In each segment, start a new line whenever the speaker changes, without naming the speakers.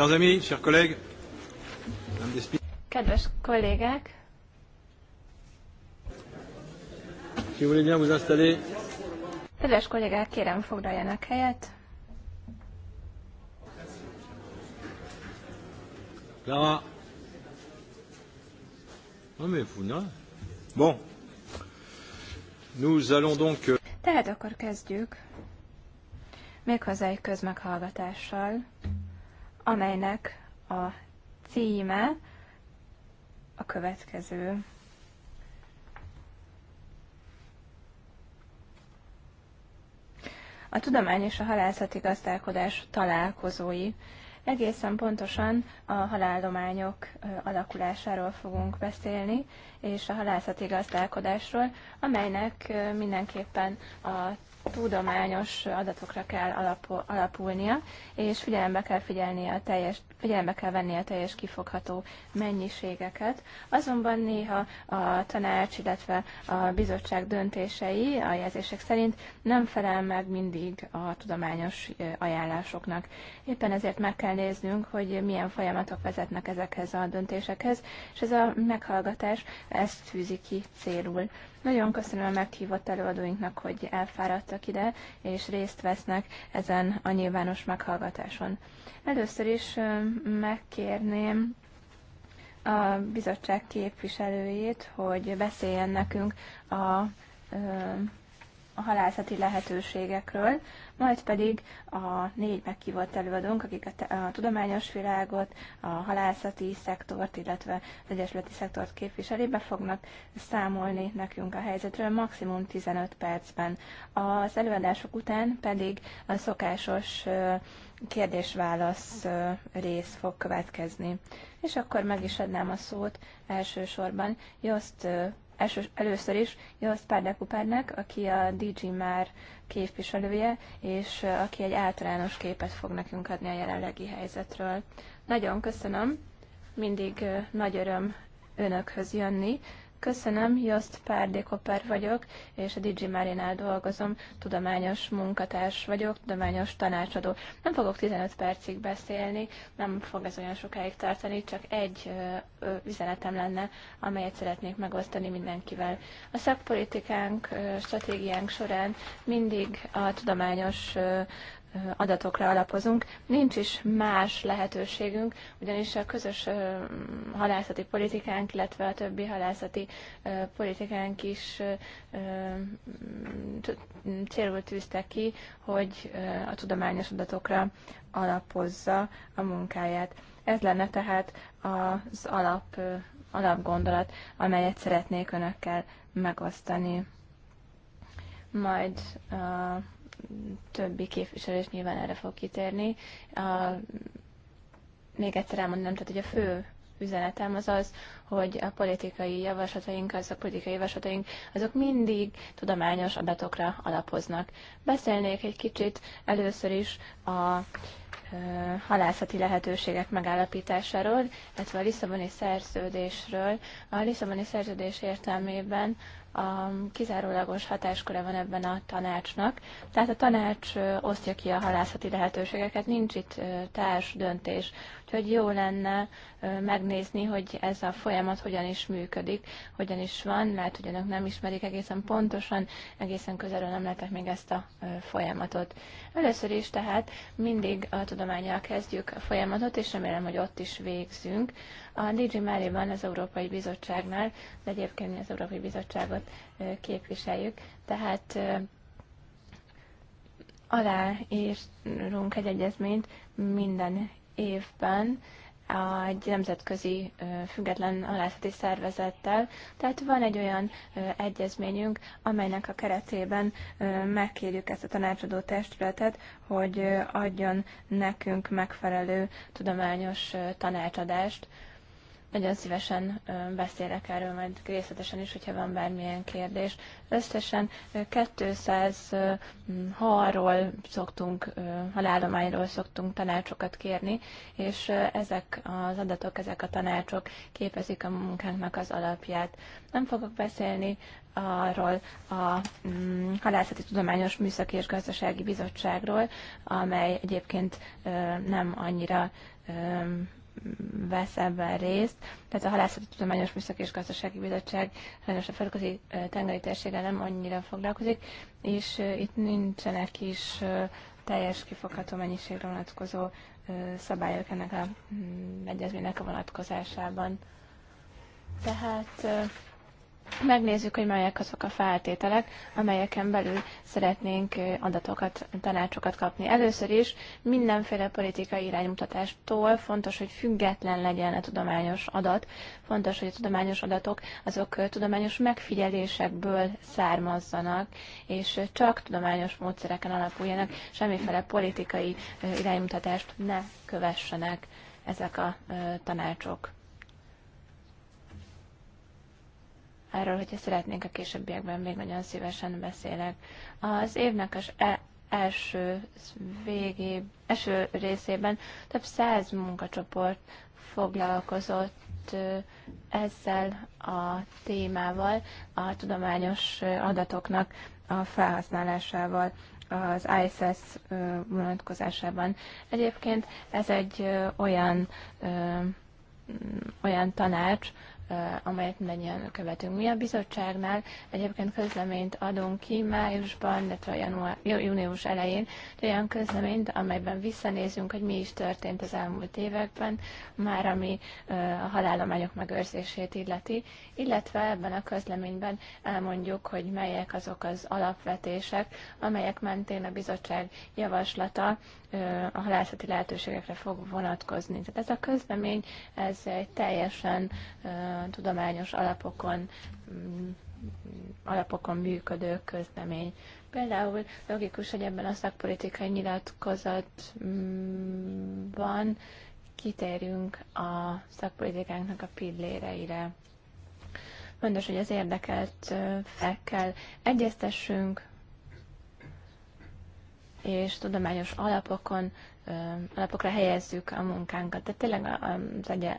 Chers amis, chers collègues, Kedves kollégák! Si vous bien vous installer. Kedves kollégák, kérem foglaljanak helyet.
Clara. mais vous, non? Bon. Nous
allons donc... Euh, Tehát akkor kezdjük. Méghozzá egy közmeghallgatással amelynek a címe a következő. A tudomány és a halászati gazdálkodás találkozói. Egészen pontosan a haláldományok alakulásáról fogunk beszélni, és a halászati gazdálkodásról, amelynek mindenképpen a tudományos adatokra kell alapulnia, és figyelembe kell figyelni a teljes figyelembe kell venni a teljes kifogható mennyiségeket. Azonban néha a tanács, illetve a bizottság döntései a jelzések szerint nem felel meg mindig a tudományos ajánlásoknak. Éppen ezért meg kell néznünk, hogy milyen folyamatok vezetnek ezekhez a döntésekhez, és ez a meghallgatás ezt fűzi ki célul. Nagyon köszönöm a meghívott előadóinknak, hogy elfáradtak ide, és részt vesznek ezen a nyilvános meghallgatáson. Először is megkérném a bizottság képviselőjét, hogy beszéljen nekünk a, a halászati lehetőségekről, majd pedig a négy meghívott előadónk, akik a, te, a tudományos világot, a halászati szektort, illetve az egyesületi szektort képviselébe fognak számolni nekünk a helyzetről maximum 15 percben. Az előadások után pedig a szokásos kérdés-válasz rész fog következni. És akkor meg is adnám a szót elsősorban Jost, első, először is Jost Párdekupárnak, aki a DG már képviselője, és aki egy általános képet fog nekünk adni a jelenlegi helyzetről. Nagyon köszönöm, mindig nagy öröm önökhöz jönni, Köszönöm, Jost Párdékoper vagyok, és a Digi Marinál dolgozom, tudományos munkatárs vagyok, tudományos tanácsadó. Nem fogok 15 percig beszélni, nem fog ez olyan sokáig tartani, csak egy ö, üzenetem lenne, amelyet szeretnék megosztani mindenkivel. A szakpolitikánk, stratégiánk során mindig a tudományos adatokra alapozunk, nincs is más lehetőségünk, ugyanis a közös halászati politikánk, illetve a többi halászati politikánk is célul tűzte ki, hogy a tudományos adatokra alapozza a munkáját. Ez lenne tehát az alap, alapgondolat, amelyet szeretnék önökkel megosztani. Majd uh, többi képviselő is nyilván erre fog kitérni. A, még egyszer elmondom, tehát hogy a fő üzenetem az az, hogy a politikai javaslataink, azok a politikai javaslataink, azok mindig tudományos adatokra alapoznak. Beszélnék egy kicsit először is a halászati lehetőségek megállapításáról, illetve a Lisszaboni szerződésről. A Lisszaboni szerződés értelmében a kizárólagos hatásköre van ebben a tanácsnak. Tehát a tanács osztja ki a halászati lehetőségeket, nincs itt társ döntés. Úgyhogy jó lenne megnézni, hogy ez a folyamat hogyan is működik, hogyan is van. mert hogy önök nem ismerik egészen pontosan, egészen közelről nem lehetek még ezt a folyamatot. Először is tehát mindig a tudományjal kezdjük a folyamatot, és remélem, hogy ott is végzünk. A DG Máriban az Európai Bizottságnál, de egyébként mi az Európai Bizottságot képviseljük, tehát aláírunk egy egyezményt minden évben, egy nemzetközi független alászati szervezettel. Tehát van egy olyan egyezményünk, amelynek a keretében megkérjük ezt a tanácsadó testületet, hogy adjon nekünk megfelelő tudományos tanácsadást nagyon szívesen beszélek erről majd részletesen is, hogyha van bármilyen kérdés. Összesen 200 halról szoktunk, halállományról szoktunk tanácsokat kérni, és ezek az adatok, ezek a tanácsok képezik a munkánknak az alapját. Nem fogok beszélni arról a mm, Halászati Tudományos Műszaki és Gazdasági Bizottságról, amely egyébként nem annyira vesz ebben részt. Tehát a Halászati Tudományos Műszaki és Gazdasági Bizottság sajnos a földközi tengeri térséggel nem annyira foglalkozik, és itt nincsenek is teljes kifogható mennyiségre vonatkozó szabályok ennek a mm, egyezménynek a vonatkozásában. Tehát megnézzük, hogy melyek azok a feltételek, amelyeken belül szeretnénk adatokat, tanácsokat kapni. Először is mindenféle politikai iránymutatástól fontos, hogy független legyen a tudományos adat, fontos, hogy a tudományos adatok azok tudományos megfigyelésekből származzanak, és csak tudományos módszereken alapuljanak, semmiféle politikai iránymutatást ne kövessenek ezek a tanácsok. erről, hogyha szeretnénk a későbbiekben, még nagyon szívesen beszélek. Az évnek az e első végé, első részében több száz munkacsoport foglalkozott ezzel a témával, a tudományos adatoknak a felhasználásával az ISS vonatkozásában. Egyébként ez egy olyan, olyan tanács, amelyet mindannyian követünk. Mi a bizottságnál egyébként közleményt adunk ki májusban, illetve január, június elején, de olyan közleményt, amelyben visszanézünk, hogy mi is történt az elmúlt években, már ami a halálományok megőrzését illeti, illetve ebben a közleményben elmondjuk, hogy melyek azok az alapvetések, amelyek mentén a bizottság javaslata a halászati lehetőségekre fog vonatkozni. Tehát ez a közlemény, ez egy teljesen tudományos alapokon mm, alapokon működő közlemény. Például logikus, hogy ebben a szakpolitikai nyilatkozatban mm, kitérjünk a szakpolitikánknak a pilléreire. Fontos, hogy az érdekelt kell. egyeztessünk, és tudományos alapokon alapokra helyezzük a munkánkat. Tehát tényleg az, egye,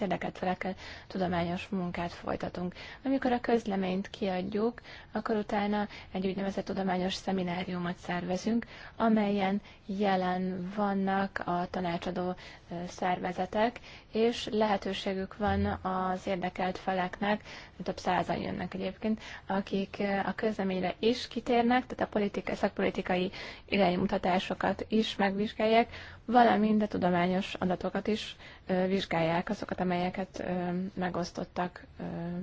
érdekelt felekkel tudományos munkát folytatunk. Amikor a közleményt kiadjuk, akkor utána egy úgynevezett tudományos szemináriumot szervezünk, amelyen jelen vannak a tanácsadó szervezetek, és lehetőségük van az érdekelt feleknek, több százan jönnek egyébként, akik a közleményre is kitérnek, tehát a politika, szakpolitikai iránymutatásokat is megvizsgálják, valamint a tudományos adatokat is vizsgálják, azokat, amelyeket megosztottak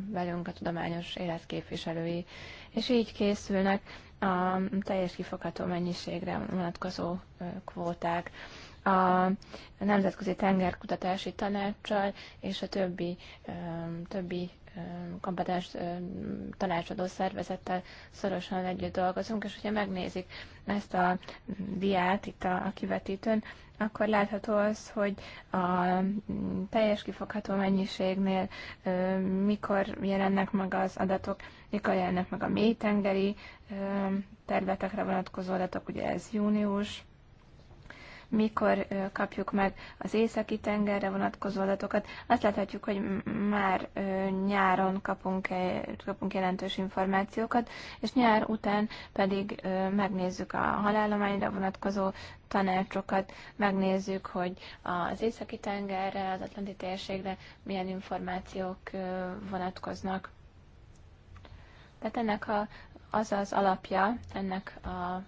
velünk a tudományos életképviselői. És így készülnek a teljes kifogható mennyiségre vonatkozó kvóták a Nemzetközi Tengerkutatási Tanácssal és a többi, többi kompetens tanácsadó szervezettel szorosan együtt dolgozunk, és hogyha megnézik ezt a diát itt a, kivetítőn, akkor látható az, hogy a teljes kifogható mennyiségnél mikor jelennek meg az adatok, mikor jelennek meg a mélytengeri területekre vonatkozó adatok, ugye ez június, mikor kapjuk meg az északi tengerre vonatkozó adatokat. Azt láthatjuk, hogy már nyáron kapunk, e, kapunk jelentős információkat, és nyár után pedig megnézzük a halállományra vonatkozó tanácsokat, megnézzük, hogy az északi tengerre, az atlanti térségre milyen információk vonatkoznak. Tehát ennek a, az az alapja ennek a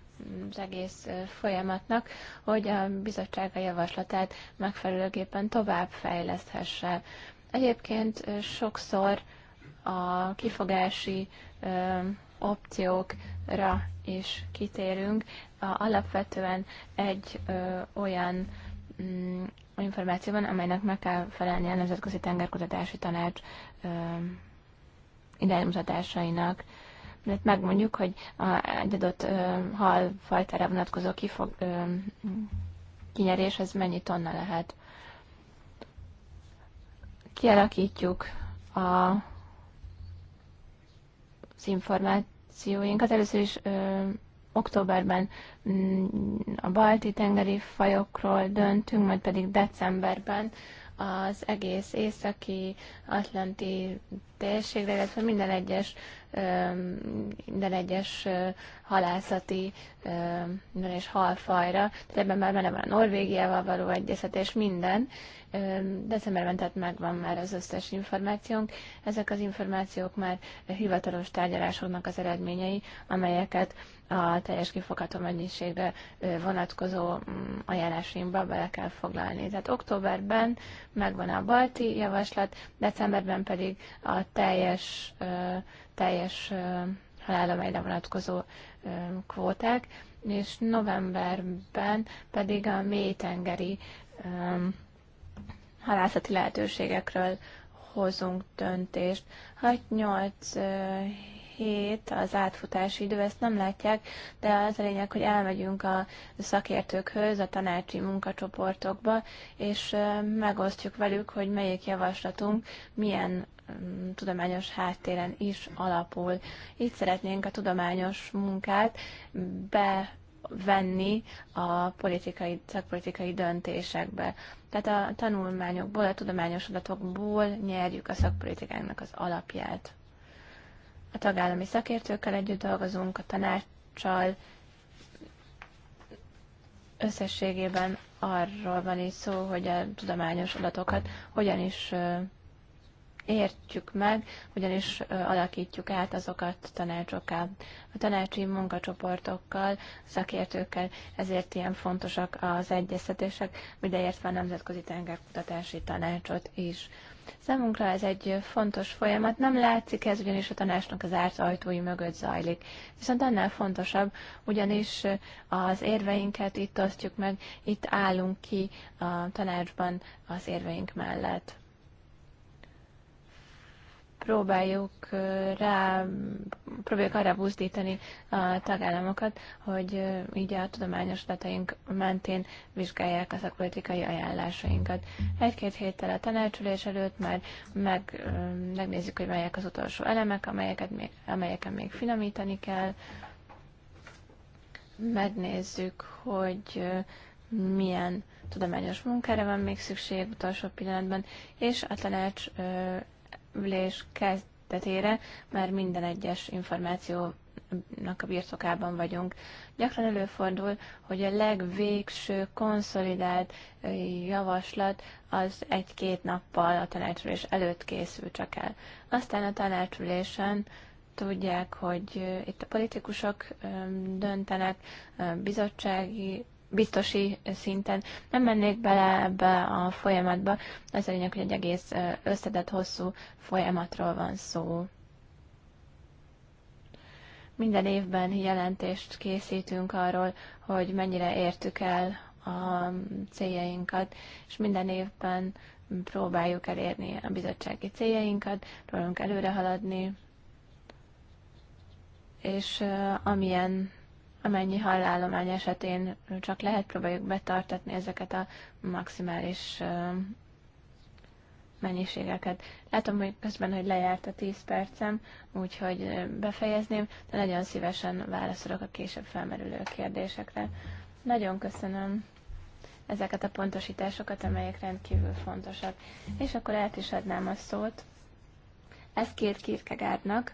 az egész folyamatnak, hogy a bizottság a javaslatát megfelelőképpen fejleszthesse. Egyébként sokszor a kifogási opciókra is kitérünk. Alapvetően egy olyan mm, információban, amelynek meg kell felelni a Nemzetközi Tengerkutatási Tanács iránymutatásainak mert megmondjuk, hogy egy adott fajtára vonatkozó kifog, kinyerés, ez mennyi tonna lehet. Kialakítjuk a, az információinkat. Először is ö, októberben mm, a balti tengeri fajokról döntünk, majd pedig decemberben az egész északi atlanti térségre, illetve minden egyes, minden egyes halászati és halfajra, tehát ebben már benne van a Norvégiával való egyeztetés, minden, Decemberben tehát megvan már az összes információnk. Ezek az információk már hivatalos tárgyalásoknak az eredményei, amelyeket a teljes kifogható mennyiségre vonatkozó mm, ajánlásaimba bele kell foglalni. Tehát októberben megvan a balti javaslat, decemberben pedig a teljes, teljes halálományra vonatkozó kvóták, és novemberben pedig a mélytengeri halászati lehetőségekről hozunk döntést. 6-8 hét az átfutási idő, ezt nem látják, de az a lényeg, hogy elmegyünk a szakértőkhöz, a tanácsi munkacsoportokba, és megosztjuk velük, hogy melyik javaslatunk milyen mm, tudományos háttéren is alapul. Így szeretnénk a tudományos munkát bevenni a politikai, szakpolitikai döntésekbe. Tehát a tanulmányokból, a tudományos adatokból nyerjük a szakpolitikának az alapját. A tagállami szakértőkkel együtt dolgozunk, a tanácssal, összességében arról van is, szó, hogy a tudományos adatokat hogyan is értjük meg, ugyanis alakítjuk át azokat tanácsokat. A tanácsi munkacsoportokkal, szakértőkkel ezért ilyen fontosak az egyeztetések, ideértve a Nemzetközi Tengerkutatási Tanácsot is. Számunkra ez egy fontos folyamat, nem látszik ez, ugyanis a tanácsnak az árt ajtói mögött zajlik. Viszont annál fontosabb, ugyanis az érveinket itt osztjuk meg, itt állunk ki a tanácsban az érveink mellett próbáljuk rá, próbáljuk arra buzdítani a tagállamokat, hogy így a tudományos adataink mentén vizsgálják a szakpolitikai ajánlásainkat. Egy-két héttel a tanácsülés előtt már meg, megnézzük, hogy melyek az utolsó elemek, amelyeket még, amelyeken még finomítani kell. Megnézzük, hogy milyen tudományos munkára van még szükség utolsó pillanatban, és a tanács ülés kezdetére már minden egyes információ a birtokában vagyunk. Gyakran előfordul, hogy a legvégső konszolidált javaslat az egy-két nappal a tanácsülés előtt készül csak el. Aztán a tanácsülésen tudják, hogy itt a politikusok döntenek, bizottsági biztosi szinten. Nem mennék bele ebbe a folyamatba, az a lényeg, hogy egy egész összetett hosszú folyamatról van szó. Minden évben jelentést készítünk arról, hogy mennyire értük el a céljainkat, és minden évben próbáljuk elérni a bizottsági céljainkat, próbálunk előre haladni, és amilyen amennyi hallállomány esetén csak lehet, próbáljuk betartatni ezeket a maximális mennyiségeket. Látom, hogy közben, hogy lejárt a 10 percem, úgyhogy befejezném, de nagyon szívesen válaszolok a később felmerülő kérdésekre. Nagyon köszönöm ezeket a pontosításokat, amelyek rendkívül fontosak. És akkor át is adnám a szót. Ez két Kierkegaardnak,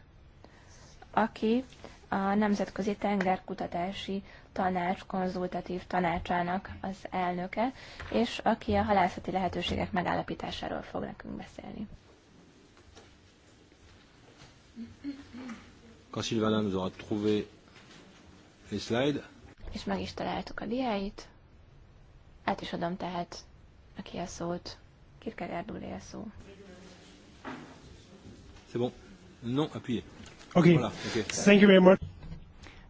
aki a Nemzetközi Tengerkutatási Tanács konzultatív tanácsának az elnöke, és aki a halászati lehetőségek megállapításáról fog nekünk beszélni. És meg is találtuk a diáit. Át is adom tehát aki a szót. Kit kell a szó.
C'est bon. Non, appuyez. Okay. Thank you very much.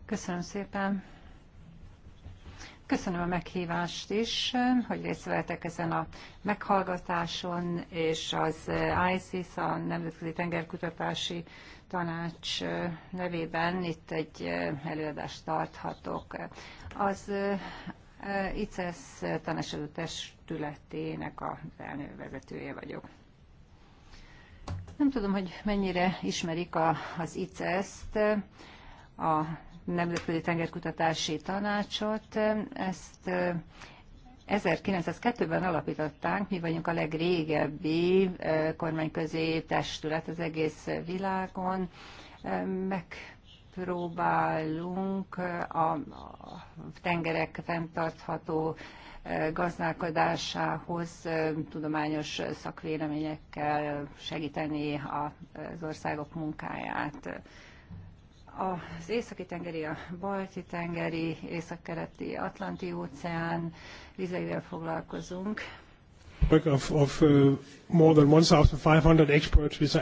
Köszönöm
szépen. Köszönöm a meghívást is, hogy részt vettek ezen a meghallgatáson, és az ICIS, a Nemzetközi Tengerkutatási Tanács nevében itt egy előadást tarthatok. Az eh, ICES tanácsadó testületének a felnővezetője vagyok. Nem tudom, hogy mennyire ismerik a, az ics e t a Nemzetközi Tengerkutatási Tanácsot. Ezt 1902-ben alapították, mi vagyunk a legrégebbi kormányközi testület az egész világon. Megpróbálunk a tengerek fenntartható gazdálkodásához tudományos szakvéleményekkel segíteni az országok munkáját. Az északi-tengeri, a balti-tengeri, északkereti, keleti atlanti óceán vizeivel foglalkozunk.
Of, of uh, more than 1,500 experts with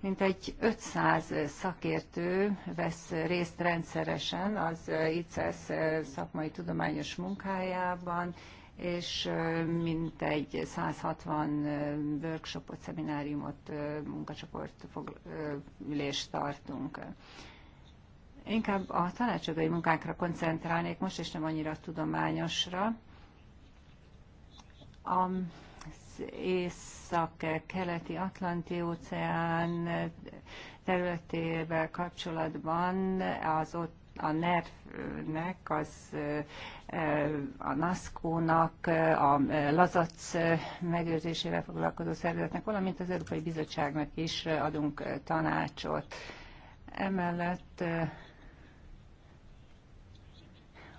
mint egy 500 szakértő vesz részt rendszeresen az ICESZ szakmai tudományos munkájában, és mintegy 160 workshopot, szemináriumot, munkacsoport ülést tartunk. Inkább a tanácsadói munkákra koncentrálnék most, és nem annyira tudományosra. A észak-keleti Atlanti óceán területével kapcsolatban az ott a NERV-nek, az e, a NASZKÓ-nak, a lazac megőrzésével foglalkozó szervezetnek, valamint az Európai Bizottságnak is adunk tanácsot. Emellett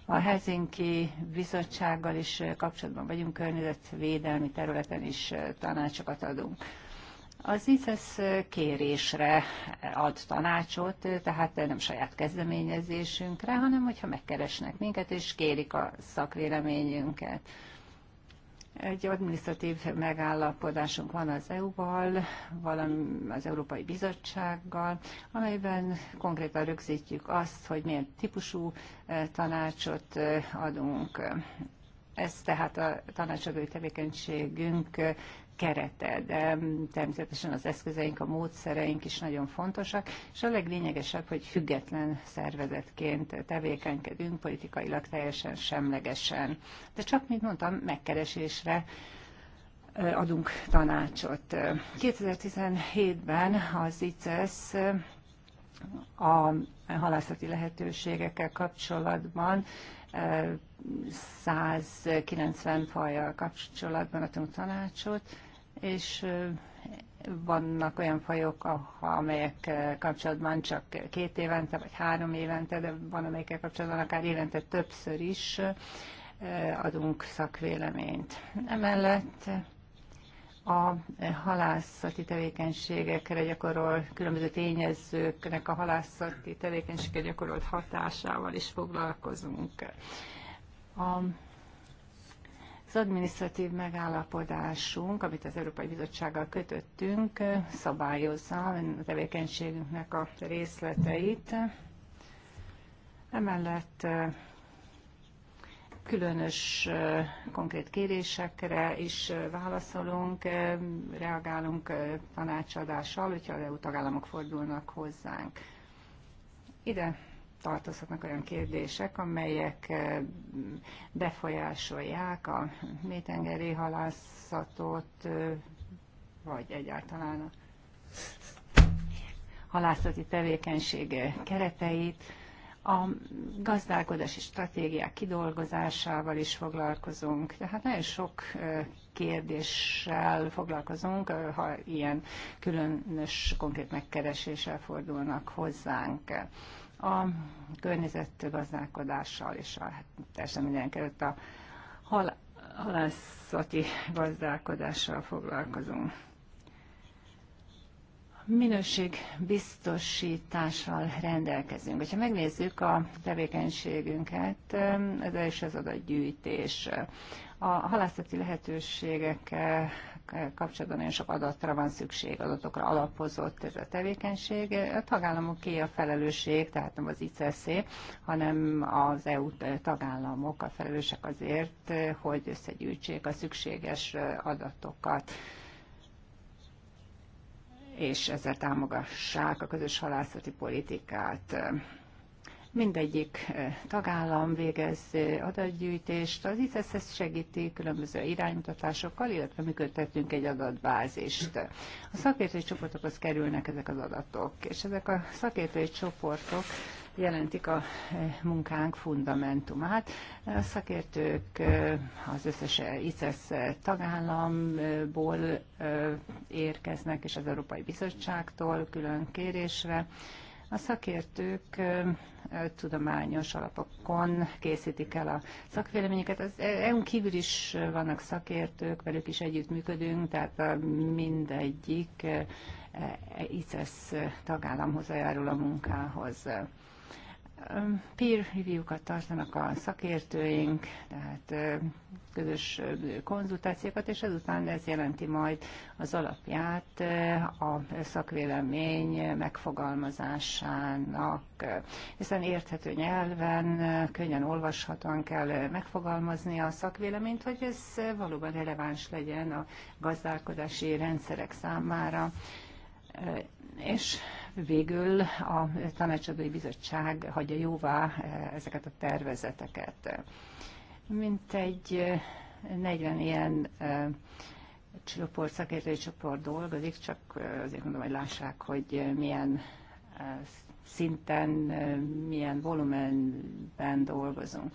a Helsinki Bizottsággal is kapcsolatban vagyunk, környezetvédelmi területen is tanácsokat adunk. Az ICESZ kérésre ad tanácsot, tehát nem saját kezdeményezésünkre, hanem hogyha megkeresnek minket, és kérik a szakvéleményünket. Egy adminisztratív megállapodásunk van az EU-val, valami az Európai Bizottsággal, amelyben konkrétan rögzítjük azt, hogy milyen típusú eh, tanácsot eh, adunk. Ez tehát a tanácsadói tevékenységünk eh, kerete, de természetesen az eszközeink, a módszereink is nagyon fontosak, és a leglényegesebb, hogy független szervezetként tevékenykedünk, politikailag teljesen semlegesen. De csak, mint mondtam, megkeresésre adunk tanácsot. 2017-ben az ICESZ a halászati lehetőségekkel kapcsolatban 190 fajjal kapcsolatban adtunk tanácsot, és vannak olyan fajok, amelyek kapcsolatban csak két évente, vagy három évente, de van amelyekkel kapcsolatban akár évente többször is adunk szakvéleményt. Emellett a halászati tevékenységekre gyakorol különböző tényezőknek a halászati tevékenységekre gyakorolt hatásával is foglalkozunk. A az adminisztratív megállapodásunk, amit az Európai Bizottsággal kötöttünk, szabályozza a tevékenységünknek a részleteit. Emellett különös konkrét kérésekre is válaszolunk, reagálunk tanácsadással, hogyha az EU tagállamok fordulnak hozzánk. Ide tartozhatnak olyan kérdések, amelyek befolyásolják a mélytengeri halászatot, vagy egyáltalán a halászati tevékenység kereteit. A gazdálkodási stratégiák kidolgozásával is foglalkozunk, tehát nagyon sok kérdéssel foglalkozunk, ha ilyen különös, konkrét megkereséssel fordulnak hozzánk a gazdálkodással és a, hát teljesen minden került a hal, halászati gazdálkodással foglalkozunk. Minőség biztosítással rendelkezünk. Ha megnézzük a tevékenységünket, ez is az adatgyűjtés. A halászati lehetőségek kapcsolatban nagyon sok adatra van szükség, adatokra alapozott ez a tevékenység. A tagállamoké a felelősség, tehát nem az ICC, hanem az EU tagállamok a felelősek azért, hogy összegyűjtsék a szükséges adatokat és ezzel támogassák a közös halászati politikát mindegyik tagállam végez adatgyűjtést. Az ICSZ ezt segíti különböző iránymutatásokkal, illetve működtetünk egy adatbázist. A szakértői csoportokhoz kerülnek ezek az adatok, és ezek a szakértői csoportok jelentik a munkánk fundamentumát. A szakértők az összes ICESZ tagállamból érkeznek, és az Európai Bizottságtól külön kérésre a szakértők tudományos alapokon készítik el a szakvéleményeket. Az EU-n kívül is vannak szakértők, velük is együttműködünk, tehát mindegyik e, ICESZ tagállamhoz hozzájárul a munkához. Peer review-kat tartanak a szakértőink, tehát közös konzultációkat, és ezután ez jelenti majd az alapját a szakvélemény megfogalmazásának, hiszen érthető nyelven, könnyen olvashatóan kell megfogalmazni a szakvéleményt, hogy ez valóban releváns legyen a gazdálkodási rendszerek számára és végül a tanácsadói bizottság hagyja jóvá eh, ezeket a tervezeteket. Mint egy 40 eh, ilyen eh, csoport, szakértői csoport dolgozik, csak azért mondom, hogy lássák, hogy milyen szinten, milyen volumenben dolgozunk.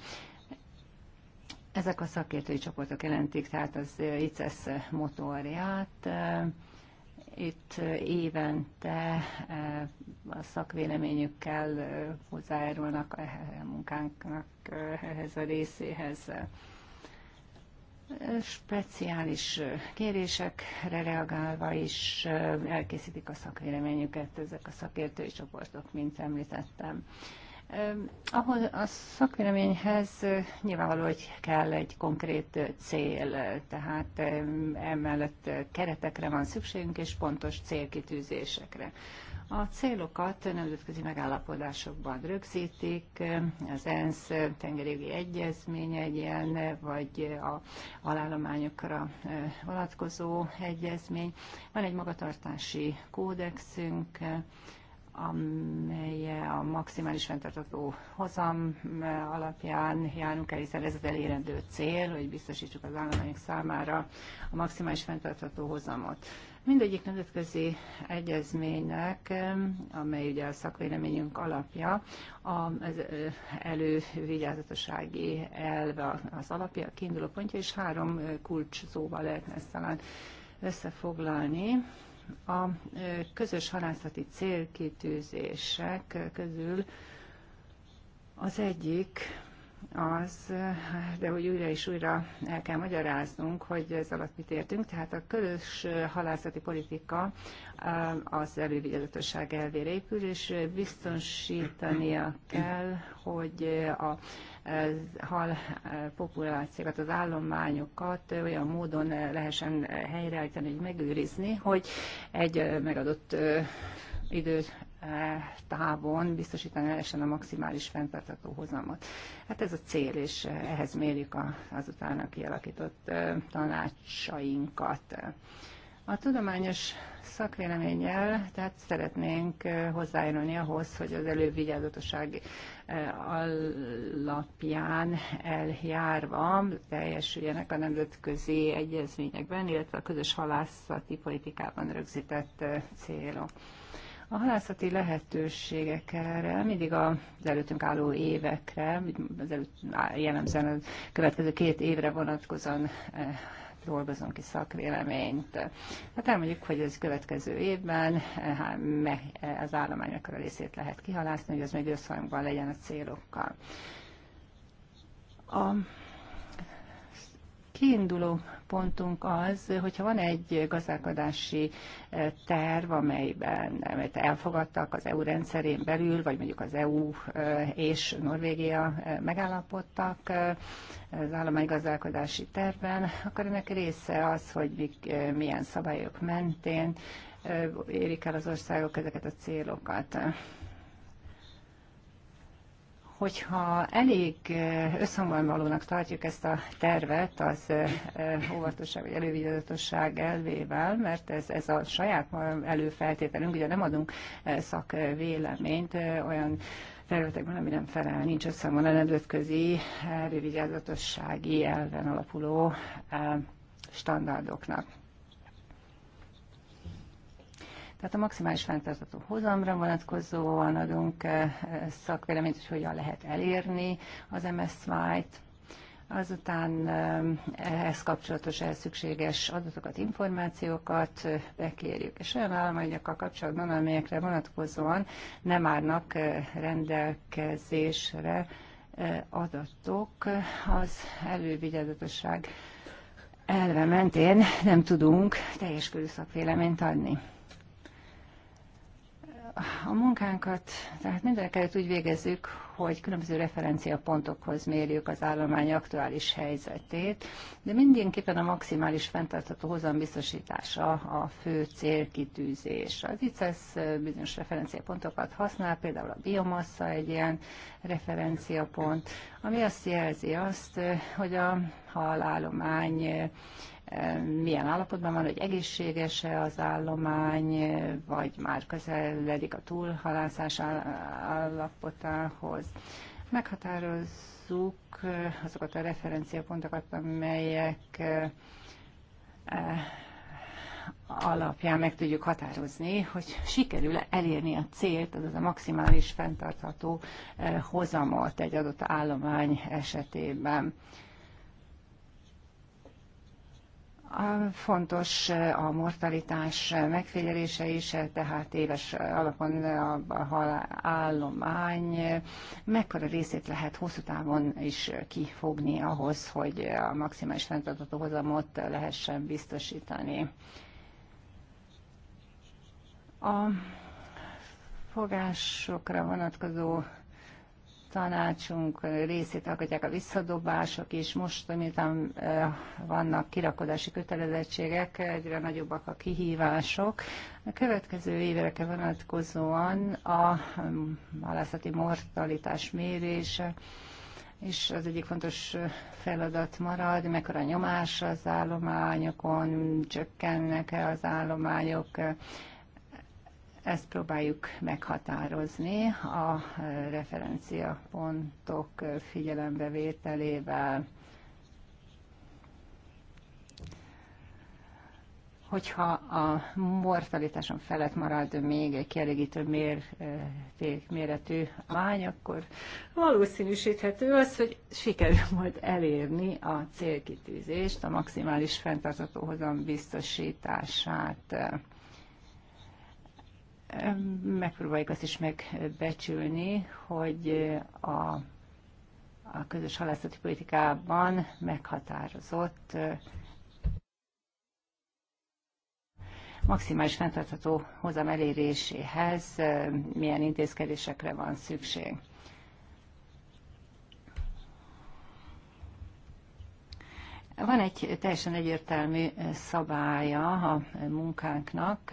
Ezek a szakértői csoportok jelentik, tehát az ICESZ motorját, itt évente a szakvéleményükkel hozzájárulnak a eh, munkánknak ehhez a részéhez speciális kérésekre reagálva is elkészítik a szakvéleményüket ezek a szakértői csoportok, mint említettem. Ahol a szakvéleményhez nyilvánvaló, hogy kell egy konkrét cél, tehát emellett keretekre van szükségünk, és pontos célkitűzésekre. A célokat nemzetközi megállapodásokban rögzítik, az ENSZ tengerégi egyezmény egy ilyen, vagy a alállományokra vonatkozó egyezmény. Van egy magatartási kódexünk, amely a maximális fenntartató hozam eh, alapján járunk el, hiszen ez az elérendő cél, hogy biztosítsuk az államok számára a maximális fenntartható hozamot. Mindegyik nemzetközi egyezménynek, eh, amely ugye a szakvéleményünk alapja, az eh, elővigyázatossági elve az alapja, a kiinduló pontja, és három kulcs szóval lehetne ezt talán összefoglalni. A közös halászati célkitűzések közül az egyik az, de hogy újra és újra el kell magyaráznunk, hogy ez alatt mit értünk. Tehát a közös halászati politika az elővigyázatosság elvére épül, és biztosítania kell, hogy a Eh, hal eh, populációkat, az állományokat eh, olyan módon lehessen helyreállítani, hogy megőrizni, hogy egy megadott időt távon biztosítani lehessen a maximális fenntartható hozamot. Hát ez a cél, és ehhez mérjük az utána kialakított tanácsainkat. A tudományos szakvéleménnyel, tehát szeretnénk hozzájárulni ahhoz, hogy az elővigyázatosság alapján eljárva teljesüljenek a nemzetközi egyezményekben, illetve a közös halászati politikában rögzített célok. A halászati lehetőségek erre mindig az előttünk álló évekre, az előtt, jellemzően a következő két évre vonatkozóan dolgozunk ki szakvéleményt. Hát elmondjuk, hogy ez következő évben hát az állomány a részét lehet kihalászni, hogy az még összhangban legyen a célokkal. A kiinduló pontunk az, hogyha van egy gazdálkodási e, terv, amelyben amelyet elfogadtak az EU rendszerén belül, vagy mondjuk az EU e, és Norvégia e, megállapodtak az gazdálkodási tervben, akkor ennek része az, hogy milyen szabályok mentén érik el az országok ezeket a célokat. Hogyha elég eh, összhangban valónak tartjuk ezt a tervet az eh, eh, óvatosság vagy elővigyázatosság elvével, mert ez, ez a saját előfeltételünk, ugye nem adunk szakvéleményt olyan területekben, ami nem felel, nincs összhangban a nemzetközi elővigyázatossági elven alapuló standardoknak. Tehát a maximális fenntartható hozamra vonatkozóan adunk eh, szakvéleményt, hogy hogyan lehet elérni az MSZ-t, azután eh, ehhez kapcsolatos, ehhez szükséges adatokat, információkat eh, bekérjük. És olyan államanyagokkal kapcsolatban, amelyekre vonatkozóan nem állnak rendelkezésre adatok, az elővigyázatosság elve mentén nem tudunk teljes körű szakvéleményt adni. A munkánkat tehát mindenkelőtt úgy végezzük, hogy különböző referenciapontokhoz mérjük az állomány aktuális helyzetét, de mindenképpen a maximális fenntartható hozam biztosítása a fő célkitűzés. Az ICESZ bizonyos referenciapontokat használ, például a biomassa egy ilyen referenciapont, ami azt jelzi azt, hogy a halállomány milyen állapotban van, hogy egészséges-e az állomány, vagy már közeledik a túlhalászás állapotához. Meghatározzuk azokat a referenciapontokat, amelyek eh, alapján meg tudjuk határozni, hogy sikerül -e elérni a célt, azaz a maximális fenntartható eh, hozamot egy adott állomány esetében. Fontos a mortalitás megfigyelése is, tehát éves alapon a halállomány mekkora részét lehet hosszú távon is kifogni ahhoz, hogy a maximális fenntartató hozamot lehessen biztosítani. A fogásokra vonatkozó tanácsunk részét alkotják a visszadobások és Most, miután eh, vannak kirakodási kötelezettségek, egyre nagyobbak a kihívások. A következő évekre vonatkozóan a mm, halászati mortalitás mérése és az egyik fontos feladat marad, mekkora nyomás az állományokon, csökkennek-e az állományok, ezt próbáljuk meghatározni a referenciapontok figyelembevételével. hogyha a mortalitáson felett marad még egy kielégítő mérték, méretű lány, akkor valószínűsíthető az, hogy sikerül majd elérni a célkitűzést, a maximális fenntartható hozam biztosítását megpróbáljuk azt is megbecsülni, hogy a, a közös halászati politikában meghatározott maximális fenntartható hozam eléréséhez milyen intézkedésekre van szükség. Van egy teljesen egyértelmű szabálya a munkánknak,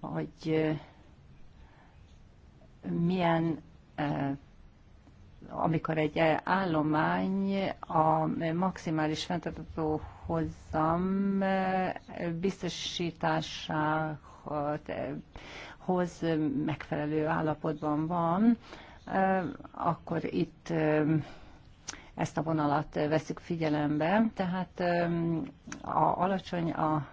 hogy milyen amikor egy állomány a maximális fenntartató hozzam biztosításához megfelelő állapotban van, akkor itt ezt a vonalat veszük figyelembe. Tehát a alacsony a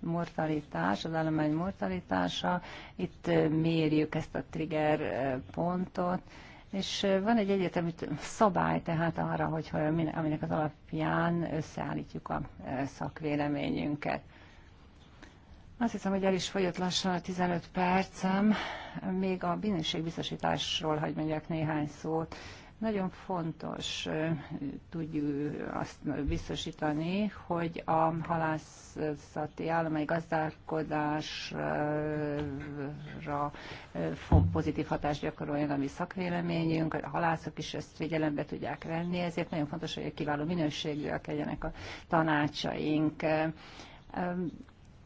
mortalitás, az állomány mortalitása, itt mérjük ezt a trigger pontot, és van egy egyetemű szabály tehát arra, hogy aminek az alapján összeállítjuk a szakvéleményünket. Azt hiszem, hogy el is fogyott lassan a 15 percem. Még a minőségbiztosításról hogy mondjak néhány szót. Nagyon fontos tudjuk azt biztosítani, hogy a halászati állomai gazdálkodásra pozitív hatást gyakoroljon a mi szakvéleményünk, a halászok is ezt figyelembe tudják venni, ezért nagyon fontos, hogy a kiváló minőségűek legyenek a tanácsaink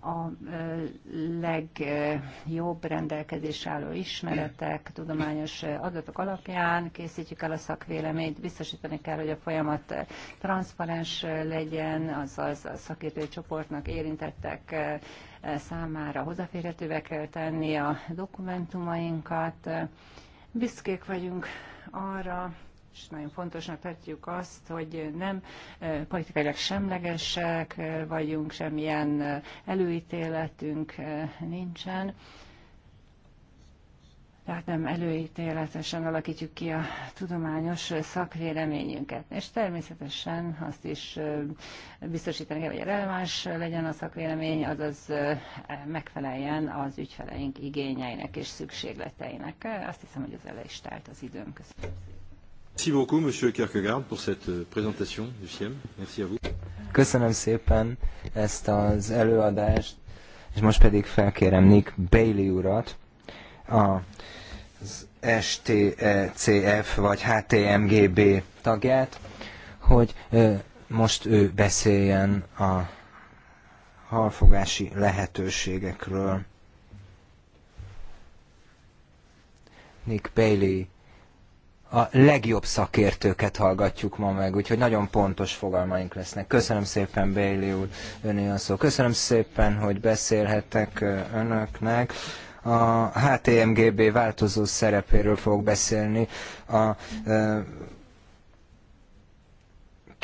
a legjobb rendelkezés álló ismeretek, tudományos adatok alapján készítjük el a szakvéleményt, biztosítani kell, hogy a folyamat transzparens legyen, azaz a szakértői csoportnak érintettek számára hozzáférhetővé kell tenni a dokumentumainkat. Büszkék vagyunk arra, és nagyon fontosnak tartjuk azt, hogy nem eh, politikailag semlegesek eh, vagyunk, semmilyen eh, előítéletünk nincsen. Tehát nem előítéletesen alakítjuk ki a tudományos szakvéleményünket. És természetesen azt is biztosítani kell, hogy releváns legyen a szakvélemény, azaz megfeleljen az ügyfeleink igényeinek és szükségleteinek. Azt hiszem, hogy az ele is telt az időm. Köszönöm szépen.
Euh,
Köszönöm szépen ezt az előadást, és most pedig felkérem Nick Bailey urat, az STCF e vagy HTMGB tagját, hogy most ő beszéljen a halfogási lehetőségekről. Nick Bailey a legjobb szakértőket hallgatjuk ma meg, úgyhogy nagyon pontos fogalmaink lesznek. Köszönöm szépen, Bailey úr, öné a szó. Köszönöm szépen, hogy beszélhettek önöknek. A HTMGB változó szerepéről fogok beszélni. A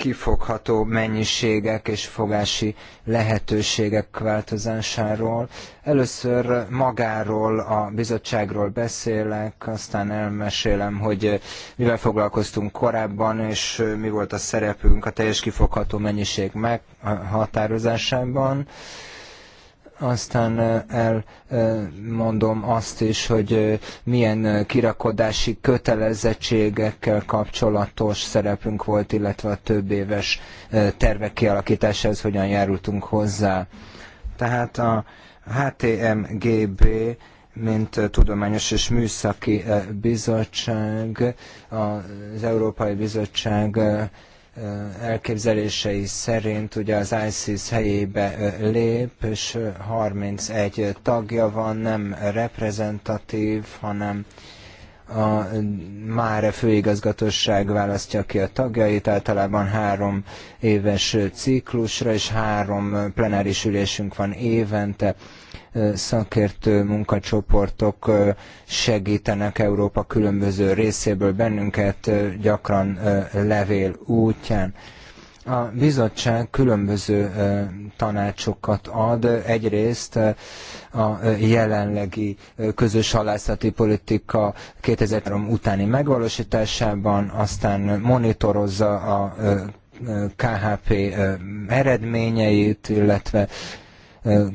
kifogható mennyiségek és fogási lehetőségek változásáról. Először magáról, a bizottságról beszélek, aztán elmesélem, hogy mivel foglalkoztunk korábban, és mi volt a szerepünk a teljes kifogható mennyiség meghatározásában aztán elmondom azt is, hogy milyen kirakodási kötelezettségekkel kapcsolatos szerepünk volt, illetve a több éves tervek kialakításához hogyan járultunk hozzá. Tehát a HTMGB mint Tudományos és Műszaki Bizottság, az Európai Bizottság elképzelései szerint ugye az ISIS helyébe lép, és 31 tagja van, nem reprezentatív, hanem a Máre főigazgatóság választja ki a tagjait, általában három éves ciklusra, és három plenáris ülésünk van évente szakértő munkacsoportok segítenek Európa különböző részéből bennünket, gyakran levél útján. A bizottság különböző tanácsokat ad. Egyrészt a jelenlegi közös halászati politika 2003 utáni megvalósításában, aztán monitorozza a KHP eredményeit, illetve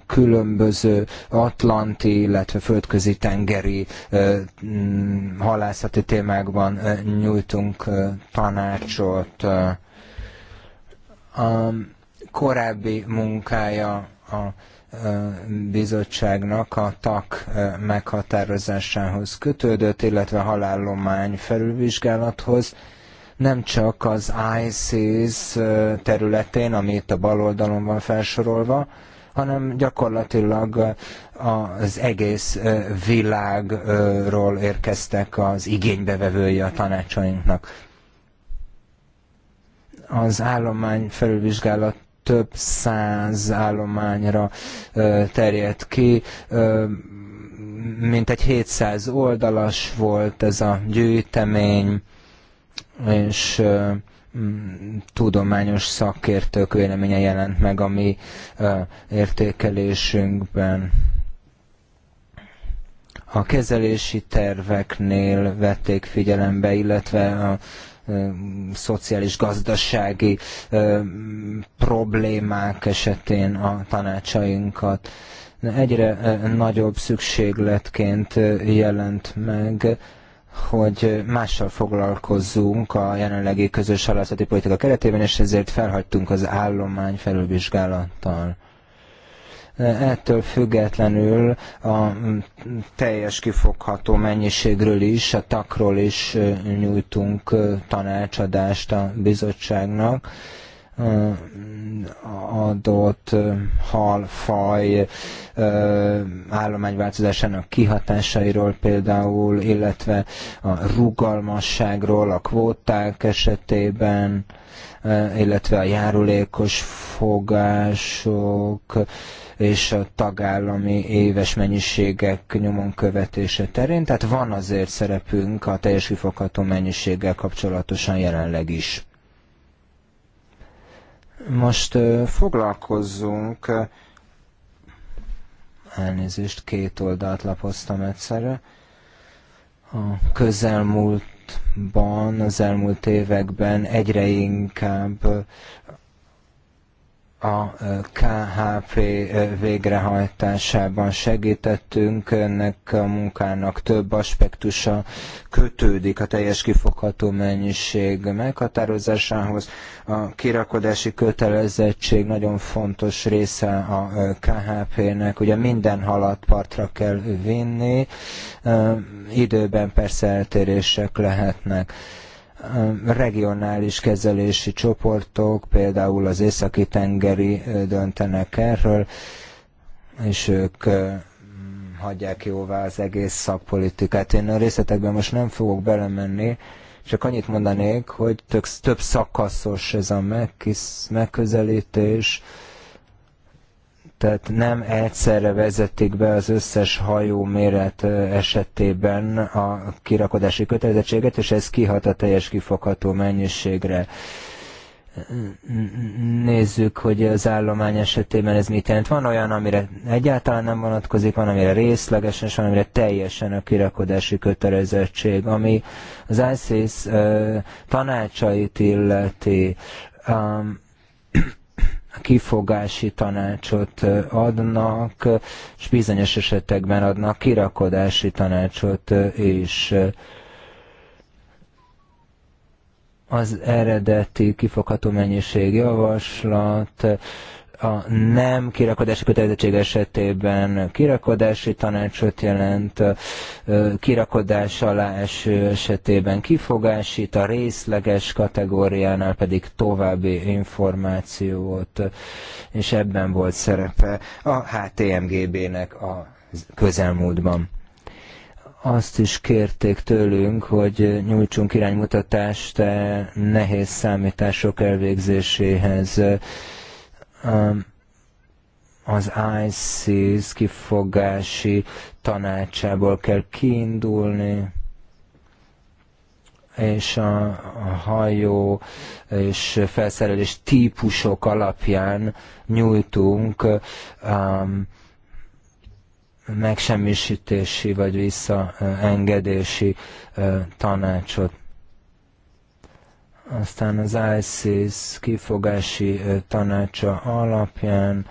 különböző atlanti, illetve földközi tengeri halászati témákban nyújtunk tanácsot. A korábbi munkája a bizottságnak a tak meghatározásához kötődött, illetve halállomány felülvizsgálathoz, nem csak az ISIS területén, ami itt a bal oldalon van felsorolva, hanem gyakorlatilag az egész világról érkeztek az igénybevevői a tanácsainknak. Az állomány felülvizsgálat több száz állományra terjedt ki, mint egy 700 oldalas volt ez a gyűjtemény, és Mm, tudományos szakértők véleménye jelent meg a mi értékelésünkben. A kezelési terveknél vették figyelembe, illetve a szociális-gazdasági problémák esetén a tanácsainkat egyre nagyobb szükségletként jelent meg hogy mással foglalkozzunk a jelenlegi közös halászati politika keretében, és ezért felhagytunk az állomány felülvizsgálattal. Ettől függetlenül a teljes kifogható mennyiségről is, a takról is nyújtunk tanácsadást a bizottságnak adott halfaj állományváltozásának kihatásairól például, illetve a rugalmasságról a kvóták esetében, illetve a járulékos fogások és a tagállami éves mennyiségek nyomon követése terén. Tehát van azért szerepünk a teljes kifogható mennyiséggel kapcsolatosan jelenleg is. Most foglalkozzunk, elnézést, két oldalt lapoztam egyszerre, a közelmúltban, az elmúlt években egyre inkább a eh, KHP eh, végrehajtásában segítettünk. Ennek a munkának több aspektusa kötődik a teljes kifogható mennyiség meghatározásához. A kirakodási kötelezettség nagyon fontos része a eh, KHP-nek. Ugye minden halat partra kell vinni, időben persze eltérések lehetnek regionális kezelési csoportok, például az északi tengeri döntenek erről, és ők hagyják jóvá az egész szakpolitikát. Én a részletekben most nem fogok belemenni, csak annyit mondanék, hogy tök, több szakaszos ez a megkis, megközelítés, tehát nem egyszerre vezették be az összes hajó méret esetében a kirakodási kötelezettséget, és ez kihat a teljes kifogható mennyiségre. Nézzük, hogy az állomány esetében ez mit jelent. Van olyan, amire egyáltalán nem vonatkozik, van, amire részlegesen, és van, amire teljesen a kirakodási kötelezettség, ami az ISIS tanácsait illeti. Um, kifogási tanácsot adnak, és bizonyos esetekben adnak kirakodási tanácsot is. Az eredeti kifogható mennyiség javaslat, a nem kirakodási kötelezettség esetében kirakodási tanácsot jelent, kirakodás alá eső esetében kifogásít, a részleges kategóriánál pedig további információt, és ebben volt szerepe a HTMGB-nek a közelmúltban. Azt is kérték tőlünk, hogy nyújtsunk iránymutatást nehéz számítások elvégzéséhez az ISIS kifogási tanácsából kell kiindulni, és a, a hajó és felszerelés típusok alapján nyújtunk um, megsemmisítési vagy visszaengedési uh, tanácsot. Aztán az ISIS kifogási tanácsa alapján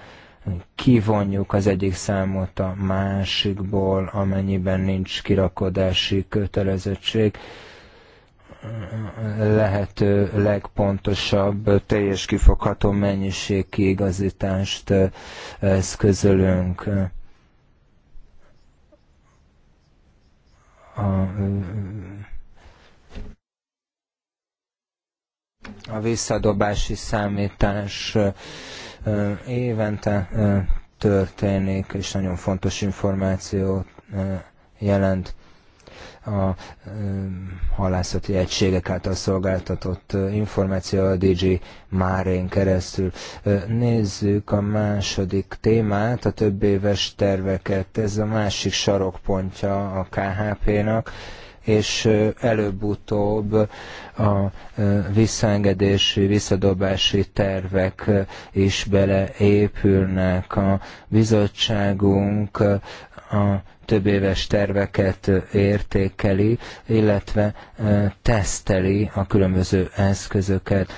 kivonjuk az egyik számot a másikból, amennyiben nincs kirakodási kötelezettség lehető legpontosabb teljes kifogható mennyiség kiigazítást eszközölünk. A A visszadobási számítás évente történik, és nagyon fontos információt jelent a halászati egységek által szolgáltatott információ a DG Márén keresztül. Nézzük a második témát, a több éves terveket. Ez a másik sarokpontja a KHP-nak és előbb-utóbb a visszaengedési, visszadobási tervek is beleépülnek. A bizottságunk a több éves terveket értékeli, illetve teszteli a különböző eszközöket.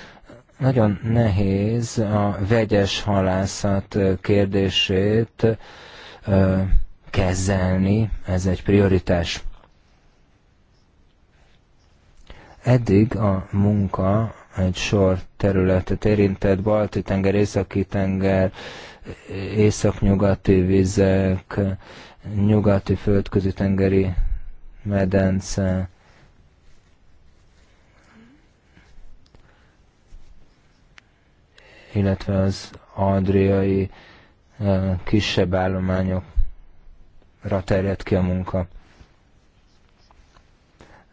Nagyon nehéz a vegyes halászat kérdését kezelni, ez egy prioritás. Eddig a munka egy sor területet érintett, Balti-tenger, Északi-tenger, északnyugati vizek, nyugati földközi tengeri medence, illetve az adriai eh, kisebb állományokra terjed ki a munka.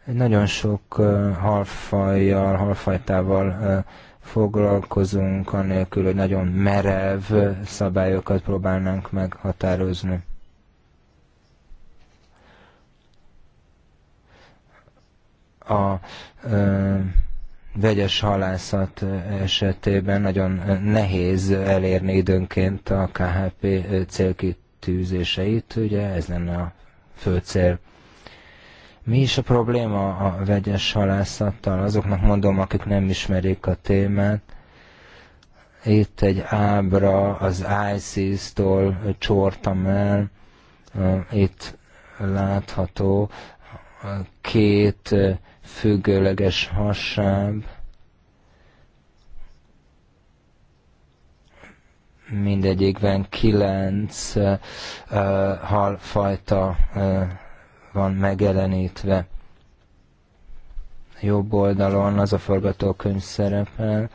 Nagyon sok halfajjal, halfajtával foglalkozunk, anélkül, hogy nagyon merev szabályokat próbálnánk meghatározni. A uh, vegyes halászat esetében nagyon nehéz elérni időnként a KHP célkitűzéseit, ugye ez lenne a fő cél. Mi is a probléma a vegyes halászattal? Azoknak mondom, akik nem ismerik a témát. Itt egy ábra az ISIS-tól csortam el. Itt látható két függőleges hasáb. mindegyikben kilenc uh, halfajta uh, van megjelenítve. Jobb oldalon az a forgatókönyv szerepel,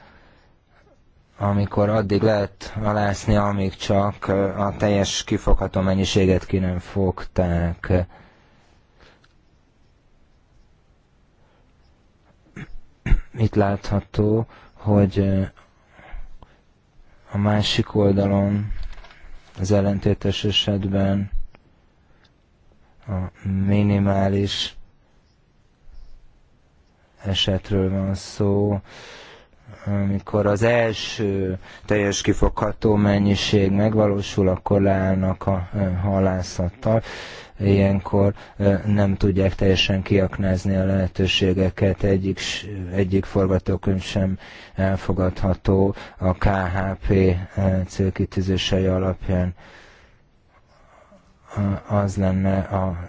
amikor addig lehet alászni, amíg csak a teljes kifogható mennyiséget ki nem fogták. Itt látható, hogy a másik oldalon az ellentétes esetben a minimális esetről van szó, amikor az első teljes kifogható mennyiség megvalósul, akkor leállnak a halászattal. Ilyenkor nem tudják teljesen kiaknázni a lehetőségeket, egyik, egyik forgatókönyv sem elfogadható a KHP célkitűzései alapján az lenne a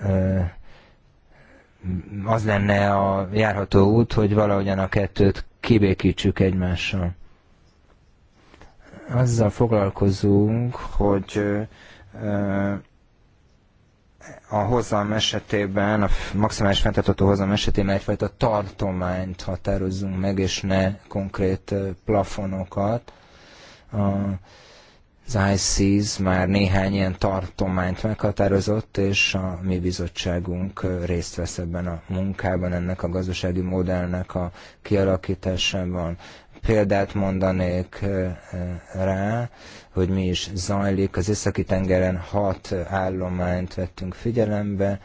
az lenne a járható út, hogy valahogyan a kettőt kibékítsük egymással. Azzal foglalkozunk, hogy a hozam esetében, a maximális fenntartható hozam esetében egyfajta tartományt határozzunk meg, és ne konkrét plafonokat. A, az ICS e már néhány ilyen tartományt meghatározott, és a mi bizottságunk részt vesz ebben a munkában, ennek a gazdasági modellnek a kialakításában. Példát mondanék rá, hogy mi is zajlik. Az északi tengeren hat állományt vettünk figyelembe,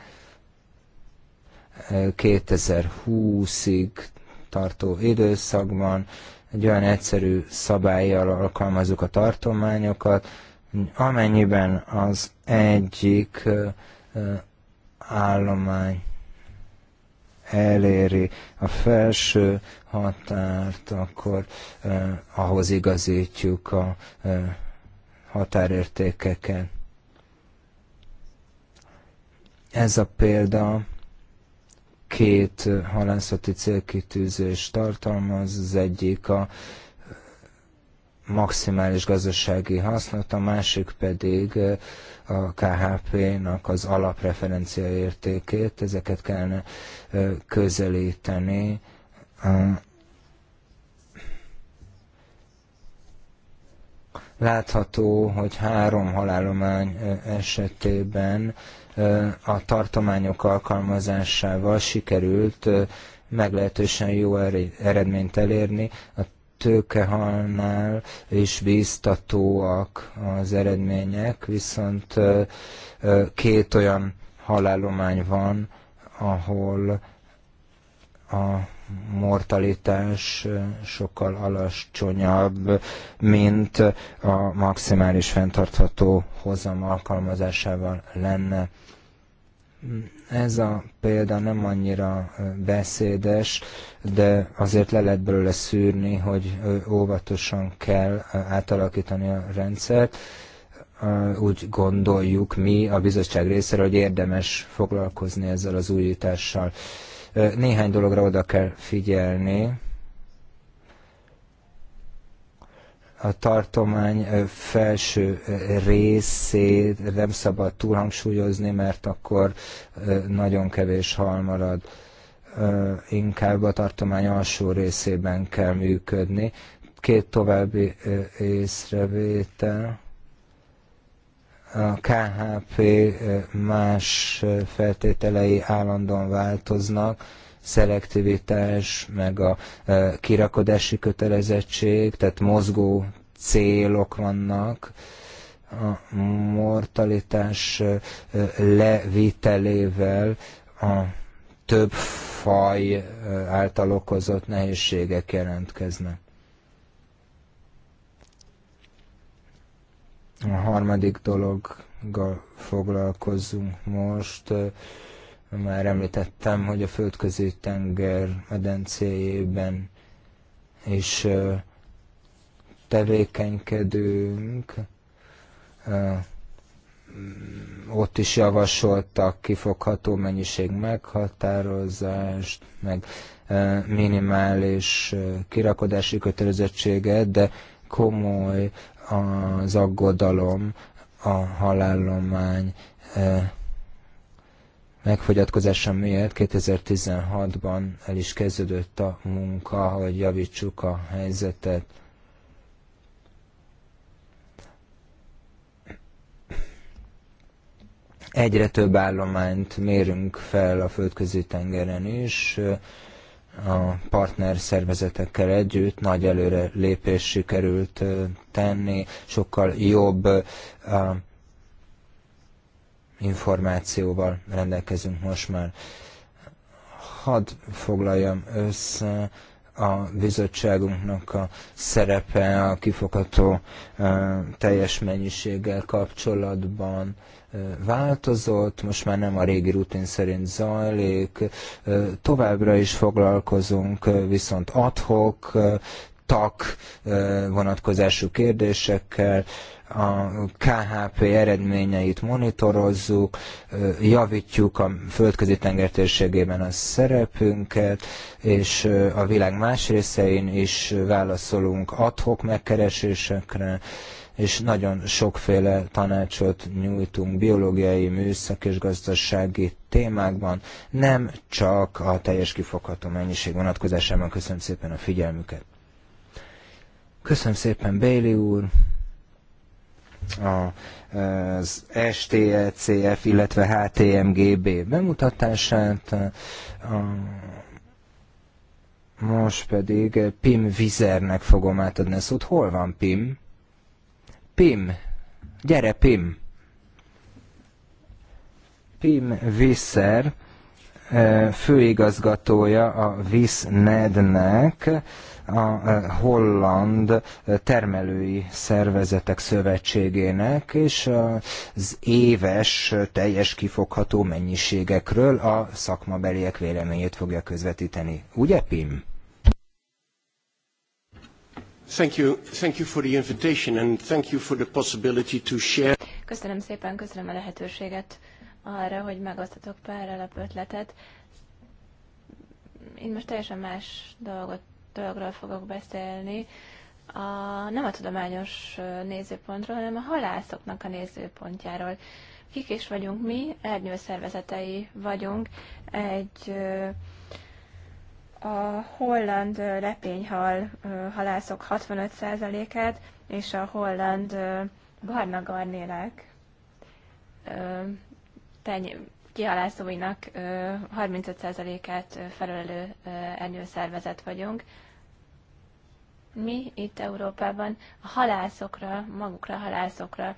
2020-ig tartó időszakban egy olyan egyszerű szabályjal alkalmazzuk a tartományokat, amennyiben az egyik állomány eléri a felső határt, akkor eh, ahhoz igazítjuk a eh, határértékeket. Ez a példa két halászati célkitűzés tartalmaz, az egyik a maximális gazdasági hasznot, a másik pedig a KHP-nak az alapreferencia értékét, ezeket kellene közelíteni. Látható, hogy három halálomány esetében a tartományok alkalmazásával sikerült meglehetősen jó eredményt elérni. A tőkehalnál is bíztatóak az eredmények, viszont két olyan halálomány van, ahol a mortalitás sokkal alacsonyabb, mint a maximális fenntartható hozam alkalmazásával lenne. Ez a példa nem annyira beszédes, de azért le lehet belőle szűrni, hogy óvatosan kell átalakítani a rendszert. Úgy gondoljuk mi a bizottság részéről, hogy érdemes foglalkozni ezzel az újítással. Néhány dologra oda kell figyelni. a tartomány felső részét nem szabad túlhangsúlyozni, mert akkor nagyon kevés hal marad. Inkább a tartomány alsó részében kell működni. Két további észrevétel a KHP más feltételei állandóan változnak, szelektivitás, meg a kirakodási kötelezettség, tehát mozgó célok vannak, a mortalitás levitelével a több faj által okozott nehézségek jelentkeznek. A harmadik dologgal foglalkozzunk most. Már említettem, hogy a földközi tenger medencéjében is tevékenykedünk. Ott is javasoltak kifogható mennyiség meghatározást, meg minimális kirakodási kötelezettséget, de komoly az aggodalom, a halállomány e, megfogyatkozása miatt 2016-ban el is kezdődött a munka, hogy javítsuk a helyzetet. Egyre több állományt mérünk fel a földközi tengeren is, a partner szervezetekkel együtt nagy előre lépés sikerült tenni, sokkal jobb információval rendelkezünk most már. Hadd foglaljam össze a bizottságunknak a szerepe a kifogható teljes mennyiséggel kapcsolatban változott, most már nem a régi rutin szerint zajlik, továbbra is foglalkozunk viszont adhok, tak vonatkozású kérdésekkel, a KHP eredményeit monitorozzuk, javítjuk a földközi tenger térségében a szerepünket, és a világ más részein is válaszolunk adhok megkeresésekre, és nagyon sokféle tanácsot nyújtunk biológiai, műszaki és gazdasági témákban, nem csak a teljes kifogható mennyiség vonatkozásában. Köszönöm szépen a figyelmüket. Köszönöm szépen, Béli úr! A, az STECF, illetve HTMGB bemutatását, most pedig Pim Vizernek fogom átadni a szót. Hol van Pim? Pim, gyere Pim! Pim Visser, e, főigazgatója a Visnednek, a e, holland e, termelői szervezetek szövetségének, és az éves teljes kifogható mennyiségekről a szakmabeliek véleményét fogja közvetíteni. Ugye, Pim? Thank you. Thank you for the invitation and thank you for the possibility
to share. Köszönöm szépen, köszönöm a lehetőséget arra, hogy megosztatok pár alapötletet. Én most teljesen más dolgot, dologról fogok beszélni. A, nem a tudományos nézőpontról, hanem a halászoknak a nézőpontjáról. Kik is vagyunk mi, szervezetei vagyunk egy a holland repényhal halászok 65%-át és a holland barna garnélek kihalászóinak 35%-át felelő ernyőszervezet vagyunk. Mi itt Európában a halászokra, magukra a halászokra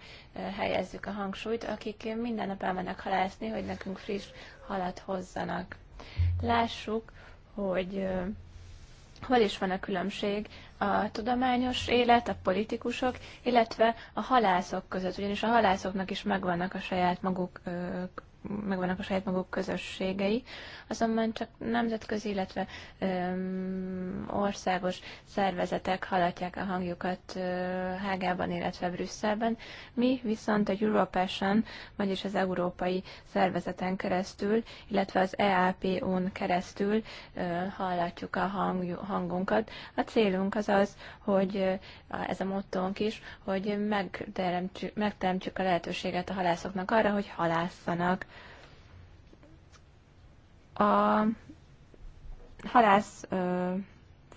helyezzük a hangsúlyt, akik minden nap elmennek halászni, hogy nekünk friss halat hozzanak. Lássuk, hogy hol is van a különbség a tudományos élet, a politikusok, illetve a halászok között, ugyanis a halászoknak is megvannak a saját maguk megvannak a saját maguk közösségei, azonban csak nemzetközi, illetve öm, országos szervezetek hallatják a hangjukat ö, Hágában, illetve Brüsszelben. Mi viszont a Europassion, vagyis az európai szervezeten keresztül, illetve az EAPO-n keresztül ö, hallatjuk a hang, hangunkat. A célunk az az, hogy ö, ez a mottónk is, hogy megteremtsük, megteremtsük a lehetőséget a halászoknak arra, hogy halászanak a halász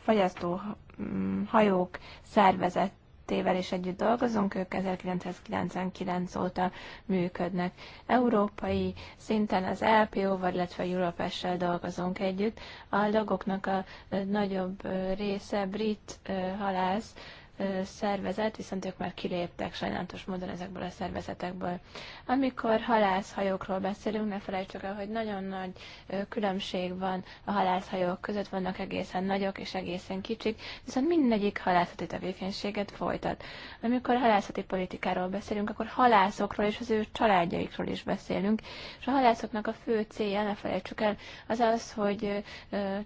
fagyasztó mm, hajók szervezetével is együtt dolgozunk, ők 1999 óta működnek. Európai szinten az LPO-val, illetve Europessel dolgozunk együtt. A logoknak a nagyobb része brit halász szervezet, viszont ők már kiléptek sajnálatos módon ezekből a szervezetekből. Amikor halászhajókról beszélünk, ne felejtsük el, hogy nagyon nagy különbség van a halászhajók között, vannak egészen nagyok és egészen kicsik, viszont mindegyik halászati tevékenységet folytat. Amikor halászati politikáról beszélünk, akkor halászokról és az ő családjaikról is beszélünk, és a halászoknak a fő célja, ne felejtsük el, az az, hogy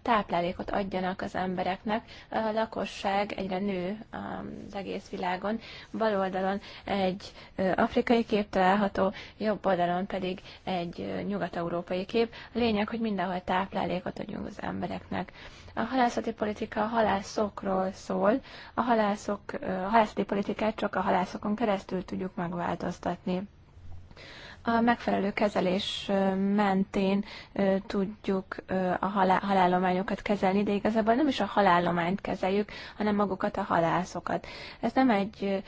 táplálékot adjanak az embereknek. A lakosság egyre nő a az egész világon. Bal oldalon egy afrikai kép található, jobb oldalon pedig egy nyugat-európai kép. A lényeg, hogy mindenhol táplálékot adjunk az embereknek. A halászati politika a halászokról szól, a, halászok, a halászati politikát csak a halászokon keresztül tudjuk megváltoztatni a megfelelő kezelés mentén tudjuk a halállományokat kezelni, de igazából nem is a halállományt kezeljük, hanem magukat a halászokat. Ez nem egy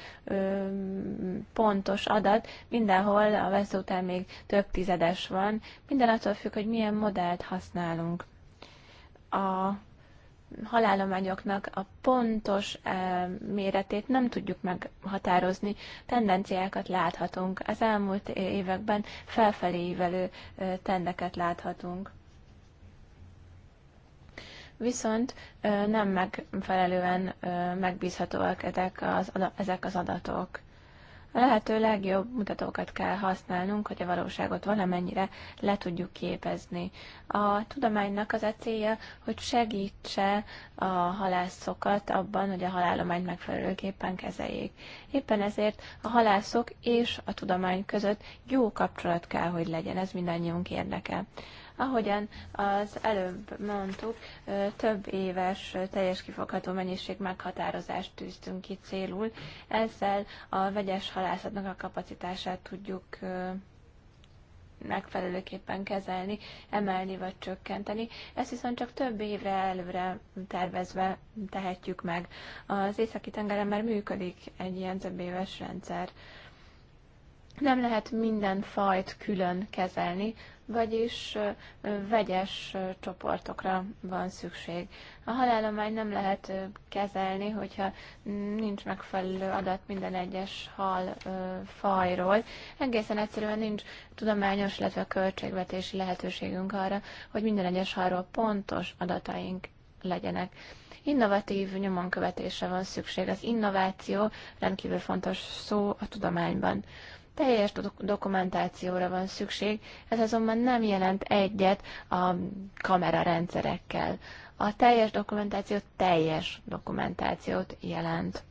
pontos adat, mindenhol a vesző után még több tizedes van, minden attól függ, hogy milyen modellt használunk. A halálományoknak a pontos eh, méretét nem tudjuk meghatározni. Tendenciákat láthatunk. Az elmúlt években felfelé ívelő eh, tendeket láthatunk. Viszont eh, nem megfelelően megbízhatóak ezek az, ezek az adatok. A lehető legjobb mutatókat kell használnunk, hogy a valóságot valamennyire le tudjuk képezni. A tudománynak az a célja, hogy segítse a halászokat abban, hogy a halálományt megfelelőképpen kezeljék. Éppen ezért a halászok és a tudomány között jó kapcsolat kell, hogy legyen, ez mindannyiunk érdeke. Ahogyan az előbb mondtuk, több éves teljes kifogható mennyiség meghatározást tűztünk ki célul. Ezzel a vegyes halászatnak a kapacitását tudjuk megfelelőképpen kezelni, emelni vagy csökkenteni. Ezt viszont csak több évre előre tervezve tehetjük meg. Az északi tengeren már működik egy ilyen több éves rendszer. Nem lehet minden fajt külön kezelni, vagyis vegyes csoportokra van szükség. A halállomány nem lehet kezelni, hogyha nincs megfelelő adat minden egyes hal fajról. Egészen egyszerűen nincs tudományos, illetve költségvetési lehetőségünk arra, hogy minden egyes halról pontos adataink legyenek innovatív nyomonkövetésre van szükség. Az innováció rendkívül fontos szó a tudományban teljes dokumentációra van szükség, ez azonban nem jelent egyet a kamerarendszerekkel. A teljes dokumentáció teljes dokumentációt jelent.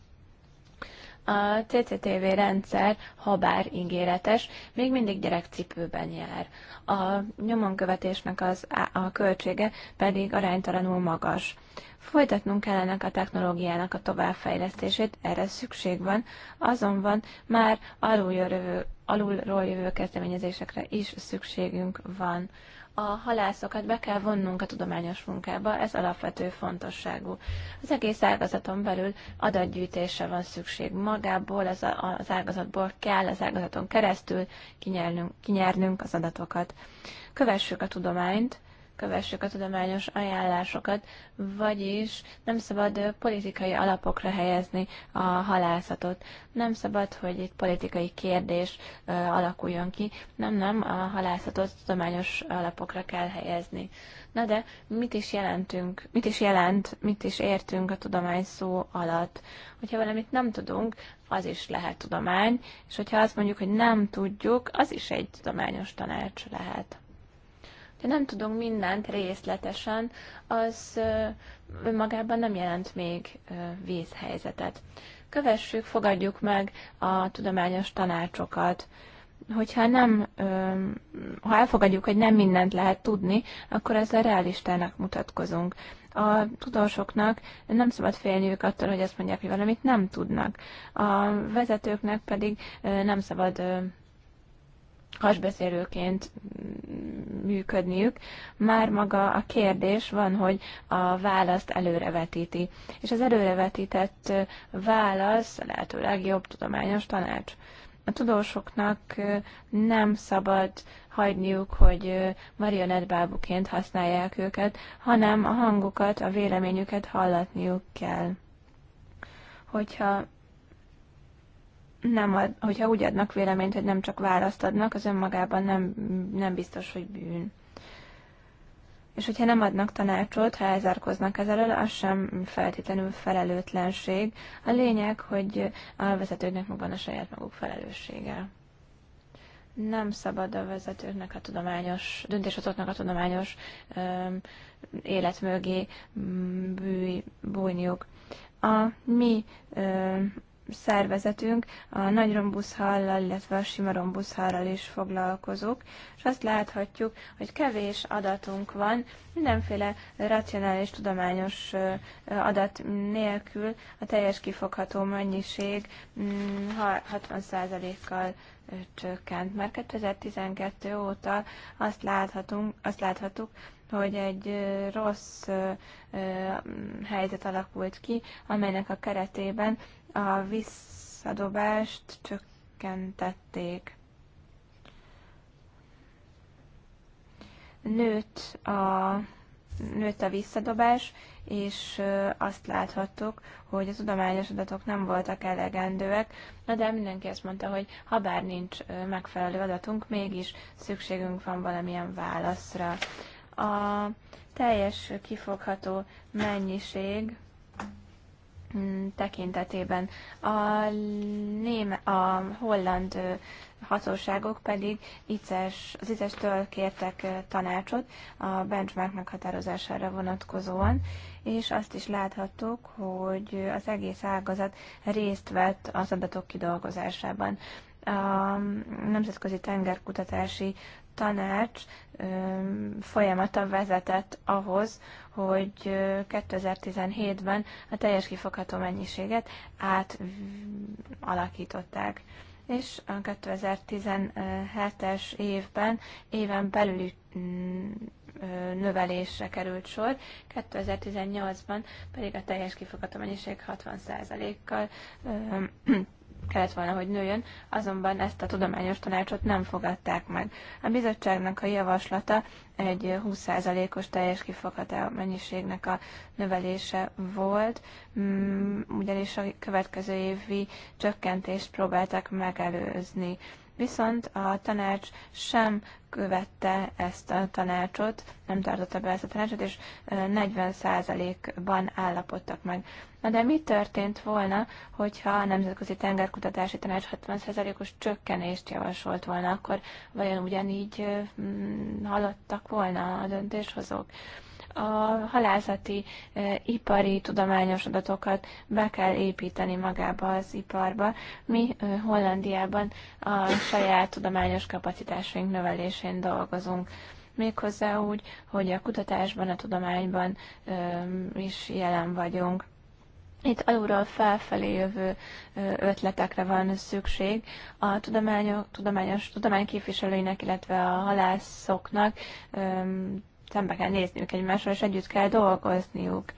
A CCTV rendszer, ha bár ingéretes, még mindig gyerekcipőben jár. A nyomonkövetésnek az, a költsége pedig aránytalanul magas. Folytatnunk kellene a technológiának a továbbfejlesztését, erre szükség van, azonban már alulról jövő, alulról jövő kezdeményezésekre is szükségünk van a halászokat be kell vonnunk a tudományos munkába, ez alapvető fontosságú. Az egész ágazaton belül adatgyűjtése van szükség magából, az, az ágazatból kell az ágazaton keresztül kinyernünk, kinyernünk az adatokat. Kövessük a tudományt, kövessük a tudományos ajánlásokat, vagyis nem szabad politikai alapokra helyezni a halászatot. Nem szabad, hogy itt politikai kérdés alakuljon ki. Nem, nem, a halászatot tudományos alapokra kell helyezni. Na de mit is jelentünk, mit is jelent, mit is értünk a tudomány szó alatt? Hogyha valamit nem tudunk, az is lehet tudomány, és hogyha azt mondjuk, hogy nem tudjuk, az is egy tudományos tanács lehet de nem tudunk mindent részletesen, az önmagában nem jelent még vészhelyzetet. Kövessük, fogadjuk meg a tudományos tanácsokat. Hogyha nem, ha elfogadjuk, hogy nem mindent lehet tudni, akkor ezzel realistának mutatkozunk a tudósoknak nem szabad félniük attól, hogy azt mondják, hogy valamit nem tudnak. A vezetőknek pedig nem szabad hasbeszélőként működniük, már maga a kérdés van, hogy a választ előrevetíti. És az előrevetített válasz a lehető legjobb tudományos tanács. A tudósoknak nem szabad hagyniuk, hogy marionettbábuként használják őket, hanem a hangukat, a véleményüket hallatniuk kell. Hogyha nem ad, hogyha úgy adnak véleményt, hogy nem csak választ adnak, az önmagában nem, nem biztos, hogy bűn. És hogyha nem adnak tanácsot, ha elzárkoznak ezzel, az sem feltétlenül felelőtlenség. A lényeg, hogy a vezetőknek megvan a saját maguk felelőssége. Nem szabad a vezetőknek a tudományos, döntéshozóknak a tudományos öm, élet mögé bújniuk. A mi öm, szervezetünk a nagy rombuszhallal, illetve a sima rombuszhallal is foglalkozunk, és azt láthatjuk, hogy kevés adatunk van, mindenféle racionális tudományos adat nélkül a teljes kifogható mennyiség 60%-kal mm, csökkent. Már 2012 óta azt, láthatunk, azt láthatunk, hogy egy rossz helyzet alakult ki, amelynek a keretében a visszadobást csökkentették. Nőtt a, nőtt a visszadobás, és azt láthattuk, hogy a tudományos adatok nem voltak elegendőek, na de mindenki azt mondta, hogy ha bár nincs megfelelő adatunk, mégis szükségünk van valamilyen válaszra. A teljes kifogható mennyiség Mm, tekintetében. A, néme, a holland hatóságok pedig ICES, az ICES-től kértek tanácsot a benchmark meghatározására vonatkozóan, és azt is láthattuk, hogy az egész ágazat részt vett az adatok kidolgozásában. A Nemzetközi Tengerkutatási Tanács folyamata vezetett ahhoz, hogy 2017-ben a teljes kifogható mennyiséget átalakították és a 2017-es évben éven belüli mm, növelésre került sor, 2018-ban pedig a teljes kifogható mennyiség 60%-kal kellett volna, hogy nőjön, azonban ezt a tudományos tanácsot nem fogadták meg. A bizottságnak a javaslata egy 20%-os teljes kifogadó mennyiségnek a növelése volt, mm, ugyanis a következő évi csökkentést próbáltak megelőzni viszont a tanács sem követte ezt a tanácsot, nem tartotta be ezt a tanácsot, és 40%-ban állapodtak meg. Na de mi történt volna, hogyha a Nemzetközi Tengerkutatási Tanács 70%-os csökkenést javasolt volna, akkor vajon ugyanígy haladtak volna a döntéshozók? a halászati e, ipari tudományos adatokat be kell építeni magába az iparba. Mi e, Hollandiában a saját tudományos kapacitásaink növelésén dolgozunk méghozzá úgy, hogy a kutatásban, a tudományban ö, e, is jelen vagyunk. Itt alulról felfelé jövő ötletekre van szükség. A tudományok, tudományos tudományképviselőinek, illetve a halászoknak szembe kell nézniük egymásra, és együtt kell dolgozniuk.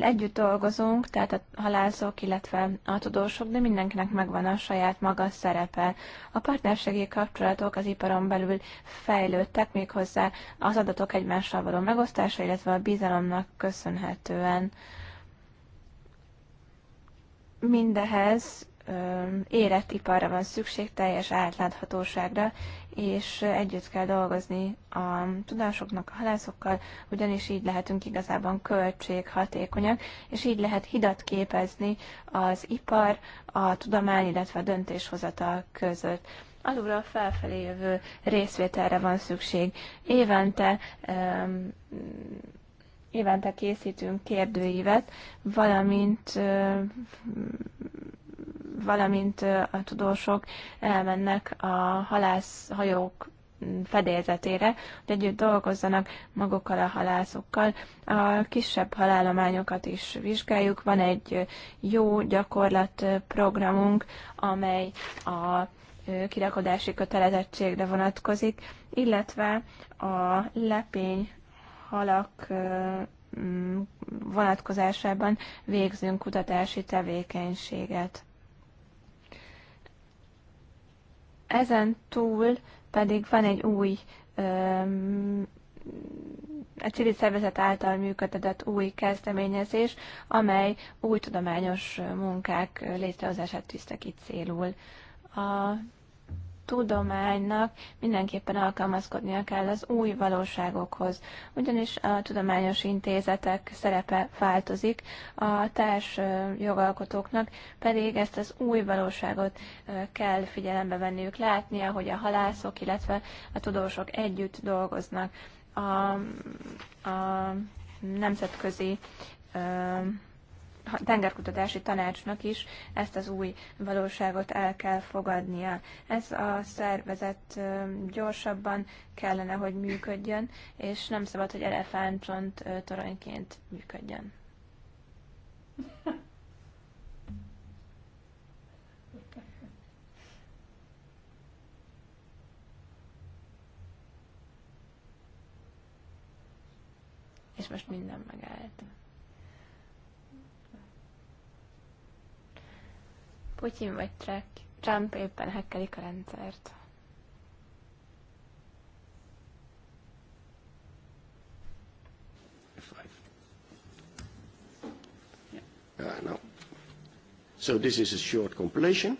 Együtt dolgozunk, tehát a halászok, illetve a tudósok, de mindenkinek megvan a saját maga szerepe. A partnerségi kapcsolatok az iparon belül fejlődtek méghozzá az adatok egymással való megosztása, illetve a bizalomnak köszönhetően mindehez érett iparra van szükség, teljes átláthatóságra, és együtt kell dolgozni a tudásoknak, a halászokkal, ugyanis így lehetünk igazában költséghatékonyak, és így lehet hidat képezni az ipar, a tudomány, illetve a döntéshozatal között alulról felfelé jövő részvételre van szükség. Évente um, évente készítünk kérdőívet, valamint valamint a tudósok elmennek a halászhajók fedélzetére, hogy együtt dolgozzanak magukkal a halászokkal. A kisebb halálományokat is vizsgáljuk. Van egy jó gyakorlatprogramunk, amely a kirakodási kötelezettségre vonatkozik, illetve a lepény halak vonatkozásában végzünk kutatási tevékenységet. Ezen túl pedig van egy új a civil szervezet által működtetett új kezdeményezés, amely új tudományos munkák létrehozását tűzte ki célul. A tudománynak mindenképpen alkalmazkodnia kell az új valóságokhoz, ugyanis a tudományos intézetek szerepe változik, a társ jogalkotóknak pedig ezt az új valóságot kell figyelembe venniük, látnia, hogy a halászok, illetve a tudósok együtt dolgoznak. A, a nemzetközi tengerkutatási tanácsnak is ezt az új valóságot el kell fogadnia. Ez a szervezet gyorsabban kellene, hogy működjön, és nem szabad, hogy elefántcsont toronyként működjön. És most minden megállt. Putyin vagy Trek? Trump éppen hekkelik a rendszert.
Yeah, no. So this is a short compilation.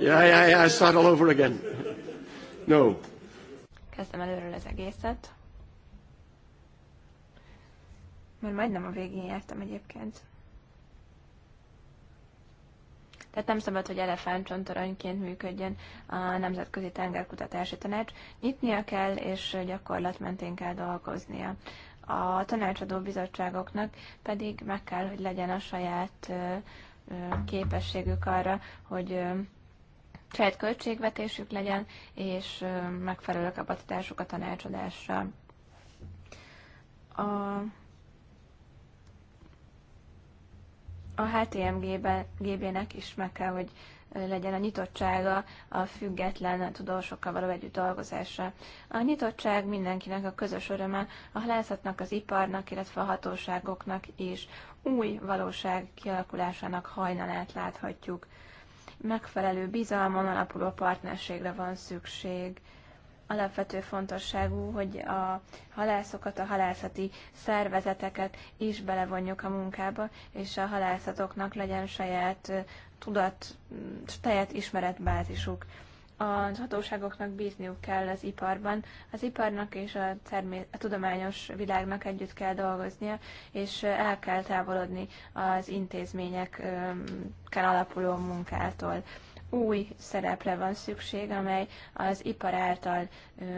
E yeah, yeah, yeah, I start all over again. No.
Kezdem előről az egészet. Mert majdnem a végén jártam egyébként. Tehát nem szabad, hogy elefántcsontoronyként működjön a Nemzetközi Tengerkutatási Tanács. Nyitnia kell, és gyakorlat mentén kell dolgoznia. A tanácsadó bizottságoknak pedig meg kell, hogy legyen a saját képességük arra, hogy saját költségvetésük legyen, és megfelelő kapacitásuk a tanácsadásra. A, a HTMGB-nek is meg kell, hogy legyen a nyitottsága a független tudósokkal való együtt dolgozásra. A nyitottság mindenkinek a közös öröme, a halászatnak, az iparnak, illetve a hatóságoknak is új valóság kialakulásának hajnalát láthatjuk megfelelő bizalmon alapuló partnerségre van szükség. Alapvető fontosságú, hogy a halászokat, a halászati szervezeteket is belevonjuk a munkába, és a halászatoknak legyen saját tudat, saját ismeretbázisuk az hatóságoknak bízniuk kell az iparban, az iparnak és a, termé- a tudományos világnak együtt kell dolgoznia, és el kell távolodni az intézményekkel alapuló munkától. Új szerepre van szükség, amely az ipar által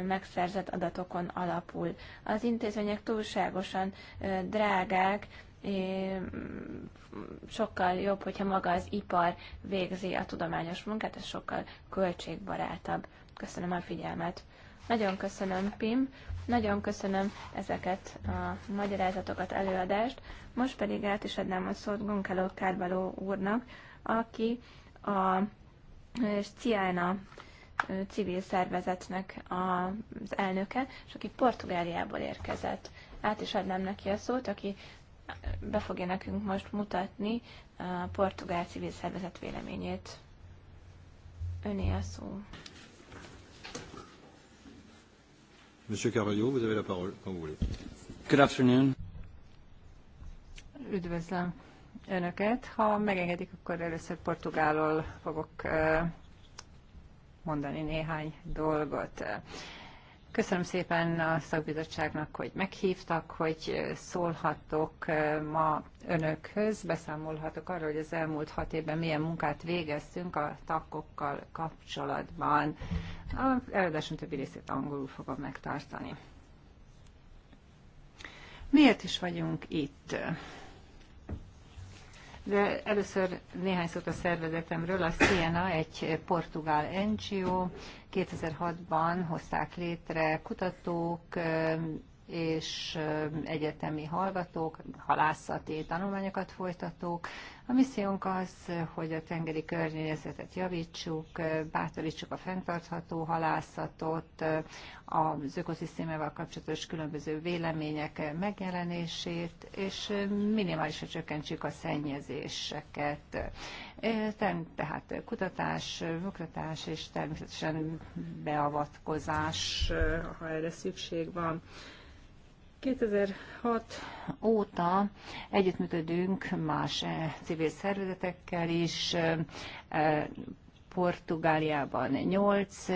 megszerzett adatokon alapul. Az intézmények túlságosan drágák, sokkal jobb, hogyha maga az ipar végzi a tudományos munkát, ez sokkal költségbarátabb. Köszönöm a figyelmet. Nagyon köszönöm, Pim. Nagyon köszönöm ezeket a magyarázatokat, előadást. Most pedig át is adnám a szót Gonkáló Kárbaló úrnak, aki a Sciána civil szervezetnek az elnöke, és aki Portugáliából érkezett. Át is adnám neki a szót, aki be fogja nekünk most mutatni a portugál civil szervezet véleményét. Öné a szó. Monsieur Carvalho, vous avez la parole quand vous voulez. Good afternoon.
Üdvözlöm Önöket. Ha megengedik, akkor először portugálról fogok mondani néhány dolgot. Köszönöm szépen a szakbizottságnak, hogy meghívtak, hogy szólhattok ma önökhöz, beszámolhatok arról, hogy az elmúlt hat évben milyen munkát végeztünk a takokkal kapcsolatban. A előadásom többi részét angolul fogom megtartani. Miért is vagyunk itt? De először néhány szót a szervezetemről. A Siena egy portugál NGO. 2006-ban hozták létre kutatók, és egyetemi hallgatók, halászati tanulmányokat folytatók. A missziónk az, hogy a tengeri környezetet javítsuk, bátorítsuk a fenntartható halászatot, az ökoszisztémával kapcsolatos különböző vélemények megjelenését, és minimálisra csökkentsük a szennyezéseket. Tehát kutatás, oktatás és természetesen beavatkozás, ha erre szükség van. 2006 óta együttműködünk más eh, civil szervezetekkel is, eh, eh, Portugáliában 8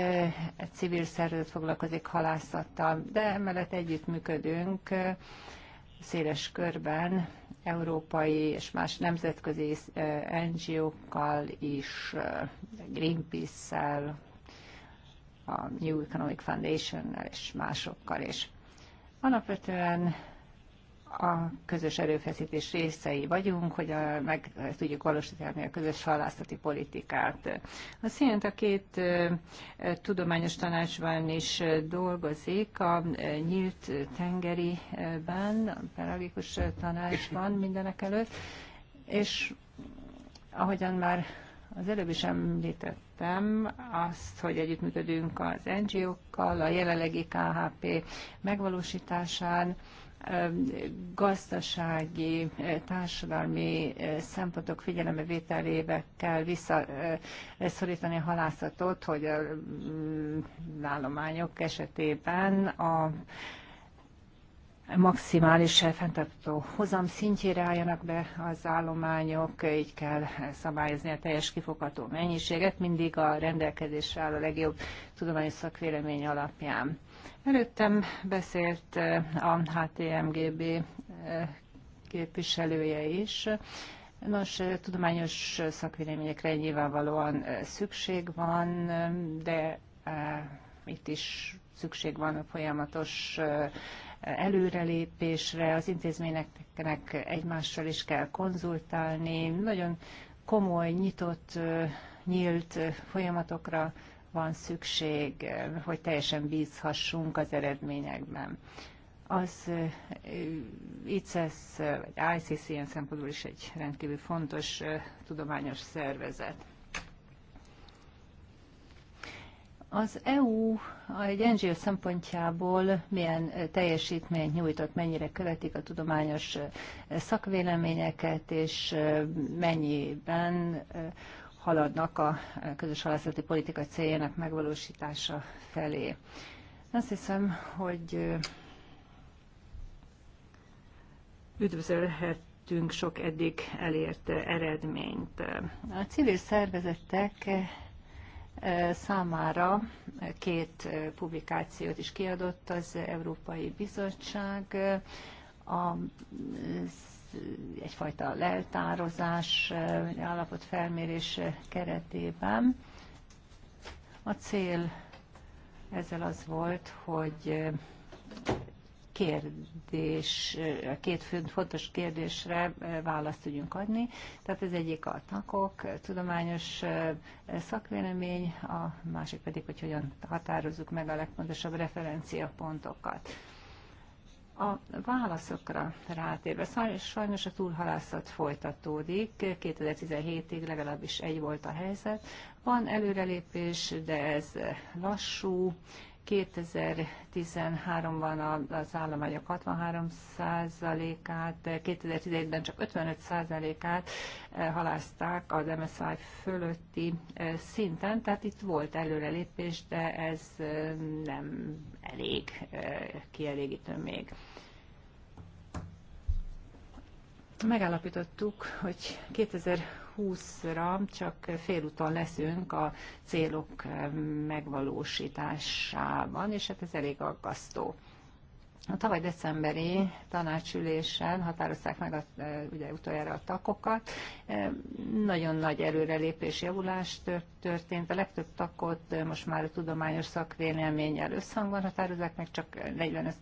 civil szervezet foglalkozik halászattal, de emellett együttműködünk széles körben európai és más nemzetközi NGO-kkal is, Greenpeace-szel, a New Economic Foundation-nel és másokkal is. Alapvetően a közös erőfeszítés részei vagyunk, hogy a, meg tudjuk valósítani a közös halászati politikát. A szint a két e, tudományos tanácsban is dolgozik, a e, nyílt tengeriben, a pelagikus tanácsban mindenek előtt, és ahogyan már az előbb is említettem azt, hogy együttműködünk az NGO-kkal, a jelenlegi KHP megvalósításán, gazdasági, társadalmi szempontok vételébe kell visszaszorítani a halászatot, hogy a mm, állományok esetében a maximális fenntartó hozam szintjére álljanak be az állományok, így kell szabályozni a teljes kifogható mennyiséget, mindig a rendelkezésre áll a legjobb tudományos szakvélemény alapján. Előttem beszélt eh, a HTMGB eh, képviselője is, Nos, eh, tudományos szakvéleményekre nyilvánvalóan szükség van, de itt is szükség van a folyamatos előrelépésre, az intézményeknek egymással is kell konzultálni, nagyon komoly, nyitott, nyílt folyamatokra van szükség, hogy teljesen bízhassunk az eredményekben. Az ICES, vagy ICC ilyen szempontból is egy rendkívül fontos tudományos szervezet. Az EU egy NGO szempontjából milyen teljesítményt nyújtott, mennyire követik a tudományos szakvéleményeket, és mennyiben haladnak a közös halászati politika céljának megvalósítása felé. Azt hiszem, hogy üdvözölhetünk sok eddig elért eredményt. A civil szervezetek számára két publikációt is kiadott az Európai Bizottság, a, egyfajta leltározás állapot felmérés keretében. A cél ezzel az volt, hogy kérdés, a két fontos kérdésre választ tudjunk adni. Tehát az egyik a takok, tudományos szakvélemény, a másik pedig, hogy hogyan határozzuk meg a legfontosabb referenciapontokat. A válaszokra rátérve, sajnos a túlhalászat folytatódik, 2017-ig legalábbis egy volt a helyzet. Van előrelépés, de ez lassú, 2013-ban az államanyag 63%-át, 2017-ben csak 55%-át eh, halázták az MSI fölötti eh, szinten, tehát itt volt előrelépés, de ez eh, nem elég kielégítő még. Megállapítottuk, hogy 2000 20 ra csak félúton leszünk a célok megvalósításában, és hát ez elég aggasztó. A tavaly decemberi tanácsülésen határozták meg a, e, ugye utoljára a takokat. E, nagyon nagy előrelépés, javulás történt. A legtöbb takot e, most már a tudományos szakvéleménnyel összhangban határozzák meg, csak 45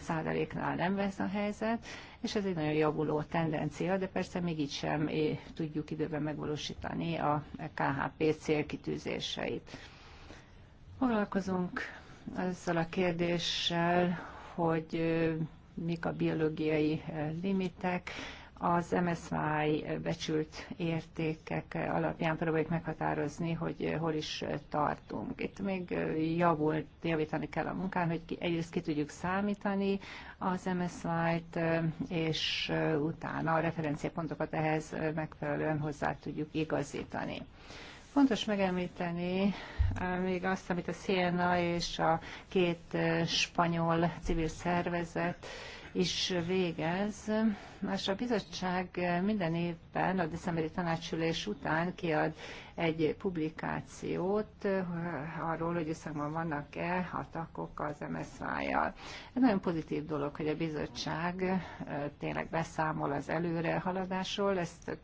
százaléknál nem vesz a helyzet, és ez egy nagyon javuló tendencia, de persze még így sem tudjuk időben megvalósítani a KHP célkitűzéseit. Foglalkozunk azzal a kérdéssel, hogy mik a biológiai limitek, az MSZI becsült értékek alapján próbáljuk meghatározni, hogy hol is tartunk. Itt még javult, javítani kell a munkán, hogy egyrészt ki tudjuk számítani az MSZI-t, és utána a referenciapontokat ehhez megfelelően hozzá tudjuk igazítani. Fontos megemlíteni eh, még azt, amit a CNA és a két eh, spanyol civil szervezet is végez. Más a bizottság minden évben a decemberi tanácsülés után kiad egy publikációt eh, arról, hogy összegben vannak-e hatakok az MSZ-jal. Ez nagyon pozitív dolog, hogy a bizottság eh, tényleg beszámol az előre haladásról. ezt eh,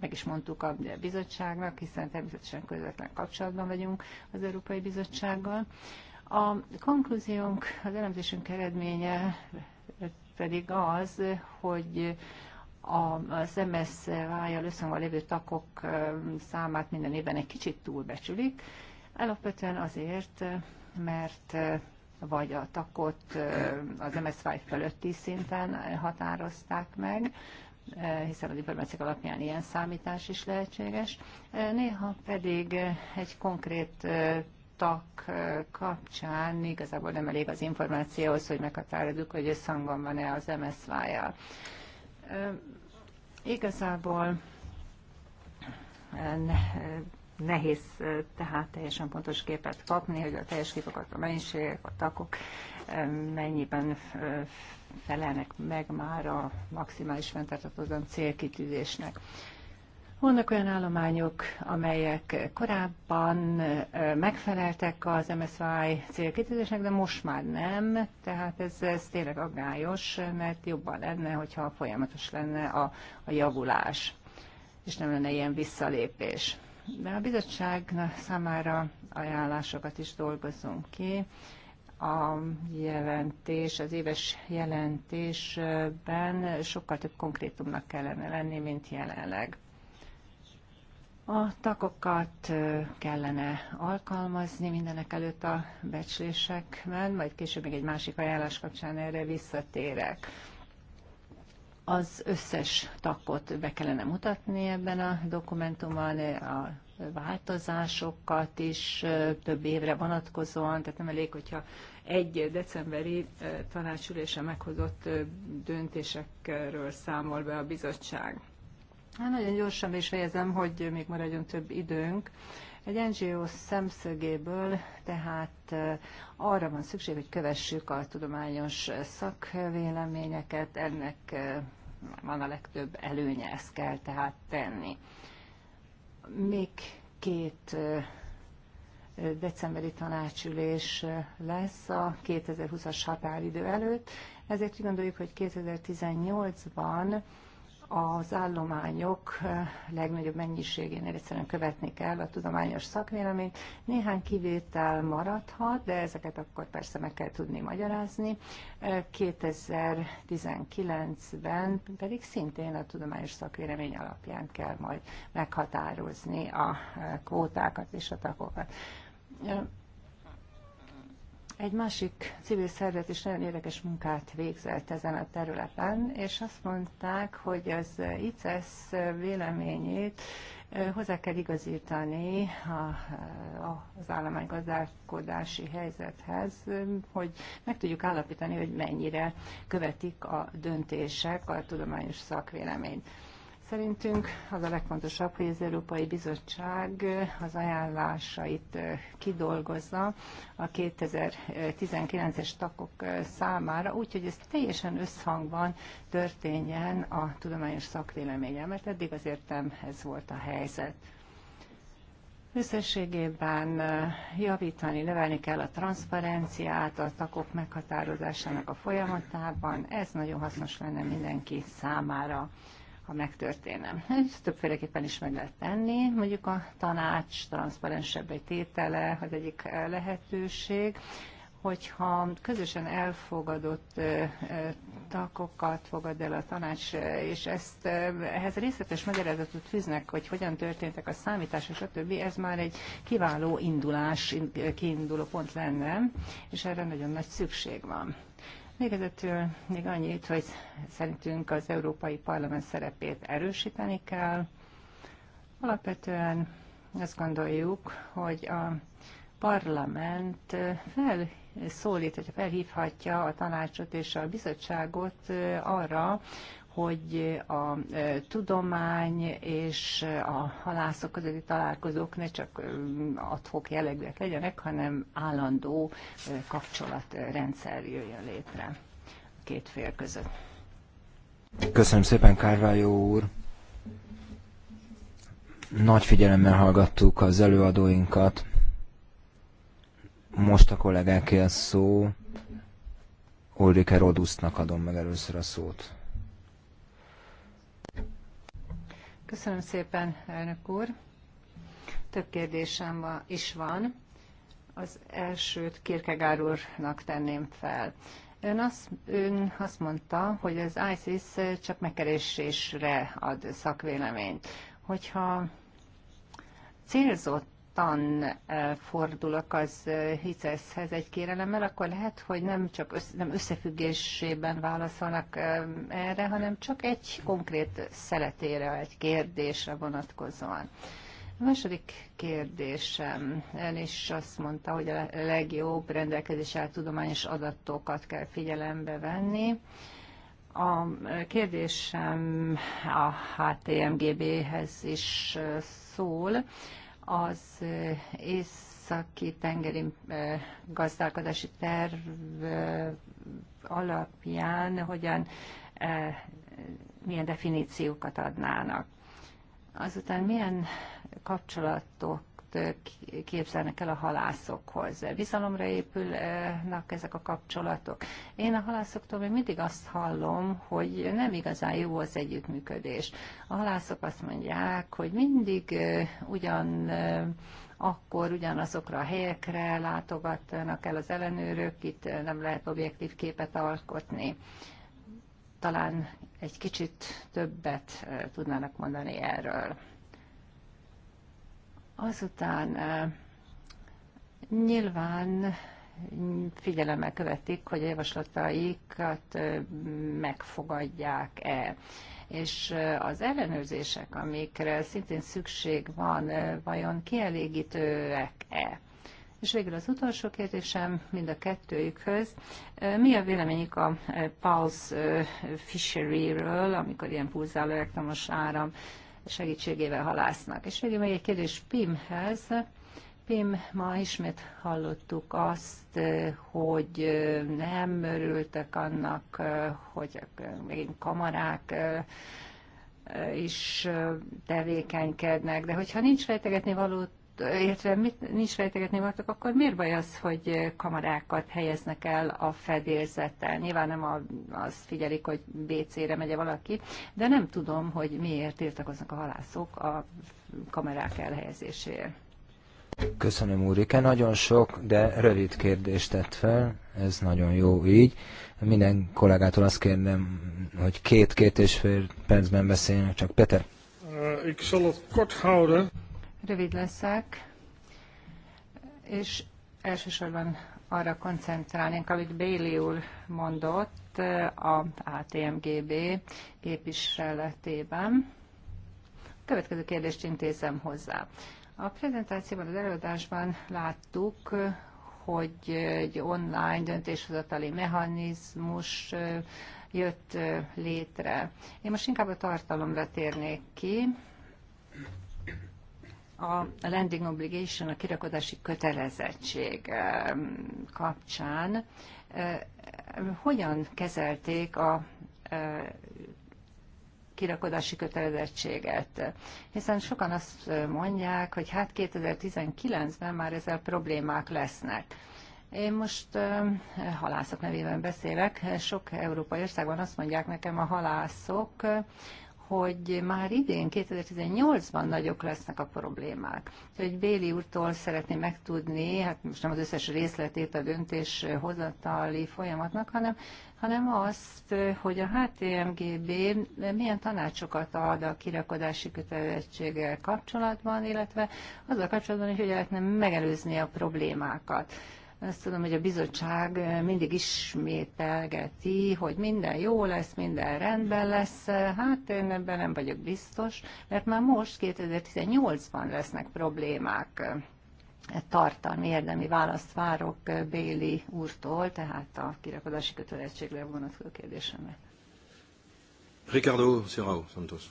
meg is mondtuk a bizottságnak, hiszen természetesen közvetlen kapcsolatban vagyunk az Európai Bizottsággal. A konklúziónk, az elemzésünk eredménye pedig az, hogy az MSZ-vájjal összehangban lévő takok számát minden évben egy kicsit túlbecsülik, alapvetően azért, mert vagy a takot az MSZ-váj fölötti szinten határozták meg, hiszen a diplomáciák alapján ilyen számítás is lehetséges. Néha pedig egy konkrét halottak kapcsán igazából nem elég az információhoz, hogy meghatározzuk, hogy összhangban van-e az MSZ-jel. Igazából nehéz tehát teljesen pontos képet kapni, hogy a teljes képokat a mennyiségek, a takok mennyiben felelnek meg már a maximális fenntartatózan célkitűzésnek. Vannak olyan állományok, amelyek korábban megfeleltek az MSI célkitűzésnek, de most már nem, tehát ez, ez tényleg aggályos, mert jobban lenne, hogyha folyamatos lenne a, a javulás, és nem lenne ilyen visszalépés. De a bizottság számára ajánlásokat is dolgozunk ki. A jelentés, az éves jelentésben sokkal több konkrétumnak kellene lenni, mint jelenleg. A takokat kellene alkalmazni mindenek előtt a becslésekben, majd később még egy másik ajánlás kapcsán erre visszatérek. Az összes takot be kellene mutatni ebben a dokumentumban, a változásokat is több évre vonatkozóan, tehát nem elég, hogyha egy decemberi tanácsülése meghozott döntésekről számol be a bizottság. Hát nagyon gyorsan is fejezem, hogy még maradjon több időnk. Egy NGO szemszögéből tehát arra van szükség, hogy kövessük a tudományos szakvéleményeket, ennek van a legtöbb előnye, ezt kell tehát tenni. Még két decemberi tanácsülés lesz a 2020-as határidő előtt, ezért úgy gondoljuk, hogy 2018-ban az állományok eh, legnagyobb mennyiségénél egyszerűen követni kell a tudományos szakvéleményt. Néhány kivétel maradhat, de ezeket akkor persze meg kell tudni magyarázni. 2019-ben eh, pedig szintén a tudományos szakvélemény alapján kell majd meghatározni a eh, kvótákat és a tagokat. Egy másik civil szervezet is nagyon érdekes munkát végzett ezen a területen, és azt mondták, hogy az ICESZ véleményét hozzá kell igazítani az gazdálkodási helyzethez, hogy meg tudjuk állapítani, hogy mennyire követik a döntések a tudományos szakvéleményt. Szerintünk az a legfontosabb, hogy az Európai Bizottság az ajánlásait kidolgozza a 2019-es takok számára, úgyhogy ez teljesen összhangban történjen a tudományos szakvéleménye, mert eddig azért nem ez volt a helyzet. Összességében javítani, növelni kell a transzparenciát a takok meghatározásának a folyamatában. Ez nagyon hasznos lenne mindenki számára ha megtörténne. Ezt többféleképpen is meg lehet tenni. Mondjuk a tanács egy tétele az egyik lehetőség hogyha közösen elfogadott takokat fogad el a tanács, és ezt ehhez részletes magyarázatot fűznek, hogy hogyan történtek a számítások, stb., ez már egy kiváló indulás, kiinduló pont lenne, és erre nagyon nagy szükség van. Végezetül még annyit, hogy szerintünk az Európai Parlament szerepét erősíteni kell. Alapvetően azt gondoljuk, hogy a parlament fel felhívhatja a tanácsot és a bizottságot arra, hogy a tudomány és a halászok közötti találkozók ne csak adhok jellegűek legyenek, hanem állandó kapcsolatrendszer jöjjön létre a két fél között.
Köszönöm szépen, Kárvályó úr! Nagy figyelemmel hallgattuk az előadóinkat. Most a kollégáké a szó. Ulrike Rodusznak adom meg először a szót.
Köszönöm szépen, elnök úr. Több kérdésem is van. Az elsőt Kirkegár úrnak tenném fel. Ön azt, ön azt mondta, hogy az ISIS csak megkeresésre ad szakvéleményt. Hogyha célzott tan eh, fordulok az eh, hicesz egy kérelemmel, akkor lehet, hogy nem csak össze, nem összefüggésében válaszolnak eh, erre, hanem csak egy konkrét szeletére, egy kérdésre vonatkozóan. A második kérdésem, ön is azt mondta, hogy a legjobb rendelkezésre tudományos adatokat kell figyelembe venni. A kérdésem a HTMGB-hez is szól az északi tengeri gazdálkodási terv alapján hogyan, milyen definíciókat adnának. Azután milyen kapcsolatok képzelnek el a halászokhoz. Bizalomra épülnek ezek a kapcsolatok. Én a halászoktól még mindig azt hallom, hogy nem igazán jó az együttműködés. A halászok azt mondják, hogy mindig ugyan akkor ugyanazokra a helyekre látogatnak el az ellenőrök, itt nem lehet objektív képet alkotni. Talán egy kicsit többet tudnának mondani erről. Azután nyilván figyelemmel követik, hogy a javaslataikat megfogadják-e. És az ellenőrzések, amikre szintén szükség van, vajon kielégítőek-e? És végül az utolsó kérdésem mind a kettőjükhöz. Mi a véleményük a Pulse Fishery-ről, amikor ilyen pulzáló elektromos áram segítségével halásznak. És végül még egy kérdés PIM-hez. PIM, ma ismét hallottuk azt, hogy nem örültek annak, hogy megint kamarák is tevékenykednek, de hogyha nincs rejtegetni valót, illetve mit, nincs rejtegetni voltak, akkor miért baj az, hogy kamarákat helyeznek el a fedélzeten? Nyilván nem a, azt figyelik, hogy wc re megye valaki, de nem tudom, hogy miért tiltakoznak a halászok a kamerák elhelyezéséért.
Köszönöm, Úrike. Nagyon sok, de rövid kérdést tett fel. Ez nagyon jó így. Minden kollégától azt kérdem, hogy két-két és fél percben beszéljenek, csak Peter.
Uh, ik zal het kort houden. Rövid leszek, és elsősorban arra koncentrálnénk, amit Béli úr mondott a ATMGB képviseletében. A következő kérdést intézem hozzá. A prezentációban, az előadásban láttuk, hogy egy online döntéshozatali mechanizmus jött létre. Én most inkább a tartalomra térnék ki a landing obligation, a kirakodási kötelezettség kapcsán hogyan kezelték a kirakodási kötelezettséget. Hiszen sokan azt mondják, hogy hát 2019-ben már ezzel problémák lesznek. Én most halászok nevében beszélek. Sok európai országban azt mondják nekem a halászok, hogy már idén, 2018-ban nagyok lesznek a problémák. Úgyhogy Béli úrtól szeretném megtudni, hát most nem az összes részletét a döntés hozatali folyamatnak, hanem, hanem azt, hogy a HTMGB milyen tanácsokat ad a kirakodási kötelezettséggel kapcsolatban, illetve azzal kapcsolatban is, hogy lehetne megelőzni a problémákat. Azt tudom, hogy a bizottság eh, mindig ismételgeti, hogy minden jó lesz, minden rendben lesz. Hát én ebben nem vagyok biztos, mert már most 2018-ban lesznek problémák tartalmi érdemi választ várok eh, Béli úrtól, tehát a kirakodási kötelezettségre vonatkozó kérdésemre.
Ricardo Serrao Santos.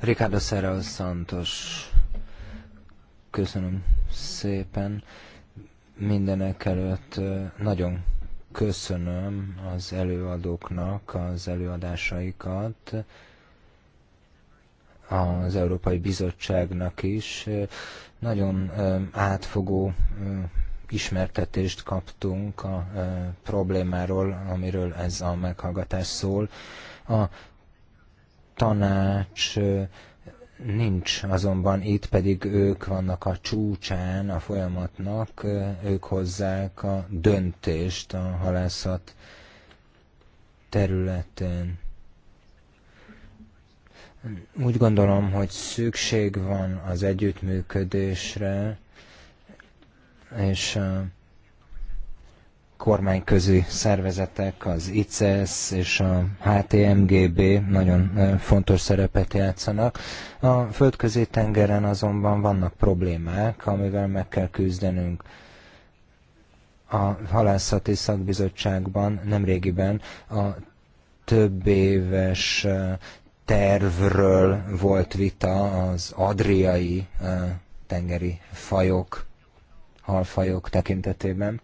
Ricardo Serrao Santos. Köszönöm szépen. Mindenek előtt nagyon köszönöm az előadóknak az előadásaikat, az Európai Bizottságnak is. Nagyon átfogó ismertetést kaptunk a problémáról, amiről ez a meghallgatás szól. A tanács nincs, azonban itt pedig ők vannak a csúcsán a folyamatnak, ők hozzák a döntést a halászat területén. Úgy gondolom, hogy szükség van az együttműködésre, és kormányközi szervezetek, az ICS e és a HTMGB nagyon fontos szerepet játszanak. A földközi tengeren azonban vannak problémák, amivel meg kell küzdenünk. A halászati szakbizottságban nemrégiben a több éves tervről volt vita az adriai tengeri fajok, halfajok tekintetében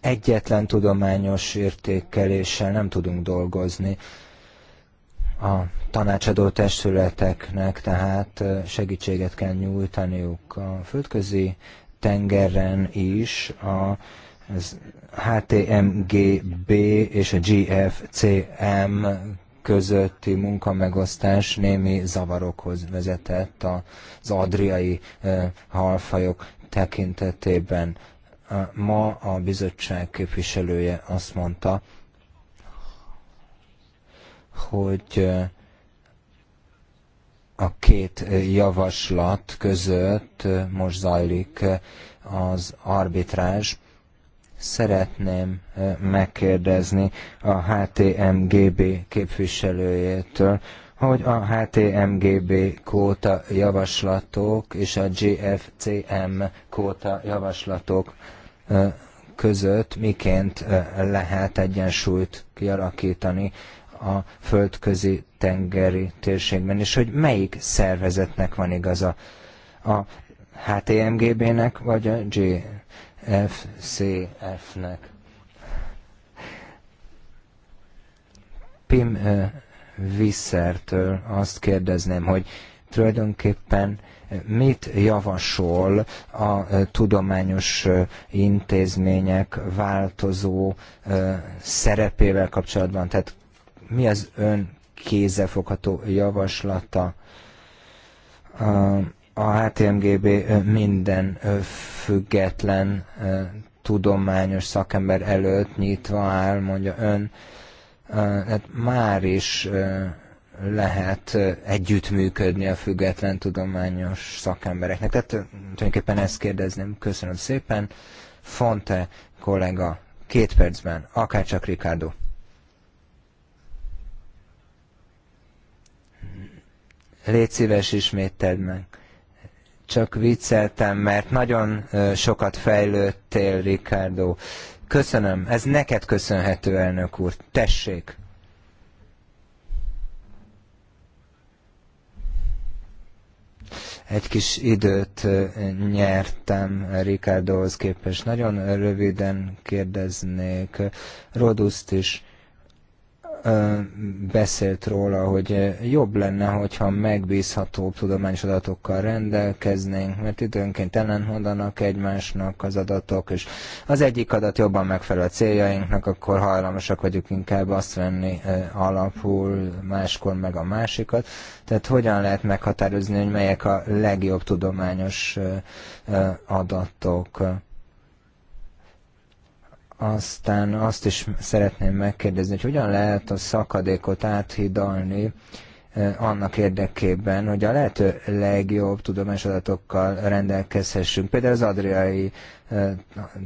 egyetlen tudományos értékeléssel nem tudunk dolgozni. A tanácsadó testületeknek tehát segítséget kell nyújtaniuk a földközi tengeren is a HTMGB és a GFCM közötti munkamegosztás némi zavarokhoz vezetett az adriai halfajok tekintetében. Ma a bizottság képviselője azt mondta, hogy a két javaslat között most zajlik az arbitrázs. Szeretném megkérdezni a HTMGB képviselőjétől, hogy a HTMGB kóta javaslatok és a GFCM kóta javaslatok között miként lehet egyensúlyt kialakítani a földközi tengeri térségben, és hogy melyik szervezetnek van igaza, a HTMGB-nek vagy a GFCF-nek. PIM Visszertől azt kérdezném, hogy tulajdonképpen mit javasol a eh, tudományos eh, intézmények változó eh, szerepével kapcsolatban? Tehát mi az ön kézefogható javaslata? A HTMGB minden független tudományos szakember előtt nyitva áll, mondja ön, hát már is lehet együttműködni a független tudományos szakembereknek. Tehát tulajdonképpen ezt kérdezném. Köszönöm szépen. Fonte kollega, két percben, akár csak Ricardo. Légy szíves, ismételd meg. Csak vicceltem, mert nagyon sokat fejlődtél, Ricardo. Köszönöm, ez neked köszönhető, elnök úr. Tessék! Egy kis időt nyertem Ricardohoz képest. Nagyon röviden kérdeznék Roduszt is beszélt róla, hogy jobb lenne, hogyha megbízhatóbb tudományos adatokkal rendelkeznénk, mert időnként ellentmondanak egymásnak az adatok, és az egyik adat jobban megfelel a céljainknak, akkor hajlamosak vagyunk inkább azt venni alapul, máskor meg a másikat. Tehát hogyan lehet meghatározni, hogy melyek a legjobb tudományos adatok? Aztán azt is szeretném megkérdezni, hogy hogyan lehet a szakadékot áthidalni eh, annak érdekében, hogy a lehető legjobb tudomásadatokkal rendelkezhessünk, például az Adriai eh,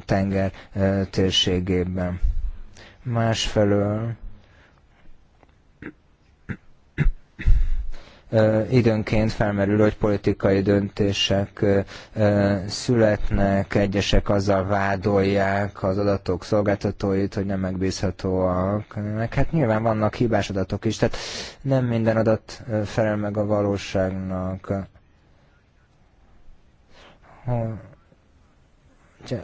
tenger eh, térségében. Másfelől Időnként felmerül, hogy politikai döntések születnek, egyesek azzal vádolják az adatok szolgáltatóit, hogy nem megbízhatóak. Meg hát nyilván vannak hibás adatok is, tehát nem minden adat felel meg a valóságnak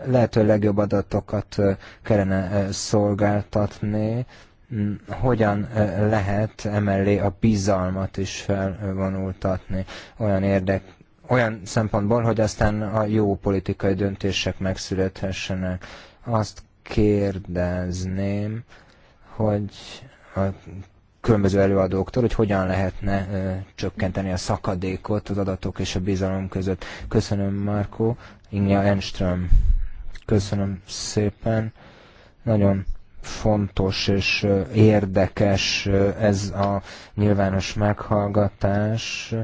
lehető legjobb adatokat kellene szolgáltatni, Mm, hogyan lehet emellé a bizalmat is felvonultatni olyan érdek, olyan szempontból, hogy aztán a jó politikai döntések megszülethessenek. Azt kérdezném, hogy a különböző előadóktól, hogy hogyan lehetne ö, csökkenteni a szakadékot az adatok és a bizalom között. Köszönöm, márko, Inga Enström. Köszönöm szépen. Nagyon fontos és érdekes ez a nyilvános meghallgatás,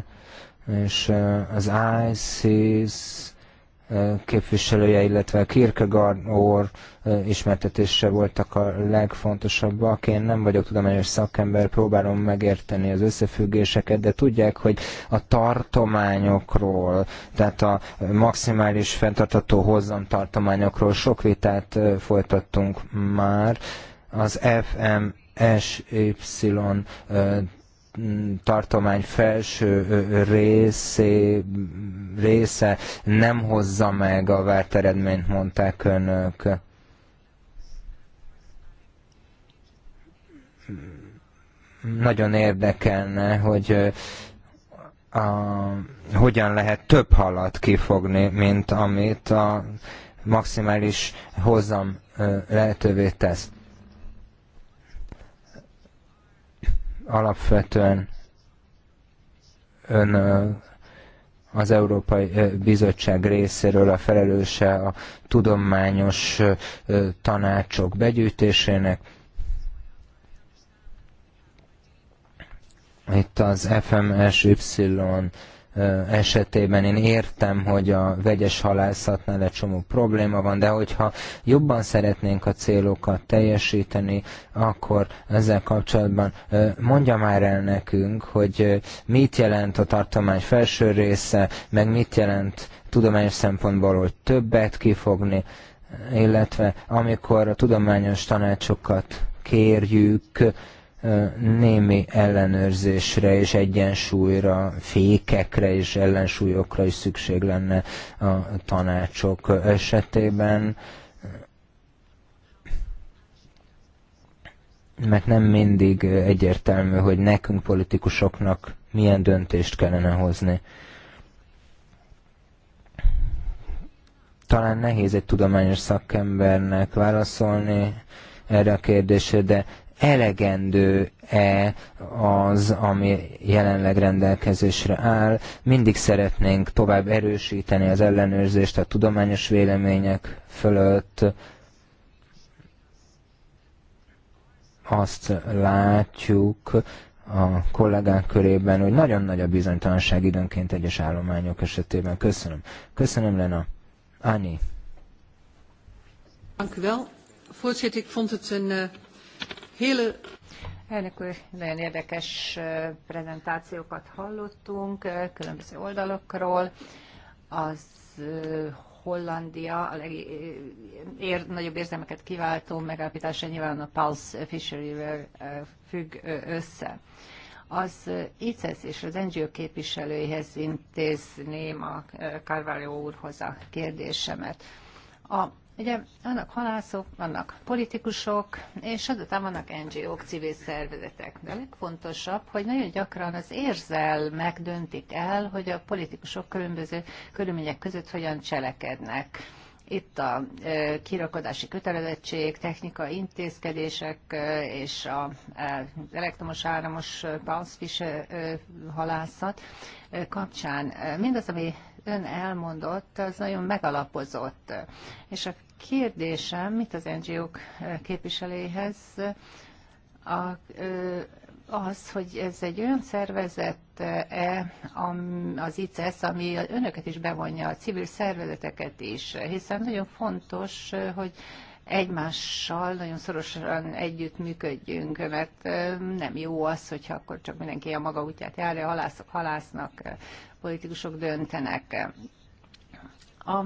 és az ISIS képviselője, illetve Kierkegaard úr ismertetése voltak a legfontosabbak. Én nem vagyok tudományos szakember, próbálom megérteni az összefüggéseket, de tudják, hogy a tartományokról, tehát a maximális fenntartató hozzam tartományokról sok vitát folytattunk már. Az FMSY tartomány felső része része nem hozza meg a várt eredményt, mondták önök. Nagyon érdekelne, hogy a, hogyan lehet több halat kifogni, mint amit a maximális hozam lehetővé tesz. alapvetően ön az Európai Bizottság részéről a felelőse a tudományos tanácsok begyűjtésének. Itt az FMSY esetében én értem, hogy a vegyes halászatnál egy csomó probléma van, de hogyha jobban szeretnénk a célokat teljesíteni, akkor ezzel kapcsolatban mondja már el nekünk, hogy mit jelent a tartomány felső része, meg mit jelent tudományos szempontból, hogy többet kifogni, illetve amikor a tudományos tanácsokat kérjük, némi ellenőrzésre és egyensúlyra, fékekre és ellensúlyokra is szükség lenne a tanácsok esetében. mert nem mindig egyértelmű, hogy nekünk politikusoknak milyen döntést kellene hozni. Talán nehéz egy tudományos szakembernek válaszolni erre a kérdésre, de elegendő-e az, ami jelenleg rendelkezésre áll. Mindig szeretnénk tovább erősíteni az ellenőrzést a tudományos vélemények fölött. Azt látjuk a kollégák körében, hogy nagyon nagy a bizonytalanság időnként egyes állományok esetében. Köszönöm. Köszönöm, Lena. Annie.
Dank u wel. Voorzitter, ik vond het een uh, Hele... Elnök úr, nagyon érdekes prezentációkat hallottunk különböző oldalokról. Az Hollandia a legnagyobb érzelmeket kiváltó megállapítása nyilván a Pulse fishery függ össze. Az ICESZ és az NGO képviselőihez intézném a Carvalho úrhoz a kérdésemet. A Ugye vannak halászok, vannak politikusok, és azután vannak NGO-k, civil szervezetek. De a legfontosabb, hogy nagyon gyakran az érzelmek döntik el, hogy a politikusok különböző körülmények között hogyan cselekednek. Itt a kirakodási kötelezettség, technikai intézkedések és az elektromos áramos panszfis halászat kapcsán mindaz, ami ön elmondott, az nagyon megalapozott. És a kérdésem mit az NGO-k képviseléhez a, az, hogy ez egy olyan szervezet-e az ICS, e ami önöket is bevonja, a civil szervezeteket is, hiszen nagyon fontos, hogy egymással nagyon szorosan együtt működjünk, mert nem jó az, hogyha akkor csak mindenki a maga útját járja, halásznak, politikusok döntenek. A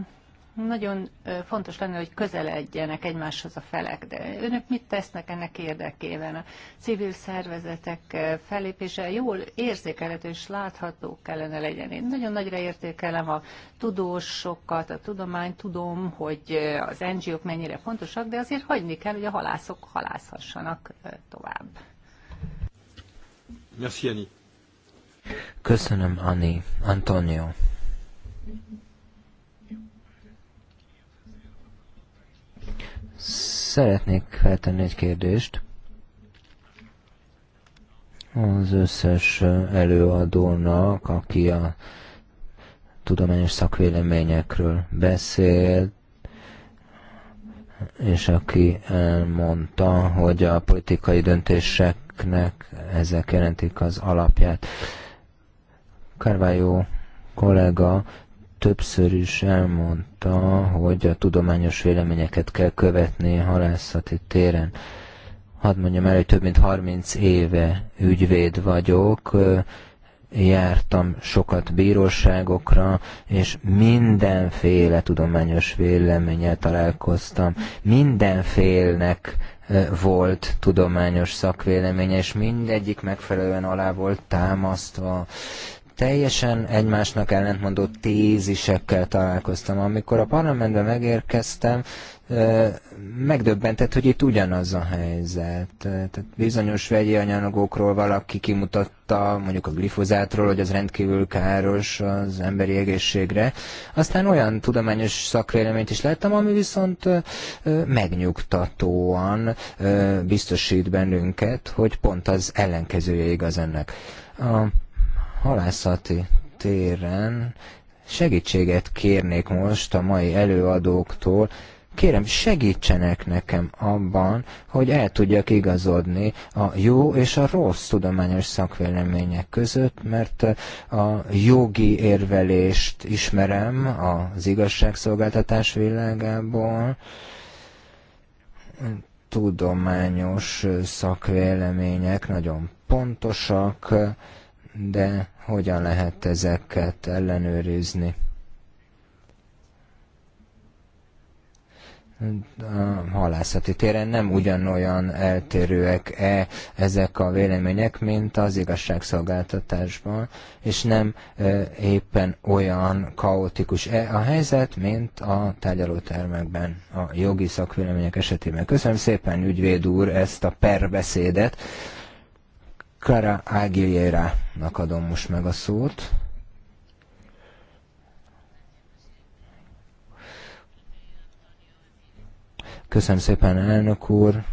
nagyon fontos lenne, hogy közeledjenek egymáshoz a felek, de önök mit tesznek ennek érdekében? A civil szervezetek fellépése jól érzékelhető és látható kellene legyen. Én nagyon nagyra értékelem a tudósokat, a tudományt, tudom, hogy az NGO-k mennyire fontosak, de azért hagyni kell, hogy a halászok halászhassanak tovább. Merci, Annie.
Köszönöm, Ani. Antonio. Mm-hmm. Szeretnék feltenni egy kérdést az összes előadónak, aki a tudományos szakvéleményekről beszélt, és aki elmondta, hogy a politikai döntéseknek ezek jelentik az alapját. Carvalho kollega többször is elmondta, hogy a tudományos véleményeket kell követni halászati téren. Hadd mondjam el, hogy több mint 30 éve ügyvéd vagyok, jártam sokat bíróságokra, és mindenféle tudományos véleménnyel találkoztam. Mindenfélnek volt tudományos szakvéleménye, és mindegyik megfelelően alá volt támasztva teljesen egymásnak ellentmondó tézisekkel találkoztam. Amikor a parlamentbe megérkeztem, megdöbbentett, hogy itt ugyanaz a helyzet. Tehát bizonyos vegyi anyagokról valaki kimutatta, mondjuk a glifozátról, hogy az rendkívül káros az emberi egészségre. Aztán olyan tudományos szakvéleményt is láttam, ami viszont megnyugtatóan biztosít bennünket, hogy pont az ellenkezője igaz ennek. A halászati téren segítséget kérnék most a mai előadóktól, kérem segítsenek nekem abban, hogy el tudjak igazodni a jó és a rossz tudományos szakvélemények között, mert a jogi érvelést ismerem az igazságszolgáltatás világából, tudományos szakvélemények nagyon pontosak, de hogyan lehet ezeket ellenőrizni. a halászati téren nem ugyanolyan eltérőek-e ezek a vélemények, mint az igazságszolgáltatásban, és nem e, éppen olyan kaotikus-e a helyzet, mint a tárgyalótermekben a jogi szakvélemények esetében. Köszönöm szépen, ügyvéd úr, ezt a perbeszédet. Kara Aguilera-nak adom most meg a szót. Köszönöm szépen, elnök úr.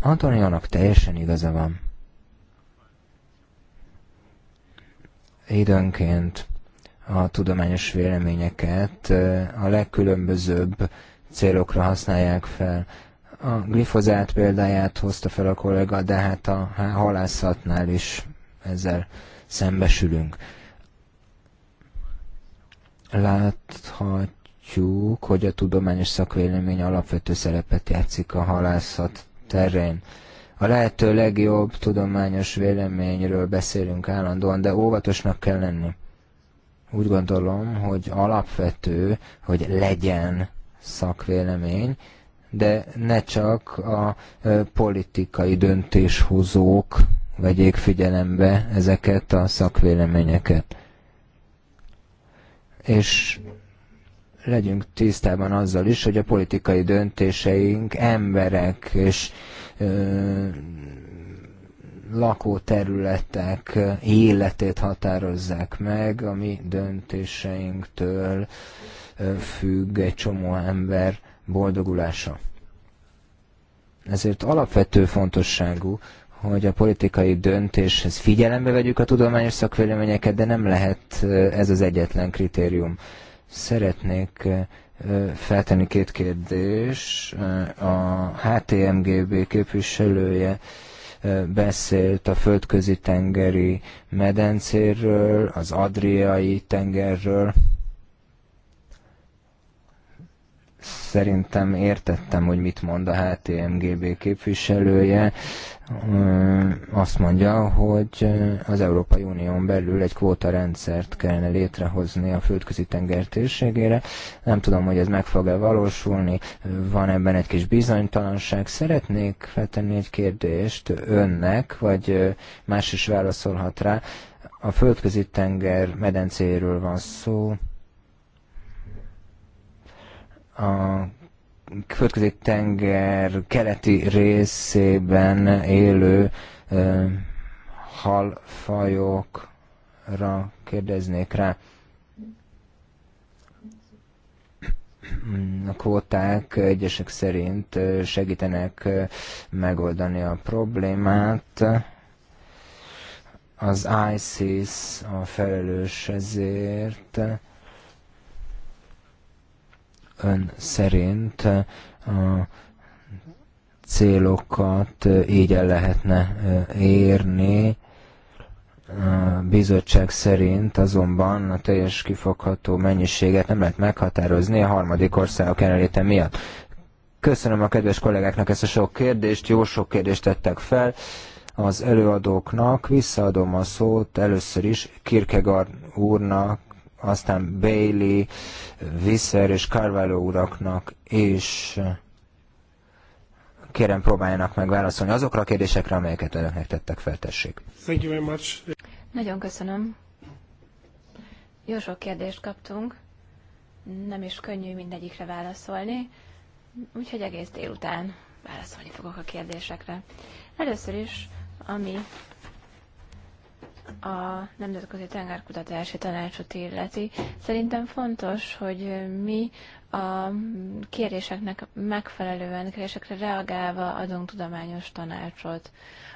Antoniónak teljesen igaza van. Időnként a tudományos véleményeket eh, a legkülönbözőbb célokra használják fel. A glifozát példáját hozta fel a kollega, de hát a halászatnál is ezzel szembesülünk. Láthatjuk, hogy a tudományos szakvélemény alapvető szerepet játszik a halászat terén. A lehető legjobb tudományos véleményről beszélünk állandóan, de óvatosnak kell lenni. Úgy gondolom, hogy alapvető, hogy legyen szakvélemény, de ne csak a politikai döntéshozók vegyék figyelembe ezeket a szakvéleményeket. És legyünk tisztában azzal is, hogy a politikai döntéseink emberek és ö, lakóterületek életét határozzák meg, ami döntéseinktől függ egy csomó ember boldogulása. Ezért alapvető fontosságú, hogy a politikai döntéshez figyelembe vegyük a tudományos szakvéleményeket, de nem lehet ez az egyetlen kritérium. Szeretnék feltenni két kérdés. A HTMGB képviselője beszélt a földközi tengeri medencéről, az adriai tengerről, Szerintem értettem, hogy mit mond a HTMGB képviselője. Azt mondja, hogy az Európai Unión belül egy kvóta rendszert kellene létrehozni a földközi tenger térségére. Nem tudom, hogy ez meg fog-e valósulni. Van ebben egy kis bizonytalanság. Szeretnék feltenni egy kérdést önnek, vagy más is válaszolhat rá. A földközi tenger medencéről van szó a földközi tenger keleti részében élő uh, halfajokra kérdeznék rá. A kvóták egyesek szerint segítenek megoldani a problémát. Az ISIS a felelős ezért ön szerint a célokat így el lehetne érni. A bizottság szerint azonban a teljes kifogható mennyiséget nem lehet meghatározni a harmadik országok jelenléte miatt. Köszönöm a kedves kollégáknak ezt a sok kérdést, jó sok kérdést tettek fel az előadóknak. Visszaadom a szót először is Kierkegaard úrnak aztán Bailey, Visser és Carvalho uraknak és eh, kérem próbáljanak meg válaszolni azokra a kérdésekre, amelyeket önöknek tettek fel, tessék.
Thank you very much. Nagyon köszönöm. Jó sok kérdést kaptunk. Nem is könnyű mindegyikre válaszolni, úgyhogy egész délután válaszolni fogok a kérdésekre. Először is, ami a Nemzetközi Tengerkutatási Tanácsot illeti, szerintem fontos, hogy mi a kéréseknek megfelelően, kérésekre reagálva adunk tudományos tanácsot.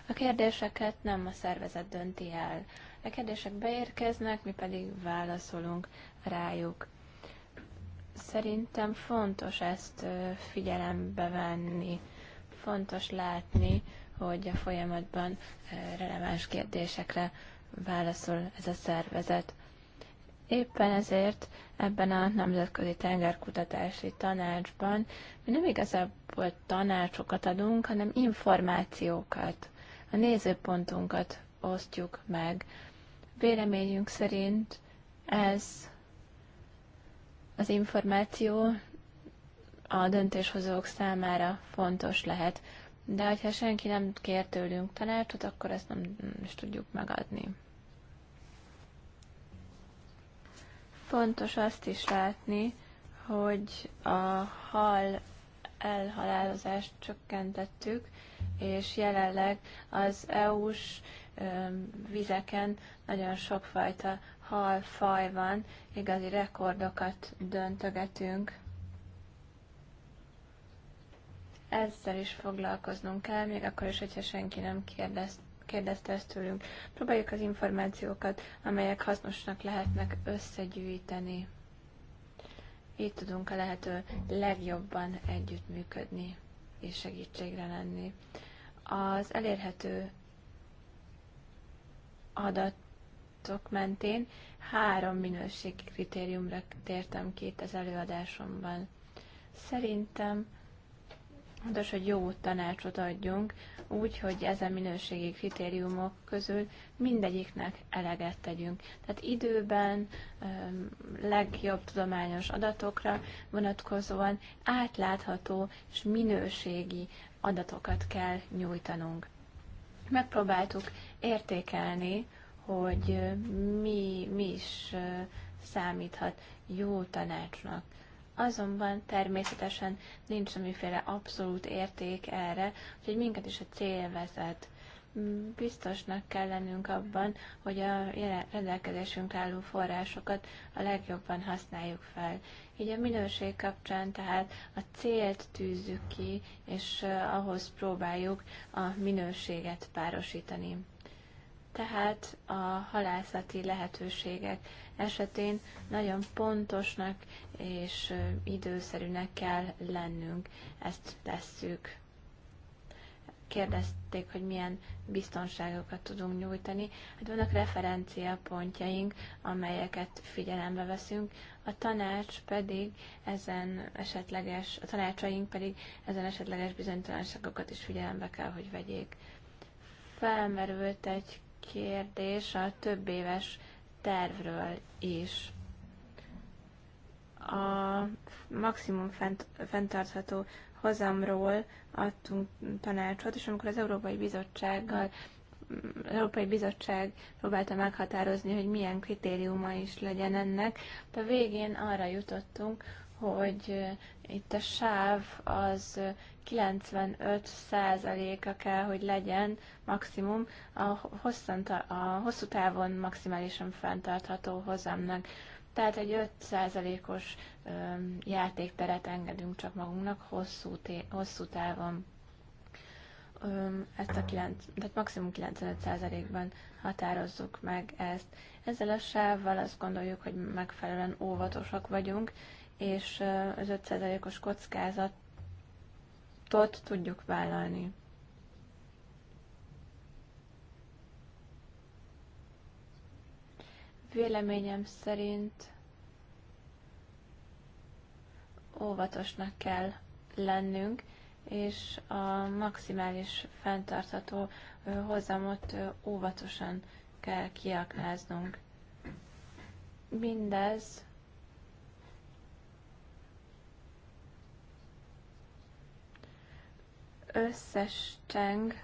A kérdéseket nem a szervezet dönti el. A kérdések beérkeznek, mi pedig válaszolunk rájuk. Szerintem fontos ezt figyelembe venni. Fontos látni, hogy a folyamatban releváns kérdésekre válaszol ez a szervezet. Éppen ezért ebben a Nemzetközi Tengerkutatási Tanácsban mi nem igazából tanácsokat adunk, hanem információkat. A nézőpontunkat osztjuk meg. Véleményünk szerint ez az információ a döntéshozók számára fontos lehet de hogyha senki nem kér tőlünk tanácsot, akkor ezt nem, is tudjuk megadni. Fontos azt is látni, hogy a hal elhalálozást csökkentettük, és jelenleg az EU-s vizeken nagyon sokfajta halfaj van, igazi rekordokat döntögetünk ezzel is foglalkoznunk kell, még akkor is, hogyha senki nem kérdez, kérdezte ezt tőlünk. Próbáljuk az információkat, amelyek hasznosnak lehetnek összegyűjteni. Így tudunk a lehető legjobban együttműködni és segítségre lenni. Az elérhető adatok mentén három minőségi kritériumra tértem két az előadásomban. Szerintem Fontos, hogy jó tanácsot adjunk, úgy, hogy ezen minőségi kritériumok közül mindegyiknek eleget tegyünk. Tehát időben, legjobb tudományos adatokra vonatkozóan átlátható és minőségi adatokat kell nyújtanunk. Megpróbáltuk értékelni, hogy mi, mi is számíthat jó tanácsnak azonban természetesen nincs semmiféle abszolút érték erre, hogy minket is a cél vezet. Mm, biztosnak kell lennünk abban, hogy a rendelkezésünk álló forrásokat a legjobban használjuk fel. Így a minőség kapcsán tehát a célt tűzzük ki, és eh, ahhoz próbáljuk a minőséget párosítani. Tehát a halászati lehetőségek esetén nagyon pontosnak és időszerűnek kell lennünk. Ezt tesszük. Kérdezték, hogy milyen biztonságokat tudunk nyújtani. Hát vannak referenciapontjaink, amelyeket figyelembe veszünk, a tanács pedig ezen esetleges, a tanácsaink pedig ezen esetleges bizonytalanságokat is figyelembe kell, hogy vegyék. Felmerült egy kérdés a több éves tervről is. A maximum fent, fenntartható hozamról adtunk tanácsot, és amikor az Európai Bizottsággal az Európai Bizottság próbálta meghatározni, hogy milyen kritériuma is legyen ennek. De a végén arra jutottunk, hogy itt a sáv az 95%-a kell, hogy legyen maximum a, hosszanta, a hosszú távon maximálisan fenntartható hozamnak. Tehát egy 5%-os játékteret engedünk csak magunknak hosszú, té- hosszú távon. ezt a 9, tehát maximum 95%-ban határozzuk meg ezt. Ezzel a sávval azt gondoljuk, hogy megfelelően óvatosak vagyunk, és az 5%-os kockázatot tudjuk vállalni. Véleményem szerint óvatosnak kell lennünk, és a maximális fenntartható hozamot óvatosan kell kiaknáznunk. Mindez összes cseng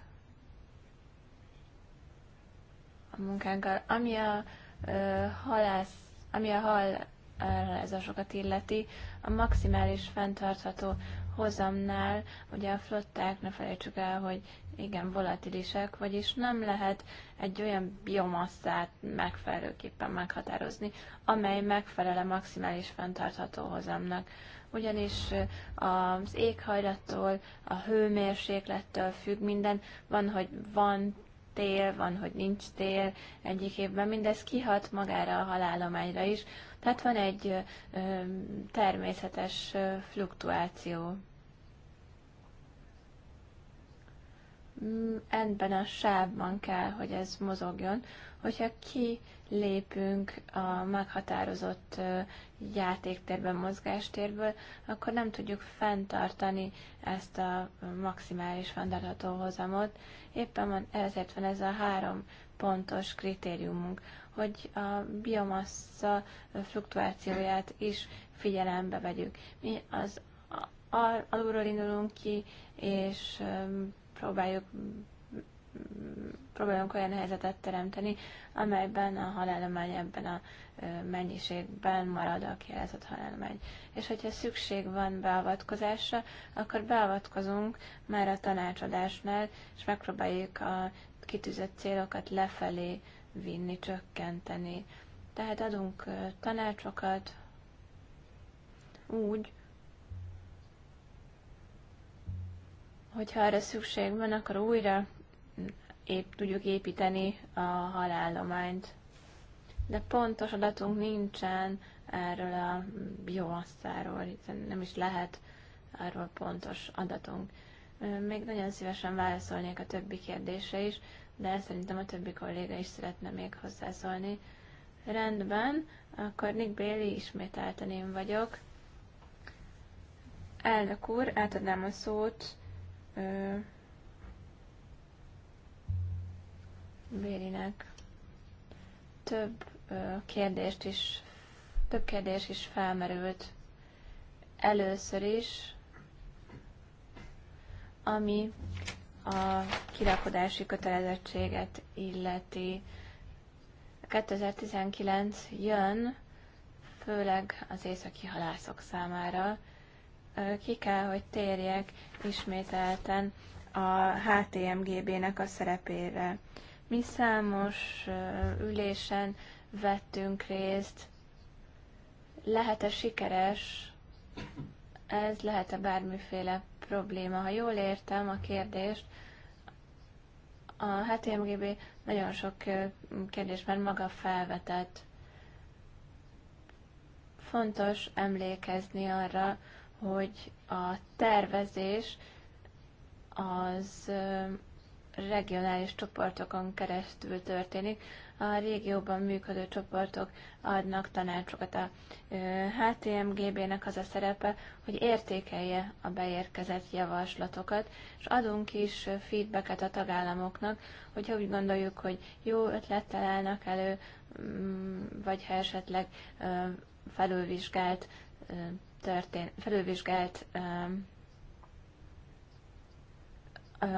a munkánkkal, ami a uh, halász, ami a hal elhalázásokat illeti, a maximális fenntartható hozamnál, ugye a flották, ne felejtsük el, hogy igen, volatilisek, vagyis nem lehet egy olyan biomasszát megfelelőképpen meghatározni, amely megfelel a maximális fenntartható hozamnak ugyanis az éghajlattól, a hőmérséklettől függ minden, van, hogy van tél, van, hogy nincs tél egyik évben, mindez kihat magára a halálományra is, tehát van egy természetes fluktuáció. ebben a sávban kell, hogy ez mozogjon, hogyha ki lépünk a meghatározott játéktérben, mozgástérből, akkor nem tudjuk fenntartani ezt a maximális fenntartható hozamot. Éppen van, ezért van ez a három pontos kritériumunk, hogy a biomassa fluktuációját is figyelembe vegyük. Mi az alulról indulunk ki, és próbáljuk próbálunk olyan helyzetet teremteni, amelyben a halálomány ebben a mennyiségben marad a kijelzett halálomány. És hogyha szükség van beavatkozásra, akkor beavatkozunk már a tanácsadásnál, és megpróbáljuk a kitűzött célokat lefelé vinni, csökkenteni. Tehát adunk tanácsokat úgy, hogyha erre szükség van, akkor újra épp tudjuk építeni a halállományt. De pontos adatunk nincsen erről a biomasszáról, hiszen nem is lehet erről pontos adatunk. Még nagyon szívesen válaszolnék a többi kérdése is, de szerintem a többi kolléga is szeretne még hozzászólni. Rendben, akkor Nick Béli ismételten én vagyok. Elnök úr, átadnám a szót Bérinek több kérdést is, több kérdés is felmerült. Először is, ami a kirakodási kötelezettséget illeti. 2019 jön, főleg az északi halászok számára, ki kell, hogy térjek ismételten a HTMGB-nek a szerepére. Mi számos ülésen vettünk részt, lehet-e sikeres, ez lehet-e bármiféle probléma. Ha jól értem a kérdést, a HTMGB nagyon sok kérdés, már maga felvetett. Fontos emlékezni arra, hogy a tervezés az regionális csoportokon keresztül történik. A régióban működő csoportok adnak tanácsokat. A HTMGB-nek az a szerepe, hogy értékelje a beérkezett javaslatokat, és adunk is feedbacket a tagállamoknak, hogyha úgy gondoljuk, hogy jó ötlettel állnak elő, mm, vagy ha esetleg felülvizsgált történ- felülvizsgált um,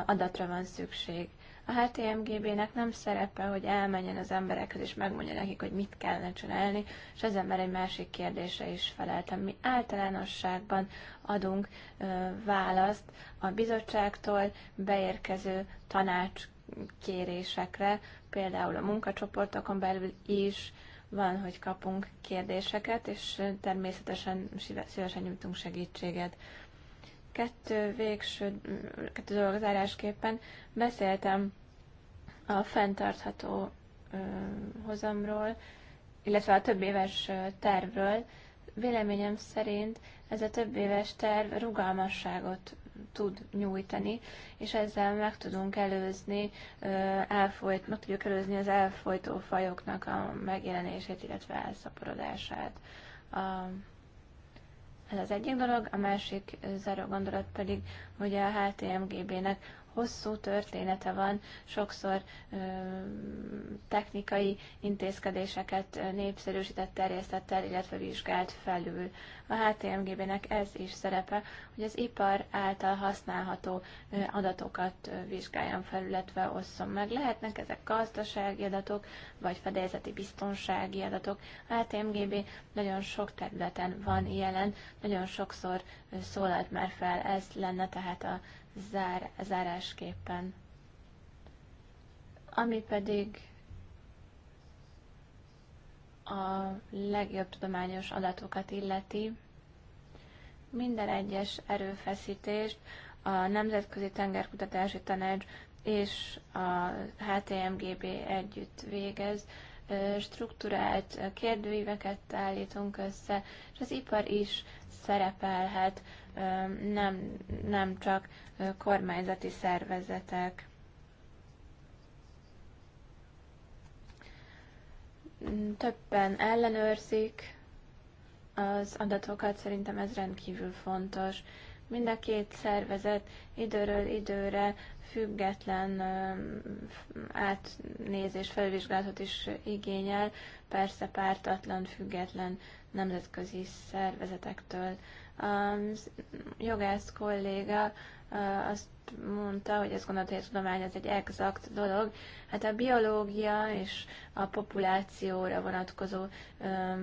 adatra van szükség. A HTMGB-nek nem szerepe, hogy elmenjen az emberekhez és megmondja nekik, hogy mit kellene csinálni, és ezen már egy másik kérdése is feleltem. Mi általánosságban adunk ö, választ a bizottságtól beérkező tanácskérésekre, például a munkacsoportokon belül is, van, hogy kapunk kérdéseket, és természetesen szívesen nyújtunk segítséget. Kettő végső, kettő dolog zárásképpen beszéltem a fenntartható ö, hozamról, illetve a több éves tervről. Véleményem szerint ez a több éves terv rugalmasságot tud nyújtani, és ezzel meg tudunk előzni, elfolyt, meg tudjuk előzni az elfolytó fajoknak a megjelenését, illetve elszaporodását. A, ez az egyik dolog, a másik záró gondolat pedig, hogy a HTMGB-nek hosszú története van, sokszor ö, technikai intézkedéseket népszerűsített, terjesztett el, illetve vizsgált felül. A HTMGB-nek ez is szerepe, hogy az ipar által használható adatokat vizsgáljon fel, illetve osszon meg. Lehetnek ezek gazdasági adatok, vagy fedélzeti biztonsági adatok. A HTMGB nagyon sok területen van jelen, nagyon sokszor szólalt már fel, ez lenne tehát a zár, zárásképpen. Ami pedig a legjobb tudományos adatokat illeti, minden egyes erőfeszítést a Nemzetközi Tengerkutatási Tanács és a HTMGB együtt végez, struktúrált kérdőíveket állítunk össze, és az ipar is szerepelhet nem, nem csak kormányzati szervezetek. Többen ellenőrzik az adatokat, szerintem ez rendkívül fontos. Mind a két szervezet időről időre független átnézés, felvizsgálatot is igényel, persze pártatlan, független nemzetközi szervezetektől. A jogász kolléga azt mondta, hogy azt gondolta, hogy a tudomány az egy exakt dolog. Hát a biológia és a populációra vonatkozó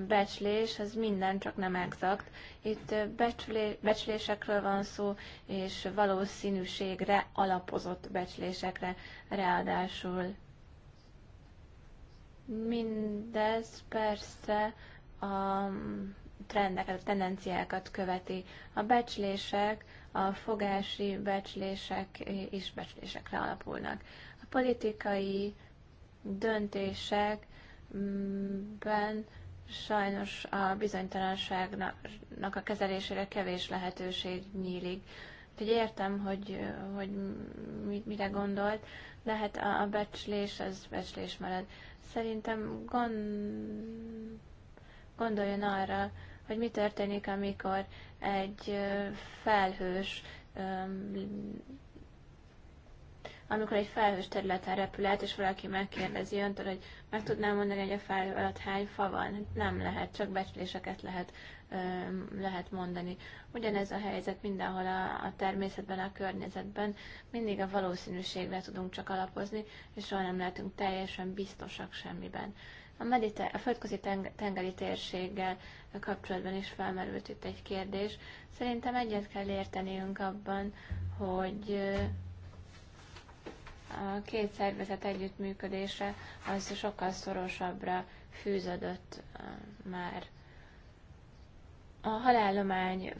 becslés, az minden csak nem exakt. Itt becslé, becslésekről van szó, és valószínűségre alapozott becslésekre ráadásul. Mindez persze a mm, trendeket, a tendenciákat követi. A becslések a fogási becslések is becslésekre alapulnak. A politikai döntésekben mm, sajnos a bizonytalanságnak a kezelésére kevés lehetőség nyílik. Úgyhogy értem, hogy, hogy mire gondolt, de hát a, a becslés, az becslés marad. Szerintem gond, gondoljon arra, hogy mi történik, amikor egy felhős amikor egy felhős területen repül át, és valaki megkérdezi öntől, hogy meg tudnám mondani, hogy a felhő alatt hány fa van? Nem lehet, csak becsléseket lehet, lehet mondani. Ugyanez a helyzet mindenhol a, a természetben, a környezetben, mindig a valószínűségre tudunk csak alapozni, és soha nem lehetünk teljesen biztosak semmiben. A, medite- a földközi tengeri térséggel a kapcsolatban is felmerült itt egy kérdés. Szerintem egyet kell értenünk abban, hogy a két szervezet együttműködése az sokkal szorosabbra fűződött már. A halállomány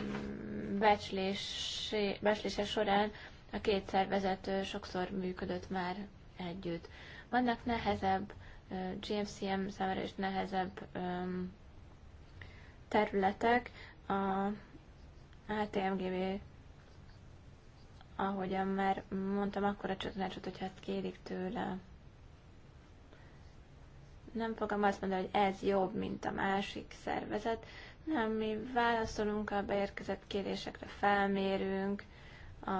mm, becslése, becslése során a két szervezet sokszor működött már együtt. Vannak nehezebb GFCM számára is nehezebb területek. A HTMGV, ahogyan már mondtam, akkor a csatornácsot, hogyha ezt kérik tőle. Nem fogom azt mondani, hogy ez jobb, mint a másik szervezet. Nem, mi válaszolunk a beérkezett kérésekre, felmérünk, a,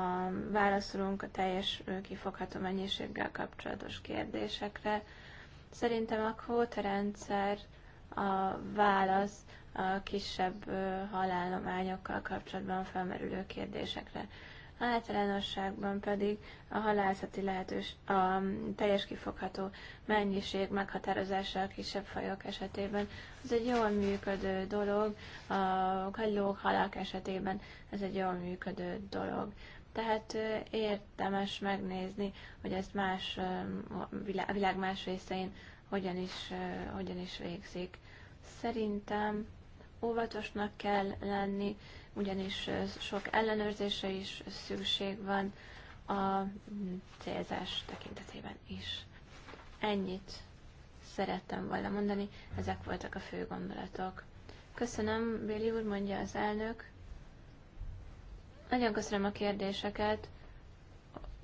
válaszolunk a teljes kifogható mennyiséggel kapcsolatos kérdésekre, Szerintem a kvótarendszer a válasz a kisebb halálományokkal kapcsolatban felmerülő kérdésekre. Általánosságban pedig a halászati lehetős, a teljes kifogható mennyiség meghatározása a kisebb fajok esetében. Ez egy jól működő dolog, a kagylók, halak esetében ez egy jól működő dolog. Tehát érdemes megnézni, hogy ezt más, a világ más részein hogyan is, hogyan is végzik. Szerintem óvatosnak kell lenni, ugyanis sok ellenőrzése is szükség van a célzás tekintetében is. Ennyit szerettem volna mondani, ezek voltak a fő gondolatok. Köszönöm, Béli úr, mondja az elnök. Nagyon köszönöm a kérdéseket.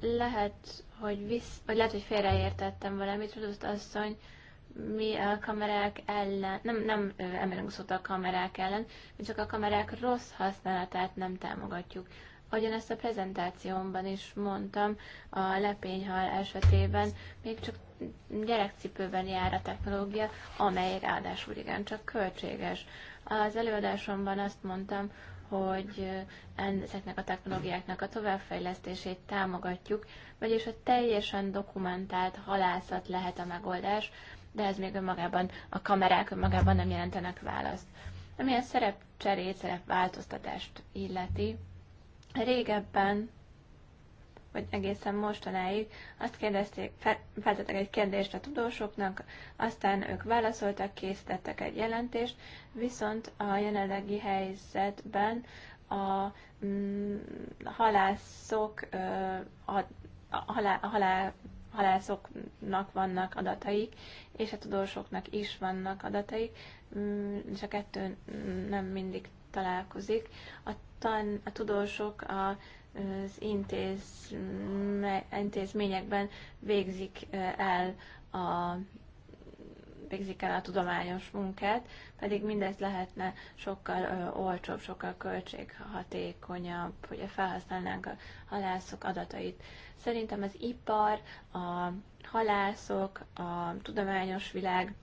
Lehet, hogy visz, vagy lehet, hogy félreértettem valamit, tudott asszony, mi a kamerák ellen, nem, nem emelünk szót a kamerák ellen, mi csak a kamerák rossz használatát nem támogatjuk. Ahogyan ezt a prezentációmban is mondtam, a lepényhal esetében még csak gyerekcipőben jár a technológia, amely ráadásul csak költséges. Az előadásomban azt mondtam, hogy ezeknek a technológiáknak a továbbfejlesztését támogatjuk, vagyis a teljesen dokumentált halászat lehet a megoldás, de ez még önmagában, a kamerák önmagában nem jelentenek választ. Ami a szerepcserét, szerepváltoztatást illeti, régebben vagy egészen mostanáig azt kérdezték, feltettek egy kérdést a tudósoknak, aztán ők válaszoltak, készítettek egy jelentést, viszont a jelenlegi helyzetben a mm, halászok, a, a, halá, a halá, halászoknak vannak adataik, és a tudósoknak is vannak adataik, mm, és a kettő nem mindig találkozik. A, tan, a tudósok a az intézme, intézményekben végzik el a végzik el a tudományos munkát, pedig mindezt lehetne sokkal ö, olcsóbb, sokkal költséghatékonyabb, hogyha felhasználnánk a halászok adatait. Szerintem az ipar, a halászok, a tudományos világ,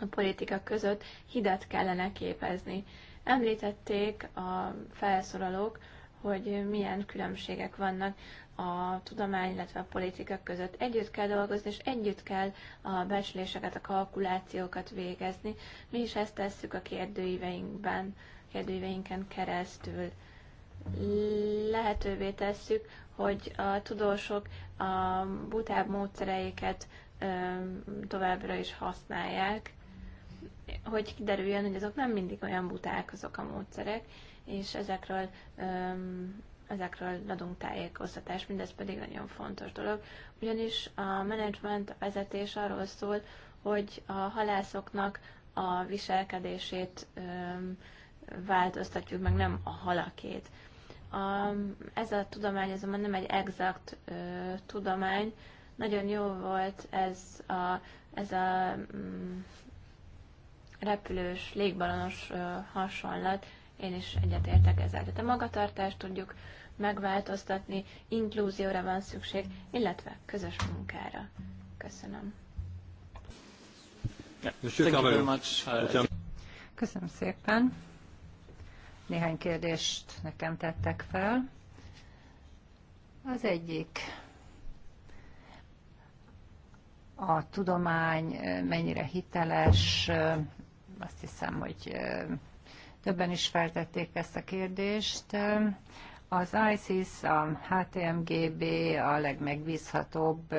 a politika között hidat kellene képezni. Említették a felszólalók, hogy milyen különbségek vannak a tudomány, illetve a politika között. Együtt kell dolgozni, és együtt kell a becsléseket, a kalkulációkat végezni. Mi is ezt tesszük a kérdőíveinkben, kérdőíveinken keresztül. Lehetővé tesszük, hogy a tudósok a butább módszereiket továbbra is használják, hogy kiderüljön, hogy azok nem mindig olyan buták azok a módszerek, és ezekről ezekről adunk tájékoztatást, mindez pedig nagyon fontos dolog, ugyanis a menedzsment, a vezetés arról szól, hogy a halászoknak a viselkedését változtatjuk meg, nem a halakét. A, ez a tudomány azonban nem egy exakt ö, tudomány. Nagyon jó volt ez a, ez a mm, repülős, légbalonos ö, hasonlat, én is egyetértek ezzel. Tehát a magatartást tudjuk megváltoztatni, inklúzióra van szükség, illetve közös munkára. Köszönöm.
Uh, Köszönöm szépen. Néhány kérdést nekem tettek fel. Az egyik, a tudomány eh, mennyire hiteles, eh, azt hiszem, hogy eh, Többen is feltették ezt a kérdést. Az ISIS, a HTMGB a legmegbízhatóbb,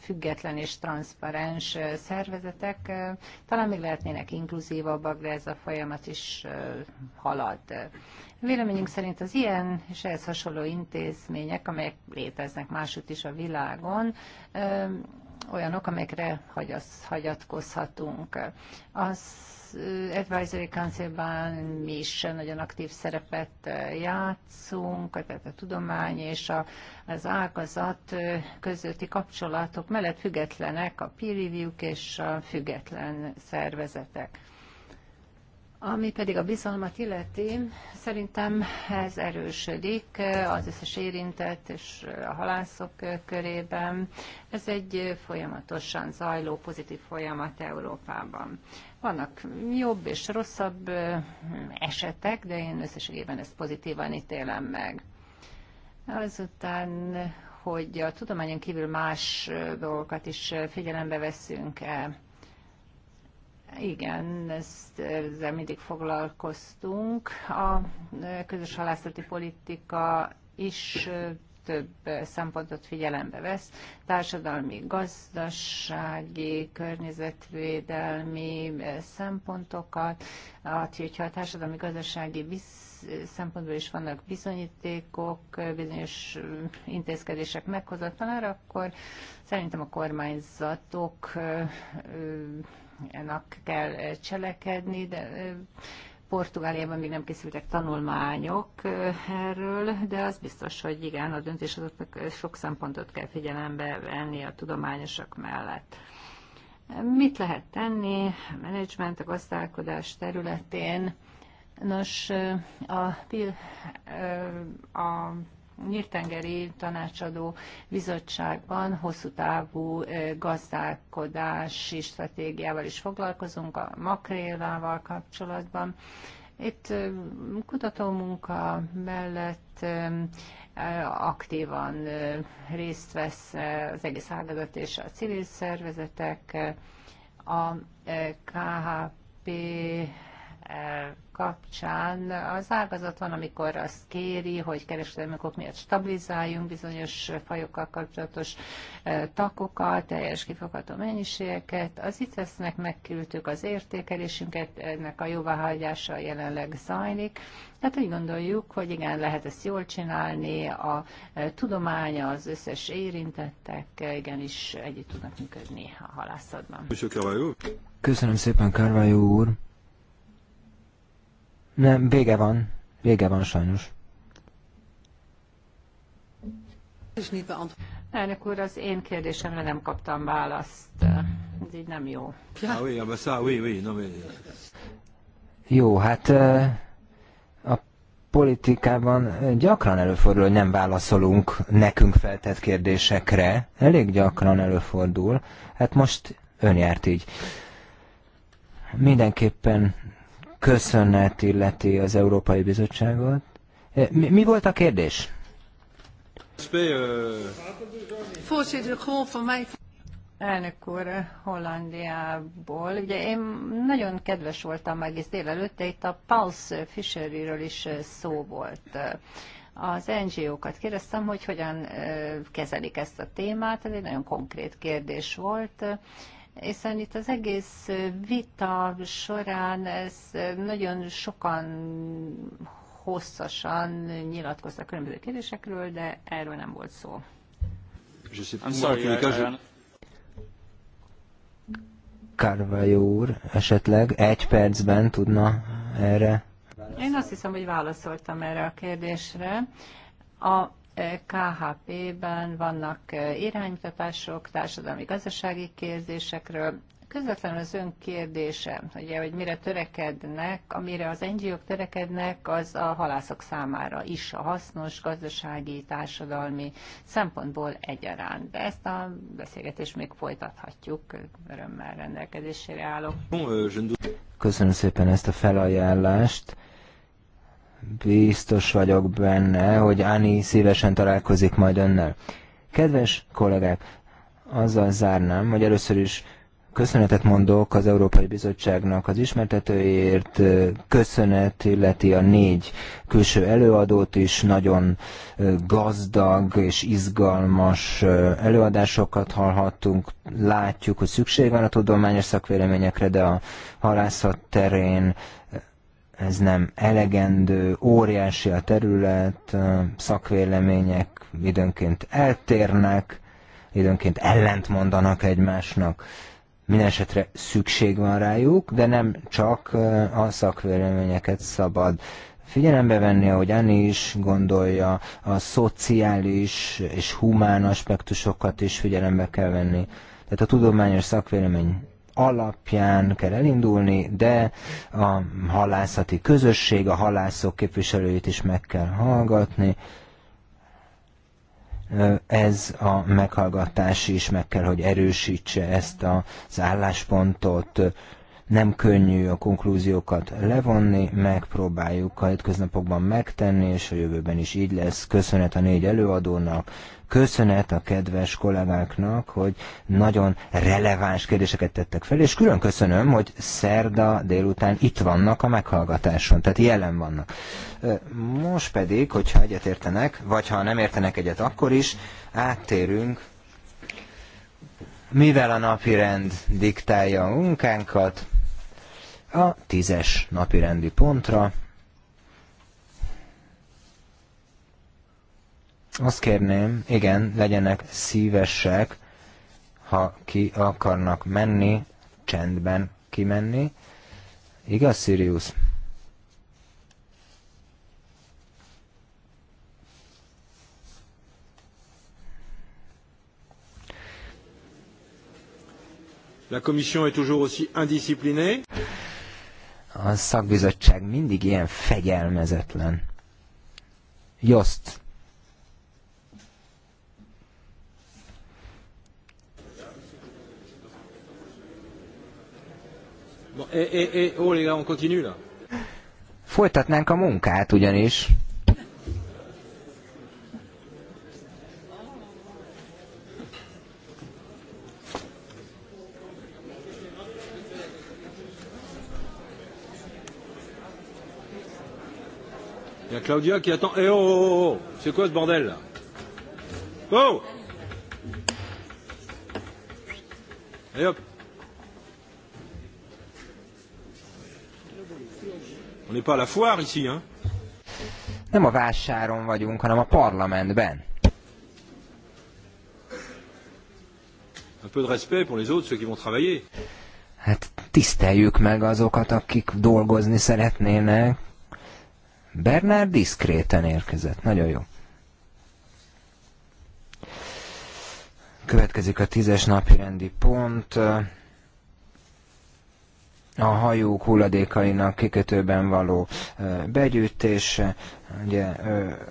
független és transzparens szervezetek. Talán még lehetnének inkluzívabbak, de ez a folyamat is halad. Véleményünk szerint az ilyen és ehhez hasonló intézmények, amelyek léteznek másutt is a világon, olyanok, amelyekre hagyatkozhatunk. Az Advisory Council-ban mi is nagyon aktív szerepet játszunk, tehát a tudomány és a, az ágazat közötti kapcsolatok mellett függetlenek a peer review és a független szervezetek. Ami pedig a bizalmat illeti, szerintem ez erősödik az összes érintett és a halászok körében. Ez egy folyamatosan zajló pozitív folyamat Európában. Vannak jobb és rosszabb esetek, de én összességében ezt pozitívan ítélem meg. Azután, hogy a tudományon kívül más dolgokat is figyelembe veszünk-e, igen, ezt, ezzel mindig foglalkoztunk. A közös halászati politika is több szempontot figyelembe vesz, társadalmi, gazdasági, környezetvédelmi eh, szempontokat, hogyha a társadalmi, gazdasági eh, szempontból is vannak bizonyítékok, eh, bizonyos mm, intézkedések meghozatlanak, akkor szerintem a kormányzatok ennek kell cselekedni, de Portugáliában még nem készültek tanulmányok erről, de az biztos, hogy igen, a döntéshozatnak sok szempontot kell figyelembe venni a tudományosak mellett. Mit lehet tenni a menedzsment, a gazdálkodás területén? Nos, a, a nyírtengeri tanácsadó bizottságban hosszú távú gazdálkodási stratégiával is foglalkozunk, a makrélával kapcsolatban. Itt kutatómunka mellett aktívan részt vesz az egész ágazat és a civil szervezetek, a KHP kapcsán az ágazat van, amikor azt kéri, hogy kereskedelmi okok miatt stabilizáljunk bizonyos fajokkal kapcsolatos takokat, teljes kifogható mennyiségeket. Az itt vesznek megküldtük az értékelésünket, ennek a jóváhagyása jelenleg zajlik. Tehát úgy gondoljuk, hogy igen, lehet ezt jól csinálni, a tudománya, az összes érintettek igenis együtt tudnak működni a halászatban.
Köszönöm szépen, Kárvályó úr! Nem, vége van. Vége van sajnos.
Elnök úr, az én kérdésemre nem kaptam választ. Ez így nem jó.
Jó, hát a politikában gyakran előfordul, hogy nem válaszolunk nekünk feltett kérdésekre. Elég gyakran előfordul. Hát most ön járt így. Mindenképpen köszönet illeti az Európai Bizottságot. E, mi, mi volt a kérdés?
Elnök úr, Hollandiából. Ugye én nagyon kedves voltam egész délelőtt, itt a Pulse Fisheryről is szó volt. Az NGO-kat kérdeztem, hogy hogyan kezelik ezt a témát, ez egy nagyon konkrét kérdés volt hiszen itt az egész vita során ez nagyon sokan hosszasan nyilatkoztak különböző kérdésekről, de erről nem volt szó.
Carvalho úr esetleg egy percben tudna erre?
Én azt hiszem, hogy válaszoltam erre a kérdésre. A KHP-ben vannak eh, iránymutatások társadalmi-gazdasági kérdésekről. Közvetlenül az ön kérdése, ugye, hogy mire törekednek, amire az NGO-k törekednek, az a halászok számára is a hasznos gazdasági, társadalmi szempontból egyaránt. De ezt a beszélgetést még folytathatjuk, örömmel rendelkezésére állok.
Euh, Köszönöm szépen ezt a felajánlást biztos vagyok benne, hogy Ani szívesen találkozik majd önnel. Kedves kollégák, azzal zárnám, hogy először is köszönetet mondok az Európai Bizottságnak az ismertetőért, köszönet illeti a négy külső előadót is, nagyon gazdag és izgalmas előadásokat hallhattunk, látjuk, hogy szükség van a tudományos szakvéleményekre, de a halászat terén ez nem elegendő, óriási a terület, szakvélemények időnként eltérnek, időnként ellentmondanak egymásnak. Mindenesetre szükség van rájuk, de nem csak a szakvéleményeket szabad figyelembe venni, ahogy Anni is gondolja, a szociális és humán aspektusokat is figyelembe kell venni. Tehát a tudományos szakvélemény alapján kell elindulni, de a halászati közösség, a halászok képviselőit is meg kell hallgatni. Ez a meghallgatás is meg kell, hogy erősítse ezt az álláspontot. Nem könnyű a konklúziókat levonni, megpróbáljuk a hétköznapokban megtenni, és a jövőben is így lesz. Köszönet a négy előadónak, Köszönet a kedves kollégáknak, hogy nagyon releváns kérdéseket tettek fel, és külön köszönöm, hogy szerda délután itt vannak a meghallgatáson, tehát jelen vannak. Most pedig, hogyha egyet értenek, vagy ha nem értenek egyet, akkor is áttérünk mivel a napirend diktálja a munkánkat, a tízes napirendi pontra, Azt kérném, igen, legyenek szívesek, ha ki akarnak menni, csendben kimenni. Igaz, Sirius? La commission est toujours aussi indisciplinée. A szakbizottság mindig ilyen fegyelmezetlen. Jost, Et, et, et, oh les gars, on continue là. Folytatnánk a munkát ugyanis. Il y a Claudia qui attend. Eh hey, oh, oh, oh, oh C'est quoi ce bordel là Oh Allez hop On n'est pas à la foire ici, hein? Nem a vásáron vagyunk, hanem a parlamentben. Un peu de respect pour les autres, ceux qui vont travailler. Hát tiszteljük meg azokat, akik dolgozni szeretnének. Bernard diszkréten érkezett. Nagyon jó. Következik a tízes napi rendi pont a hajók hulladékainak kikötőben való begyűjtése. Ugye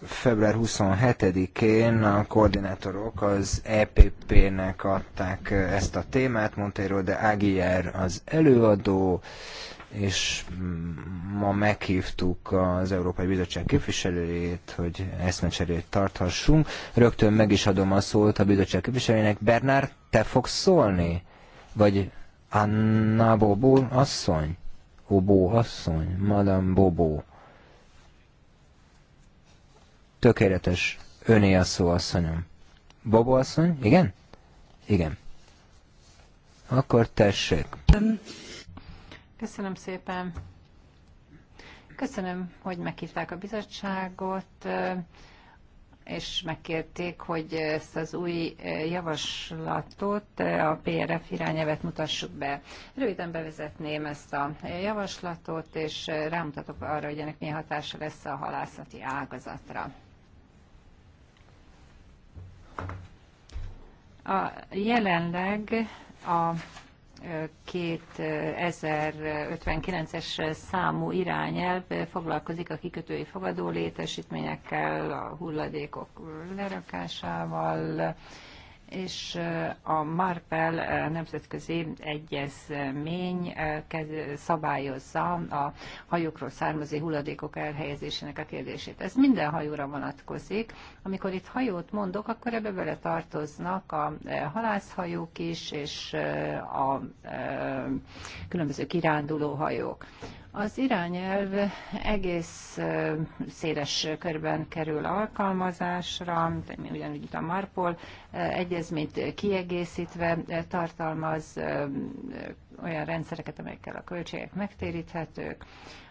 február 27-én a koordinátorok az EPP-nek adták ezt a témát, Montero de Aguiar az előadó, és ma meghívtuk az Európai Bizottság képviselőjét, hogy eszmecserét tarthassunk. Rögtön meg is adom a szót a bizottság képviselőjének. Bernár, te fogsz szólni? Vagy Anna Bobó asszony? Obó asszony? Madame Bobó. Tökéletes. Öné a szó, asszonyom. Bobó asszony? Igen? Igen. Akkor tessék.
Köszönöm szépen. Köszönöm, hogy meghívták a bizottságot és megkérték, hogy ezt az új e, javaslatot, e, a PRF irányelvet mutassuk be. Röviden bevezetném ezt a javaslatot, és e, rámutatok arra, hogy ennek milyen hatása lesz a halászati ágazatra. A jelenleg a 2059-es számú irányelv foglalkozik a kikötői fogadó létesítményekkel, a hulladékok lerakásával, és a Marpel nemzetközi egyezmény szabályozza a hajókról származó hulladékok elhelyezésének a kérdését. Ez minden hajóra vonatkozik. Amikor itt hajót mondok, akkor ebbe bele tartoznak a halászhajók is, és a különböző kiránduló hajók. Az irányelv egész széles körben kerül alkalmazásra, mi ugyanúgy itt a Marpol egyezményt kiegészítve tartalmaz olyan rendszereket, amelyekkel a költségek megtéríthetők.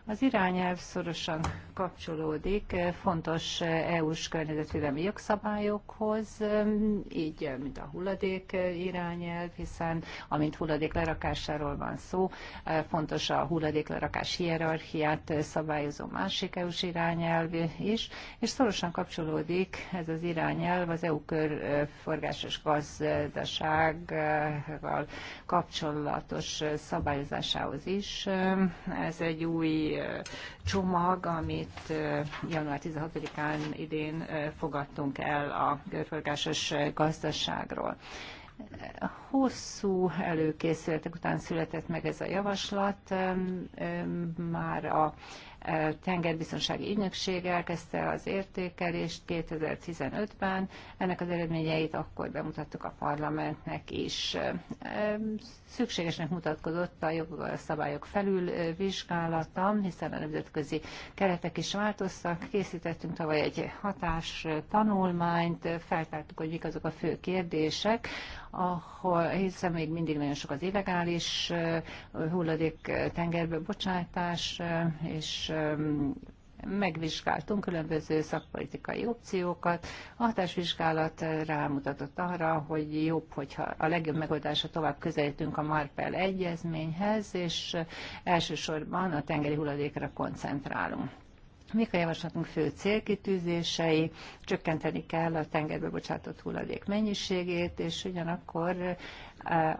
Az irányelv szorosan kapcsolódik fontos EU-s környezetvédelmi jogszabályokhoz, így mint a hulladék irányelv, hiszen amint hulladék lerakásáról van szó, fontos a hulladék lerakás hierarchiát szabályozó másik EU-s irányelv is, és szorosan kapcsolódik ez az irányelv az EU körforgásos gazdasággal kapcsolatos mechanizmus szabályozásához is. Ez egy új csomag, amit január 16-án idén fogadtunk el a görfölgásos gazdaságról. Hosszú előkészületek után született meg ez a javaslat, már a tengerbiztonsági ügynökség elkezdte az értékelést 2015-ben. Ennek az eredményeit akkor bemutattuk a parlamentnek is. Szükségesnek mutatkozott a jogszabályok felül vizsgálata, hiszen a nemzetközi keretek is változtak. Készítettünk tavaly egy hatás tanulmányt, feltártuk, hogy mik azok a fő kérdések, ahol hiszen még mindig nagyon sok az illegális hulladék tengerbe bocsátás, és megvizsgáltunk különböző szakpolitikai opciókat. A hatásvizsgálat rámutatott arra, hogy jobb, hogyha a legjobb megoldása tovább közelítünk a Marpel egyezményhez, és elsősorban a tengeri hulladékra koncentrálunk. Mik a javaslatunk fő célkitűzései? Csökkenteni kell a tengerbe bocsátott hulladék mennyiségét, és ugyanakkor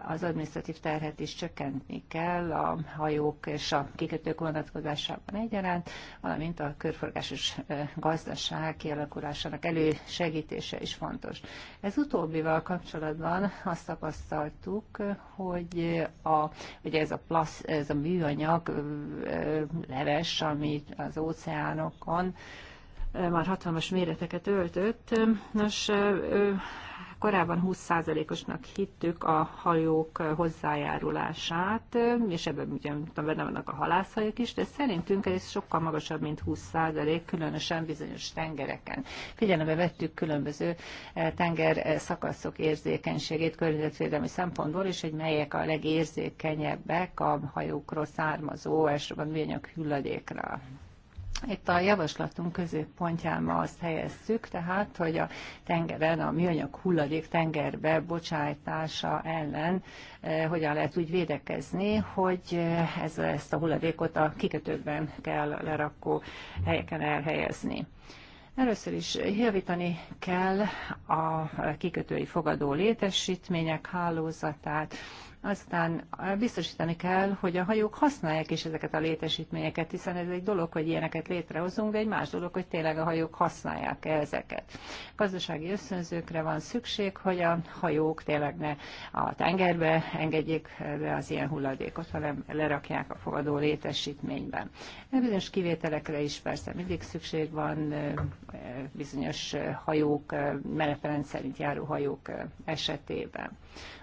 az adminisztratív terhet is csökkentni kell a hajók és a kikötők vonatkozásában egyaránt, valamint a körforgásos gazdaság kialakulásának elősegítése is fontos. Ez utóbbival kapcsolatban azt tapasztaltuk, hogy a, ugye ez a, plusz, ez a műanyag leves, ami az óceánokon már hatalmas méreteket öltött. Nos, Korábban 20%-osnak hittük a hajók hozzájárulását, és ebben ugye benne vannak a halászhajók is, de szerintünk ez sokkal magasabb, mint 20%, különösen bizonyos tengereken. Figyelembe vettük különböző e, tenger e, szakaszok érzékenységét környezetvédelmi szempontból, és hogy melyek a legérzékenyebbek a hajókról származó, elsősorban műanyag hulladékra. Itt a javaslatunk középpontjába azt helyeztük, tehát, hogy a tengeren, a műanyag hulladék tengerbe bocsájtása ellen eh, hogyan lehet úgy védekezni, hogy eh, ez, ezt a hulladékot a kikötőkben kell lerakó helyeken elhelyezni. Először is javítani kell a kikötői fogadó létesítmények hálózatát, aztán biztosítani kell, hogy a hajók használják is ezeket a létesítményeket, hiszen ez egy dolog, hogy ilyeneket létrehozunk, de egy más dolog, hogy tényleg a hajók használják -e ezeket. Gazdasági összönzőkre van szükség, hogy a hajók tényleg ne a tengerbe engedjék be az ilyen hulladékot, hanem lerakják a fogadó létesítményben. Bizonyos kivételekre is persze mindig szükség van, bizonyos hajók, menetrend szerint járó hajók esetében.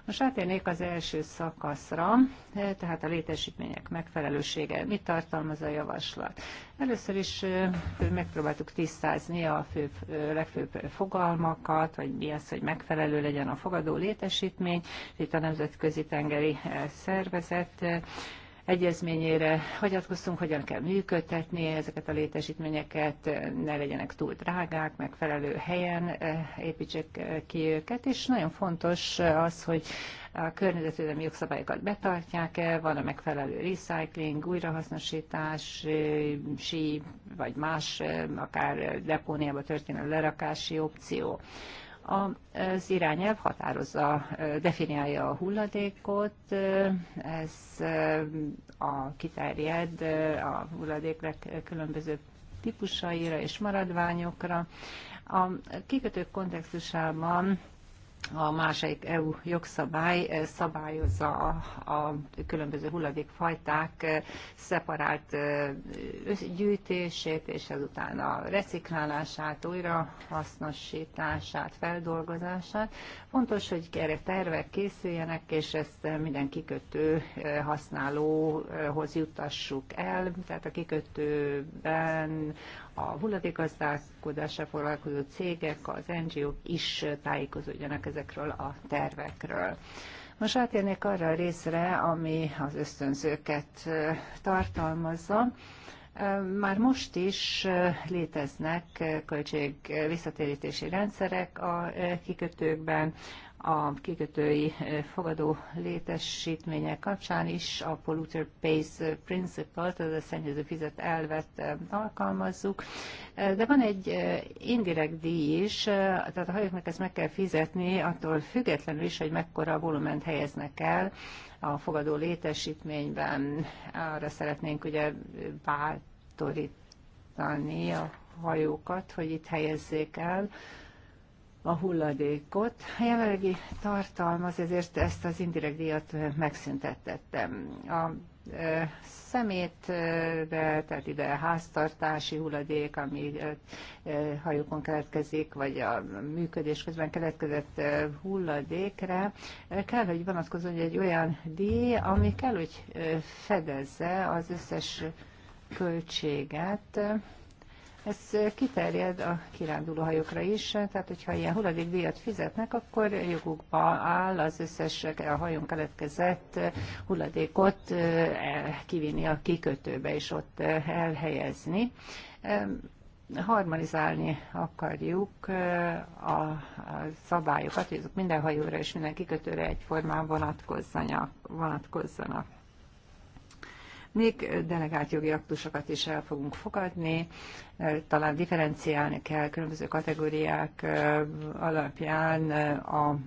Most átérnék az első szakaszra, eh, tehát a létesítmények megfelelősége. Mit tartalmaz a javaslat? Először is eh, megpróbáltuk tisztázni a fő, eh, legfőbb fogalmakat, vagy mi az, hogy megfelelő legyen a fogadó létesítmény. Itt a Nemzetközi Tengeri Szervezet egyezményére hagyatkoztunk, hogyan kell működtetni ezeket a létesítményeket, ne legyenek túl drágák, megfelelő helyen eh, építsék eh, ki őket, és nagyon fontos az, hogy a környezetvédelmi jogszabályokat betartják-e, van a megfelelő recycling, újrahasznosítás, sí, vagy más, eh, akár depóniába történő lerakási opció. Az irányelv határozza, definiálja a hulladékot, ez a kiterjed a hulladéknek különböző típusaira és maradványokra. A kikötők kontextusában a másik EU jogszabály szabályozza a, a különböző hulladékfajták szeparált gyűjtését, és ezután a reciklálását, újrahasznosítását, feldolgozását. Fontos, hogy erre tervek készüljenek, és ezt minden kikötő használóhoz juttassuk el, tehát a kikötőben a hulladékgazdálkodással foglalkozó cégek, az NGO-k is tájékozódjanak ezekről a tervekről. Most átérnék arra a részre, ami az ösztönzőket tartalmazza. Már most is léteznek költség visszatérítési rendszerek a kikötőkben, a kikötői eh, fogadó létesítmények kapcsán is a polluter pays principle-t, az a szennyező fizet elvet eh, alkalmazzuk. Eh, de van egy indirekt díj is, tehát a hajóknak ezt meg kell fizetni, attól függetlenül is, hogy mekkora volument helyeznek el a fogadó létesítményben. Arra szeretnénk ugye bátorítani a hajókat, hogy itt helyezzék el a hulladékot. A jelenlegi tartalmaz, ezért ezt az indirekt díjat megszüntettettem. A szemétbe, tehát ide a háztartási hulladék, ami hajókon keletkezik, vagy a működés közben keletkezett hulladékre, kell, hogy vonatkozon egy olyan díj, ami kell, hogy fedezze az összes költséget, ez kiterjed a kirándulóhajókra is, tehát hogyha ilyen hulladékdíjat fizetnek, akkor jogukba áll az összes a hajón keletkezett hulladékot eh, kivinni a kikötőbe és ott elhelyezni harmonizálni akarjuk eh, a szabályokat, hogy azok minden hajóra és minden kikötőre egyformán vonatkozzanak. vonatkozzanak. Még delegált jogi aktusokat is el fogunk fogadni, talán differenciálni kell különböző kategóriák alapján a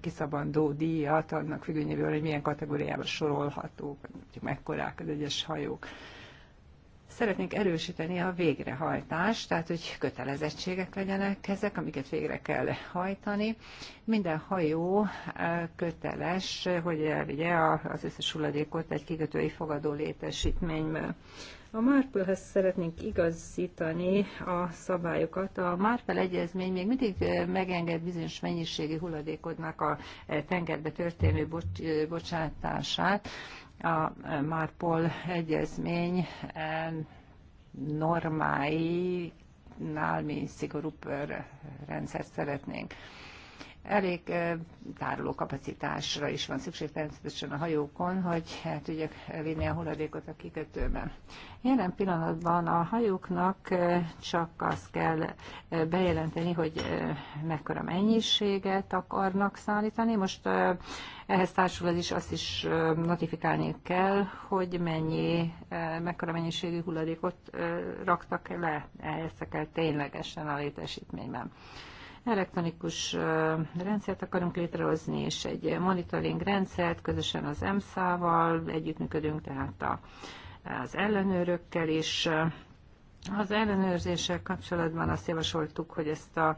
kiszabandó díjat, annak függvényéből, hogy milyen kategóriába sorolhatók, mekkorák az egyes hajók. Szeretnénk erősíteni a végrehajtást, tehát hogy kötelezettségek legyenek ezek, amiket végre kell hajtani. Minden hajó eh, köteles, hogy elvigye az összes hulladékot egy kikötői fogadó létesítményből. A Márpölhez szeretnénk igazítani a szabályokat. A Márpel egyezmény még mindig eh, megenged bizonyos mennyiségi hulladékodnak a eh, tengerbe történő bocsátását, a e, Marpol egyezmény e, normáinál mi szigorúbb rendszert szeretnénk elég tároló kapacitásra is van szükség természetesen a hajókon, hogy el tudjak vinni a hulladékot a kikötőben. Jelen pillanatban a hajóknak csak azt kell bejelenteni, hogy mekkora mennyiséget akarnak szállítani. Most ehhez társul az is azt is notifikálni kell, hogy mennyi, mekkora mennyiségű hulladékot raktak le, ezt kell ténylegesen a létesítményben. Elektronikus rendszert akarunk létrehozni, és egy monitoring rendszert közösen az EMSZ-val együttműködünk, tehát a, az ellenőrökkel is. Az ellenőrzéssel kapcsolatban azt javasoltuk, hogy ezt a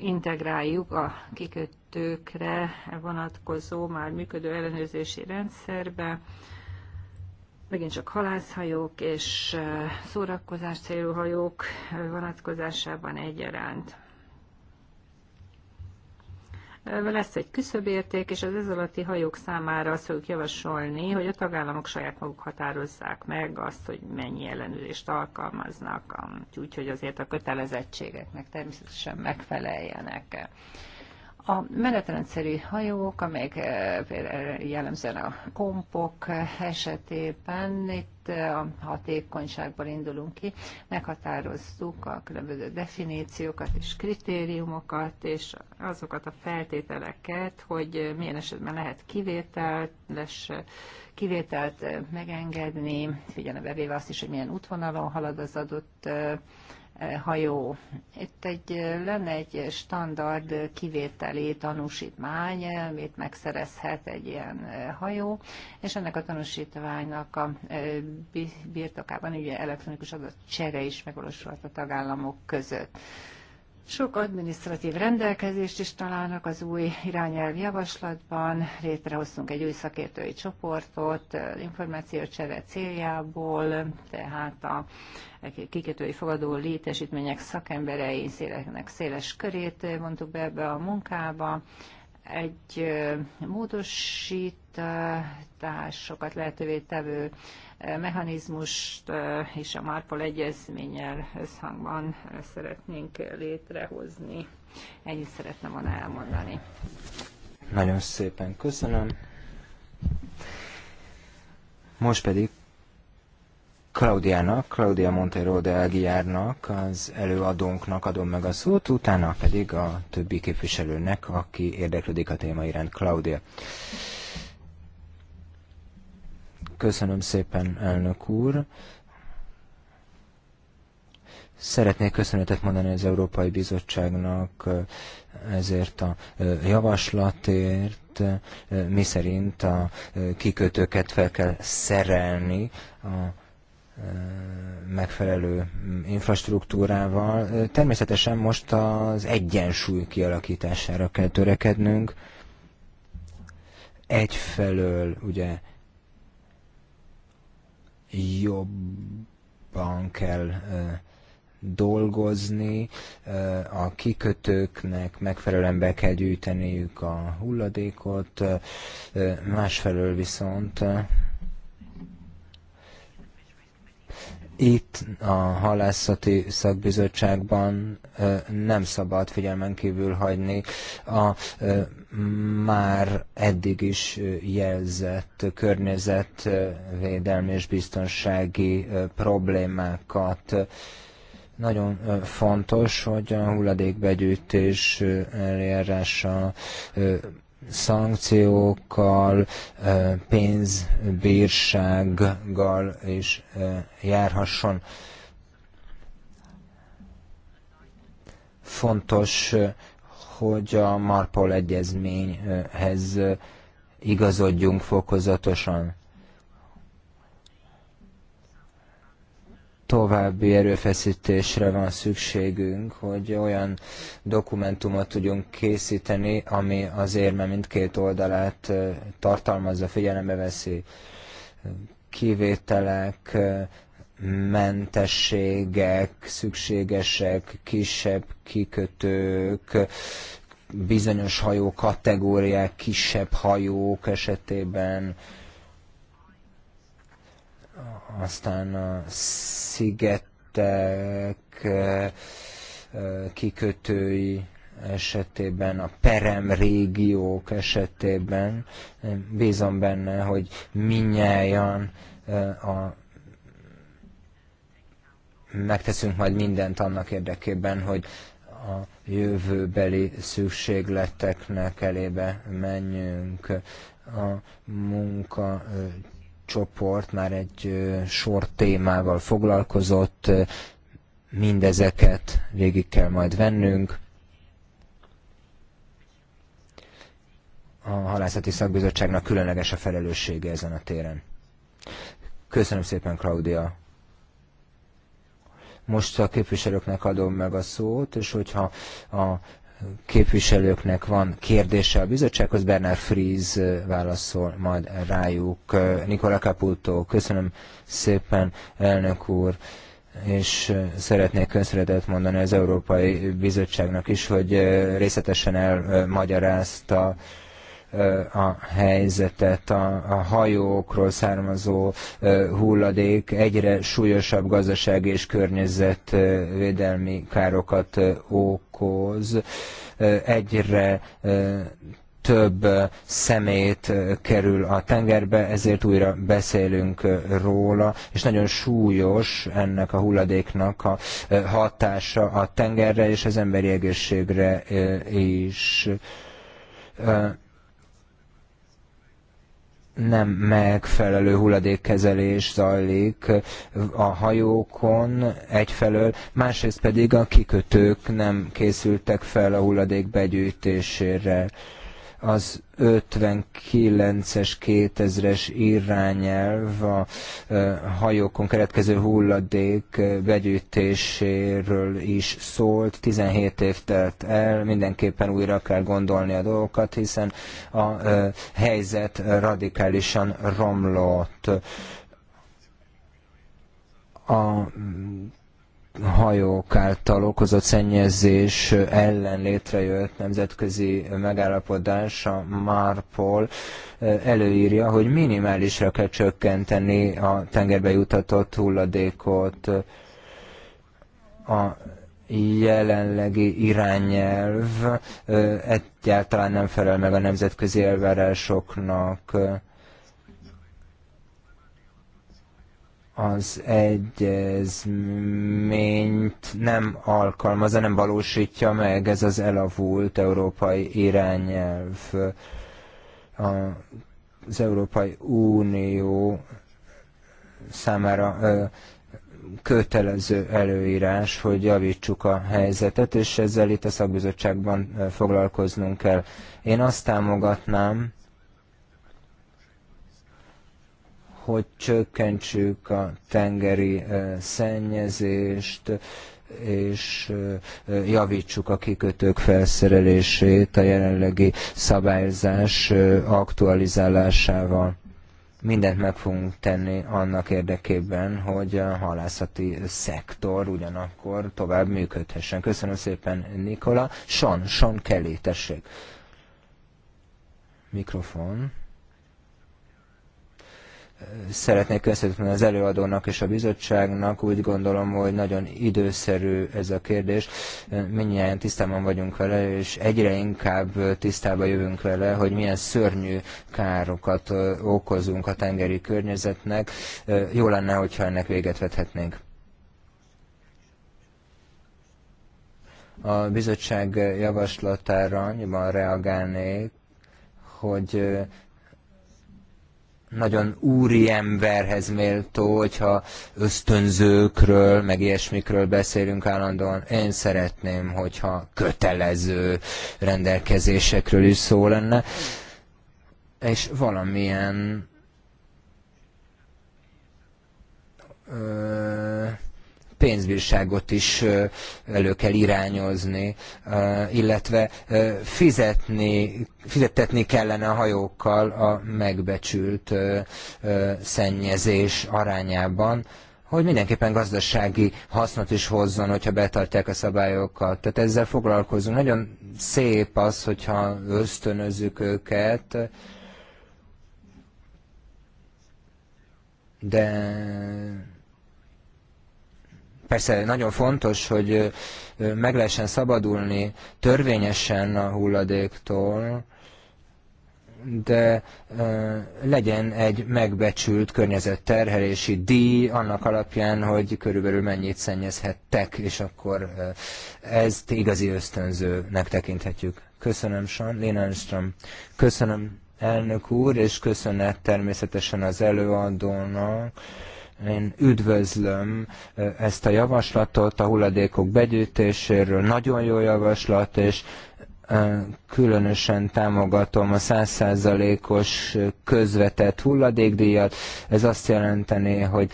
integráljuk a kikötőkre vonatkozó már működő ellenőrzési rendszerbe. Megint csak halászhajók és szórakozás célú hajók vonatkozásában egyaránt lesz egy küszöbérték, és az ez alatti hajók számára azt fogjuk javasolni, hogy a tagállamok saját maguk határozzák meg azt, hogy mennyi ellenőrzést alkalmaznak, úgyhogy azért a kötelezettségeknek természetesen megfeleljenek. A menetrendszerű hajók, amelyek eh, jellemzően a kompok esetében, itt eh, a hatékonyságból indulunk ki, meghatároztuk a különböző definíciókat és kritériumokat, és azokat a feltételeket, hogy milyen esetben lehet kivételes, kivételt eh, megengedni, figyelembe véve azt is, hogy milyen útvonalon halad az adott hajó. Itt egy, lenne egy standard kivételi tanúsítmány, amit megszerezhet egy ilyen hajó, és ennek a tanúsítványnak a birtokában ugye elektronikus adatcsere is megvalósulhat a tagállamok között. Sok adminisztratív rendelkezést is találnak az új irányelv javaslatban. Létrehoztunk egy új szakértői csoportot információcsere céljából, tehát a kikötői fogadó létesítmények szakemberei széleknek széles körét mondtuk be ebbe a munkába. Egy módosításokat lehetővé tevő mechanizmust és a Marpol egyezménnyel összhangban szeretnénk létrehozni. Ennyit szeretném volna elmondani.
Nagyon szépen köszönöm. Most pedig Klaudiának, Claudia Montero de Elgiárnak, az előadónknak adom meg a szót, utána pedig a többi képviselőnek, aki érdeklődik a téma iránt. Claudia. Köszönöm szépen, elnök úr. Szeretnék köszönetet mondani az Európai Bizottságnak ezért a javaslatért, mi szerint a kikötőket fel kell szerelni a megfelelő infrastruktúrával. Természetesen most az egyensúly kialakítására kell törekednünk. Egyfelől ugye jobban kell dolgozni, a kikötőknek megfelelően be kell gyűjteniük a hulladékot, másfelől viszont itt a halászati szakbizottságban nem szabad figyelmen kívül hagyni a már eddig is jelzett környezetvédelmi és biztonsági problémákat. Nagyon fontos, hogy a hulladékbegyűjtés eljárása szankciókkal, pénzbírsággal is járhasson. Fontos, hogy a Marpol egyezményhez igazodjunk fokozatosan. további erőfeszítésre van szükségünk, hogy olyan dokumentumot tudjunk készíteni, ami az érme mindkét oldalát tartalmazza, figyelembe veszi kivételek, mentességek, szükségesek, kisebb kikötők, bizonyos hajó kategóriák, kisebb hajók esetében, aztán a szigetek kikötői esetében, a perem régiók esetében. Bízom benne, hogy minnyáján a megteszünk majd mindent annak érdekében, hogy a jövőbeli szükségleteknek elébe menjünk. A munka csoport már egy sor témával foglalkozott, mindezeket végig kell majd vennünk. A halászati szakbizottságnak különleges a felelőssége ezen a téren. Köszönöm szépen, Claudia. Most a képviselőknek adom meg a szót, és hogyha a képviselőknek van kérdése a bizottsághoz, Bernard Fries válaszol majd rájuk. Nikola Caputo, köszönöm szépen, elnök úr és szeretnék köszönetet mondani az Európai Bizottságnak is, hogy részletesen elmagyarázta a helyzetet. A, a hajókról származó hulladék egyre súlyosabb gazdasági és környezetvédelmi károkat okoz. Egyre több szemét kerül a tengerbe, ezért újra beszélünk róla, és nagyon súlyos ennek a hulladéknak a hatása a tengerre és az emberi egészségre is nem megfelelő hulladékkezelés zajlik a hajókon egyfelől, másrészt pedig a kikötők nem készültek fel a hulladék begyűjtésére. Az 59-es 2000-es irányelv a hajókon keretkező hulladék begyűjtéséről is szólt. 17 év telt el, mindenképpen újra kell gondolni a dolgokat, hiszen a helyzet radikálisan romlott a hajók által okozott szennyezés ellen létrejött nemzetközi megállapodás, a MARPOL előírja, hogy minimálisra kell csökkenteni a tengerbe jutatott hulladékot. A jelenlegi irányelv egyáltalán nem felel meg a nemzetközi elvárásoknak az egyezményt nem alkalmazza, nem valósítja meg ez az elavult európai irányelv. Az Európai Unió számára kötelező előírás, hogy javítsuk a helyzetet, és ezzel itt a szakbizottságban foglalkoznunk kell. Én azt támogatnám, hogy csökkentsük a tengeri eh, szennyezést, és eh, javítsuk a kikötők felszerelését a jelenlegi szabályzás eh, aktualizálásával. Mindent meg fogunk tenni annak érdekében, hogy a halászati szektor ugyanakkor tovább működhessen. Köszönöm szépen, Nikola. Son, Son Kelly, tessék. Mikrofon szeretnék köszönni az előadónak és a bizottságnak. Úgy gondolom, hogy nagyon időszerű ez a kérdés. Mindjárt tisztában vagyunk vele, és egyre inkább tisztába jövünk vele, hogy milyen szörnyű károkat okozunk a tengeri környezetnek. Jó lenne, hogyha ennek véget vethetnénk. A bizottság javaslatára annyiban reagálnék, hogy nagyon úri emberhez méltó, hogyha ösztönzőkről, meg ilyesmikről beszélünk állandóan. Én szeretném, hogyha kötelező rendelkezésekről is szó lenne, és valamilyen ö, pénzbírságot is elő kell irányozni, illetve fizetni, fizettetni kellene a hajókkal a megbecsült szennyezés arányában, hogy mindenképpen gazdasági hasznot is hozzon, hogyha betartják a szabályokat. Tehát ezzel foglalkozunk. Nagyon szép az, hogyha ösztönözzük őket, de Persze nagyon fontos, hogy meg lehessen szabadulni törvényesen a hulladéktól, de legyen egy megbecsült környezetterhelési díj annak alapján, hogy körülbelül mennyit szennyezhettek, és akkor ezt igazi ösztönzőnek tekinthetjük. Köszönöm, Sean. Lina Enström. Köszönöm, elnök úr, és köszönet természetesen az előadónak én üdvözlöm ezt a javaslatot a hulladékok begyűjtéséről. Nagyon jó javaslat, és különösen támogatom a 100%-os közvetett hulladékdíjat. Ez azt jelenteni, hogy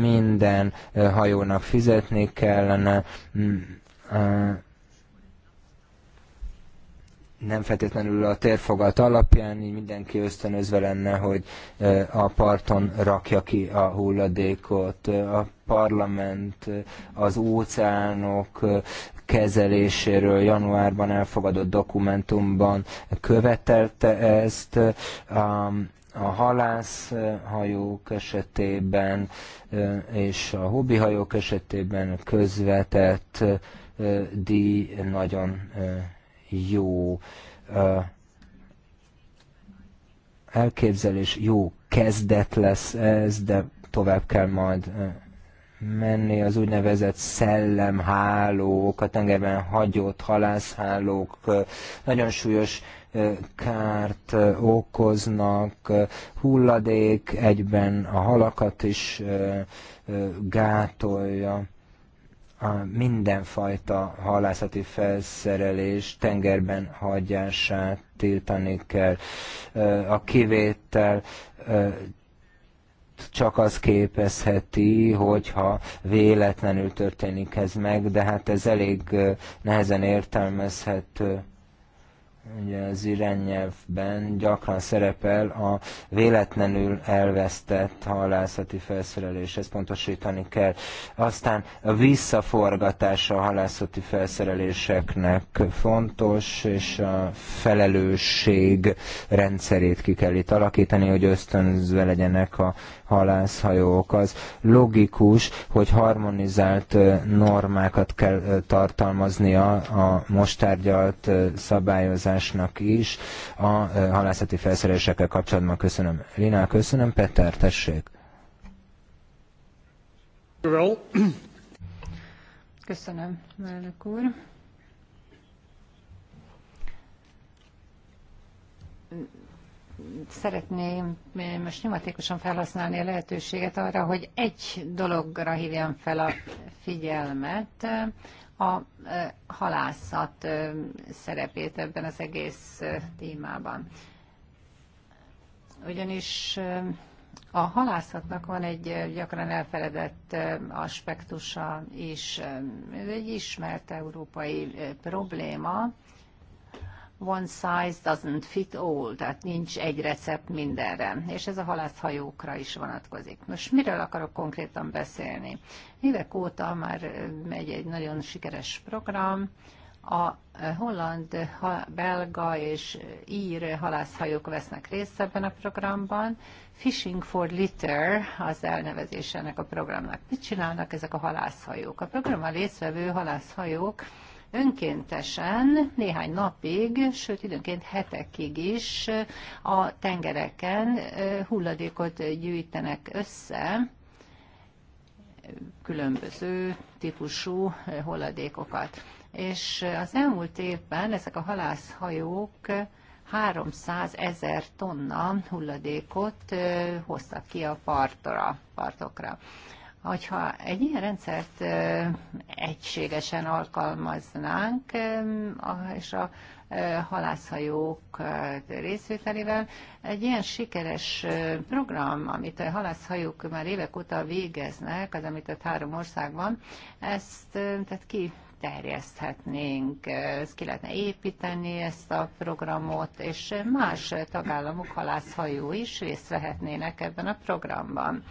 minden hajónak fizetni kellene mm, nem feltétlenül a térfogat alapján, így mindenki ösztönözve lenne, hogy a parton rakja ki a hulladékot. A parlament az óceánok kezeléséről januárban elfogadott dokumentumban követelte ezt. A halászhajók esetében és a hobbihajók esetében közvetett díj nagyon jó elképzelés, jó kezdet lesz ez, de tovább kell majd menni az úgynevezett szellemhálók, a tengerben hagyott halászhálók nagyon súlyos kárt okoznak, hulladék egyben a halakat is gátolja a mindenfajta halászati felszerelés tengerben hagyását tiltani kell. A kivétel csak az képezheti, hogyha véletlenül történik ez meg, de hát ez elég nehezen értelmezhető. Ugye az irányelvben gyakran szerepel a véletlenül elvesztett halászati felszerelés, ezt pontosítani kell. Aztán a visszaforgatása a halászati felszereléseknek fontos, és a felelősség rendszerét ki kell itt alakítani, hogy ösztönzve legyenek a halászhajók. Az logikus, hogy harmonizált normákat kell tartalmaznia a most tárgyalt szabályozásnak is a halászati felszerelésekkel kapcsolatban. Köszönöm. Linál, köszönöm. Peter, tessék.
Köszönöm, elnök úr szeretném most nyomatékosan felhasználni a lehetőséget arra, hogy egy dologra hívjam fel a figyelmet, a e, halászat e, szerepét ebben az egész e, témában. Ugyanis a halászatnak van egy gyakran elfeledett aspektusa is. Ez egy ismert európai probléma, one size doesn't fit all, tehát nincs egy recept mindenre, és ez a halászhajókra is vonatkozik. Most miről akarok konkrétan beszélni? Évek óta már megy egy nagyon sikeres program, a holland, belga és ír halászhajók vesznek részt ebben a programban. Fishing for Litter az elnevezés ennek a programnak. Mit csinálnak ezek a halászhajók? A programmal résztvevő halászhajók önkéntesen néhány napig, sőt időnként hetekig is a tengereken hulladékot gyűjtenek össze, különböző típusú hulladékokat. És az elmúlt évben ezek a halászhajók 300 ezer tonna hulladékot hoztak ki a partra, partokra. Hogyha egy ilyen rendszert egységesen alkalmaznánk, és a halászhajók részvételével. Egy ilyen sikeres program, amit a halászhajók már évek óta végeznek, az amit a három országban, ezt tehát ki terjeszthetnénk, ezt ki lehetne építeni ezt a programot, és más tagállamok halászhajó is részt vehetnének ebben a programban.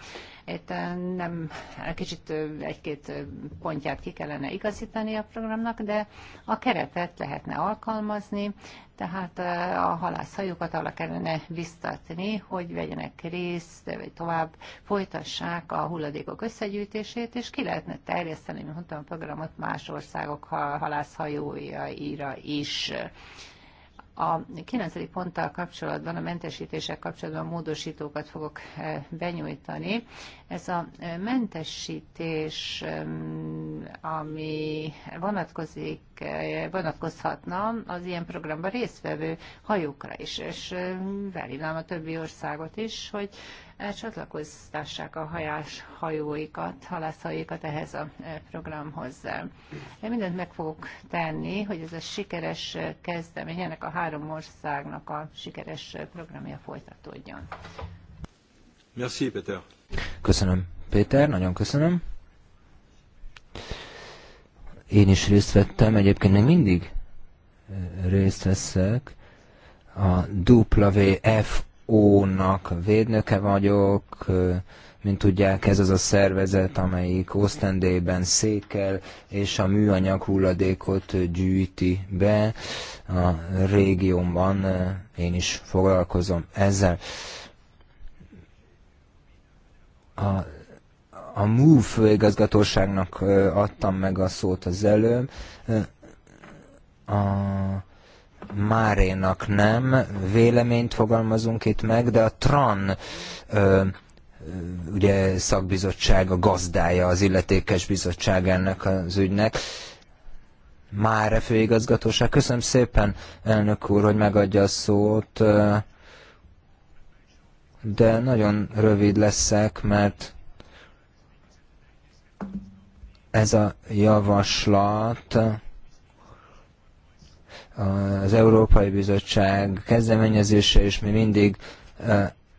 Itt nem, kicsit egy-két pontját ki kellene igazítani a programnak, de a keretet lehetne alkalmazni, tehát a halászhajókat arra kellene biztatni, hogy vegyenek részt, vagy tovább folytassák a hulladékok összegyűjtését, és ki lehetne terjeszteni, mint mondtam, a programot más országok halászhajóira is. A 9. ponttal kapcsolatban, a mentesítések kapcsolatban módosítókat fogok eh, benyújtani. Ez a eh, mentesítés, ami vonatkozik, eh, vonatkozhatna az ilyen programban résztvevő hajókra is, és velinám a többi országot is, hogy csatlakoztassák a hajás hajóikat, halászhajóikat ehhez a e, programhoz. Én mindent meg fogok tenni, hogy ez a sikeres kezdemény, ennek a három országnak a sikeres programja folytatódjon.
Merci, Peter. Köszönöm, Péter, nagyon köszönöm. Én is részt vettem, egyébként még mindig e, részt veszek a WF NGO-nak védnöke vagyok, mint tudják, ez az a szervezet, amelyik Osztendében székel, és a műanyag hulladékot gyűjti be. A régiómban én is foglalkozom ezzel. A, a MOVE főigazgatóságnak adtam meg a szót az előbb. A, Márénak nem, véleményt fogalmazunk itt meg, de a TRAN ö, ugye szakbizottság a gazdája az illetékes bizottság ennek az ügynek. Máre főigazgatóság, köszönöm szépen elnök úr, hogy megadja a szót, de nagyon rövid leszek, mert ez a javaslat az Európai Bizottság kezdeményezése, és mi mindig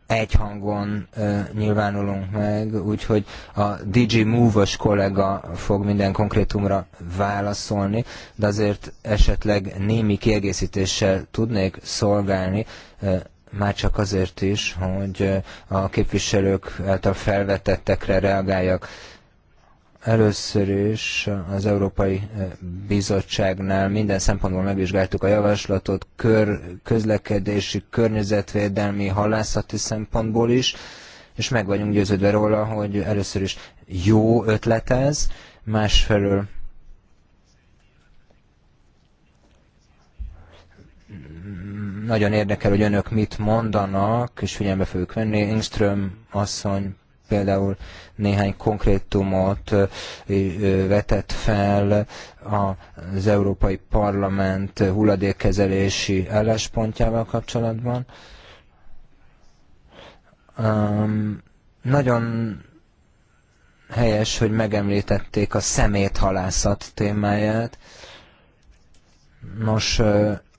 egy hangon nyilvánulunk meg, úgyhogy a DG Move-os kollega fog minden konkrétumra válaszolni, de azért esetleg némi kiegészítéssel tudnék szolgálni, már csak azért is, hogy a képviselők által felvetettekre reagáljak. Először is az Európai eh, Bizottságnál minden szempontból megvizsgáltuk a javaslatot, kör, közlekedési, környezetvédelmi, halászati szempontból is, és meg vagyunk győződve róla, hogy először is jó ötlet ez, másfelől nagyon érdekel, hogy önök mit mondanak, és figyelembe fogjuk venni. Engström asszony például néhány konkrétumot vetett fel az Európai Parlament hulladékkezelési álláspontjával kapcsolatban. Nagyon helyes, hogy megemlítették a szeméthalászat témáját. Nos,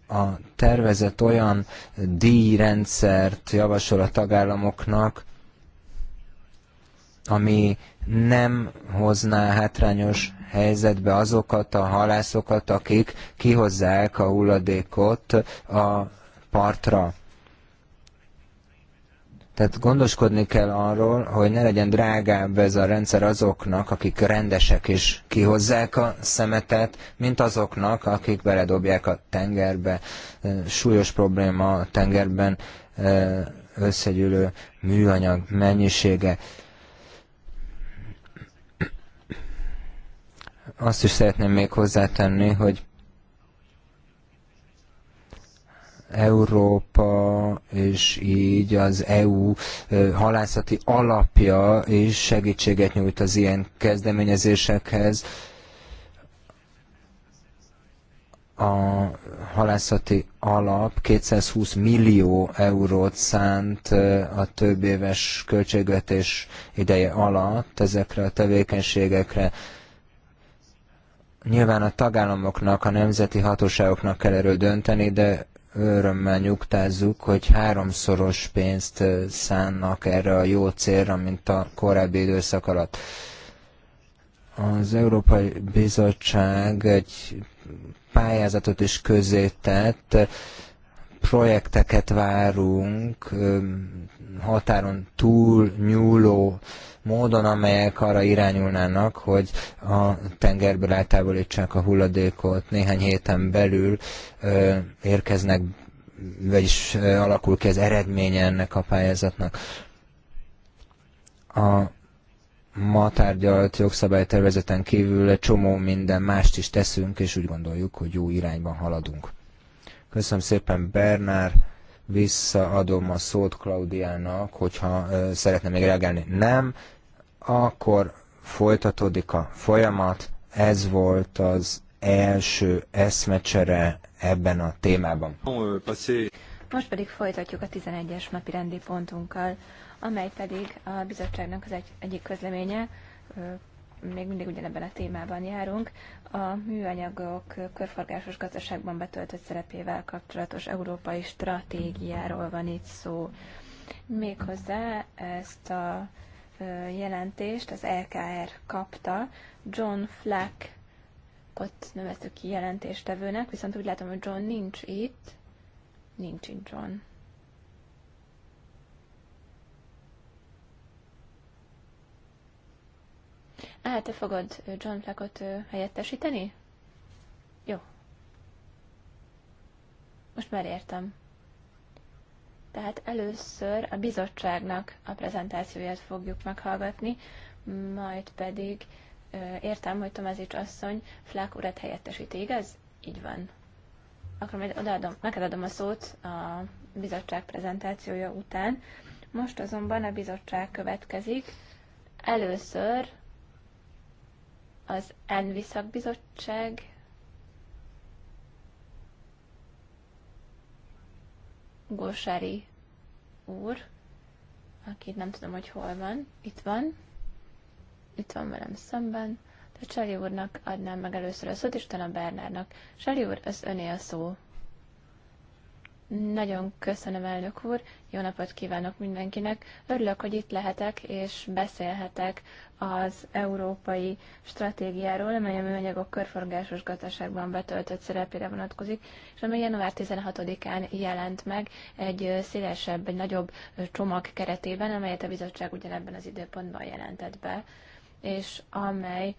a tervezet olyan díjrendszert javasol a tagállamoknak, ami nem hozná hátrányos helyzetbe azokat a halászokat, akik kihozzák a hulladékot a partra. Tehát gondoskodni kell arról, hogy ne legyen drágább ez a rendszer azoknak, akik rendesek és kihozzák a szemetet, mint azoknak, akik beledobják a tengerbe. Súlyos probléma a tengerben összegyűlő műanyag mennyisége. Azt is szeretném még hozzátenni, hogy Európa és így az EU halászati alapja is segítséget nyújt az ilyen kezdeményezésekhez. A halászati alap 220 millió eurót szánt a több éves költségvetés ideje alatt ezekre a tevékenységekre Nyilván a tagállamoknak, a nemzeti hatóságoknak kell erről dönteni, de örömmel nyugtázzuk, hogy háromszoros pénzt szánnak erre a jó célra, mint a korábbi időszak alatt. Az Európai Bizottság egy pályázatot is közé tett, projekteket várunk, határon túl nyúló módon, amelyek arra irányulnának, hogy a tengerből eltávolítsák a hulladékot. Néhány héten belül ö, érkeznek, vagyis ö, alakul ki az eredménye ennek a pályázatnak. A ma tárgyalt jogszabálytervezeten kívül egy csomó minden mást is teszünk, és úgy gondoljuk, hogy jó irányban haladunk. Köszönöm szépen, Bernár! visszaadom a szót Klaudiának, hogyha szeretne még reagálni. Nem, akkor folytatódik a folyamat. Ez volt az első eszmecsere ebben a témában.
Most pedig folytatjuk a 11-es napi rendi pontunkkal, amely pedig a bizottságnak az egy, egyik közleménye, még mindig ugyanebben a témában járunk, a műanyagok körforgásos gazdaságban betöltött szerepével kapcsolatos európai stratégiáról van itt szó. Méghozzá ezt a jelentést az LKR kapta. John Flack ott neveztük ki jelentéstevőnek, viszont úgy látom, hogy John nincs itt. Nincs itt John. Á, te fogod John Flackot helyettesíteni? Jó. Most már értem. Tehát először a bizottságnak a prezentációját fogjuk meghallgatni, majd pedig értem, hogy Tomazics asszony Flack urat helyettesíti, igaz? Így van. Akkor majd odaadom, neked adom a szót a bizottság prezentációja után. Most azonban a bizottság következik. Először az ENVI szakbizottság Gósári úr, akit nem tudom, hogy hol van, itt van, itt van velem szemben, de Cseli úrnak adnám meg először a szót, és utána Bernárnak. Cseli úr, az öné a szó. Nagyon köszönöm, elnök úr, jó napot kívánok mindenkinek. Örülök, hogy itt lehetek és beszélhetek az európai stratégiáról, amely a műanyagok körforgásos gazdaságban betöltött szerepére vonatkozik, és amely január 16-án jelent meg egy szélesebb, egy nagyobb csomag keretében, amelyet a bizottság ugyanebben az időpontban jelentett be, és amely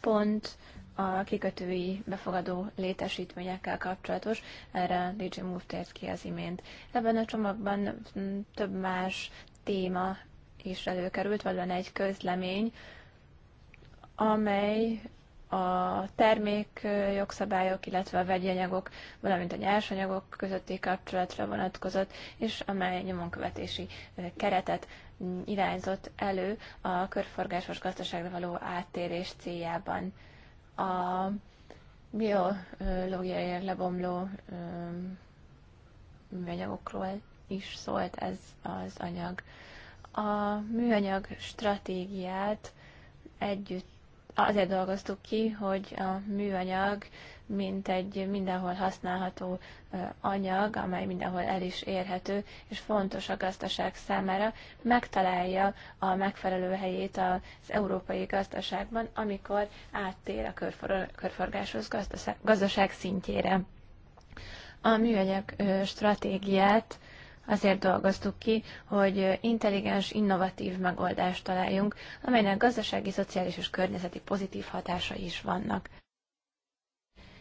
pont a kikötői befogadó létesítményekkel kapcsolatos, erre DJ Move tért ki az imént. Ebben a csomagban mm, több más téma is előkerült, valóban egy közlemény, amely a termék jogszabályok, illetve a vegyi anyagok, valamint a nyersanyagok közötti kapcsolatra vonatkozott, és amely nyomonkövetési keretet mm, irányzott elő a körforgásos gazdaságra való áttérés céljában a biológiailag lebomló műanyagokról is szólt ez az anyag. A műanyag stratégiát együtt azért dolgoztuk ki, hogy a műanyag, mint egy mindenhol használható anyag, amely mindenhol el is érhető, és fontos a gazdaság számára, megtalálja a megfelelő helyét az európai gazdaságban, amikor áttér a körforgáshoz gazdaság szintjére. A műanyag stratégiát Azért dolgoztuk ki, hogy intelligens, innovatív megoldást találjunk, amelynek gazdasági, szociális és környezeti pozitív hatásai is vannak.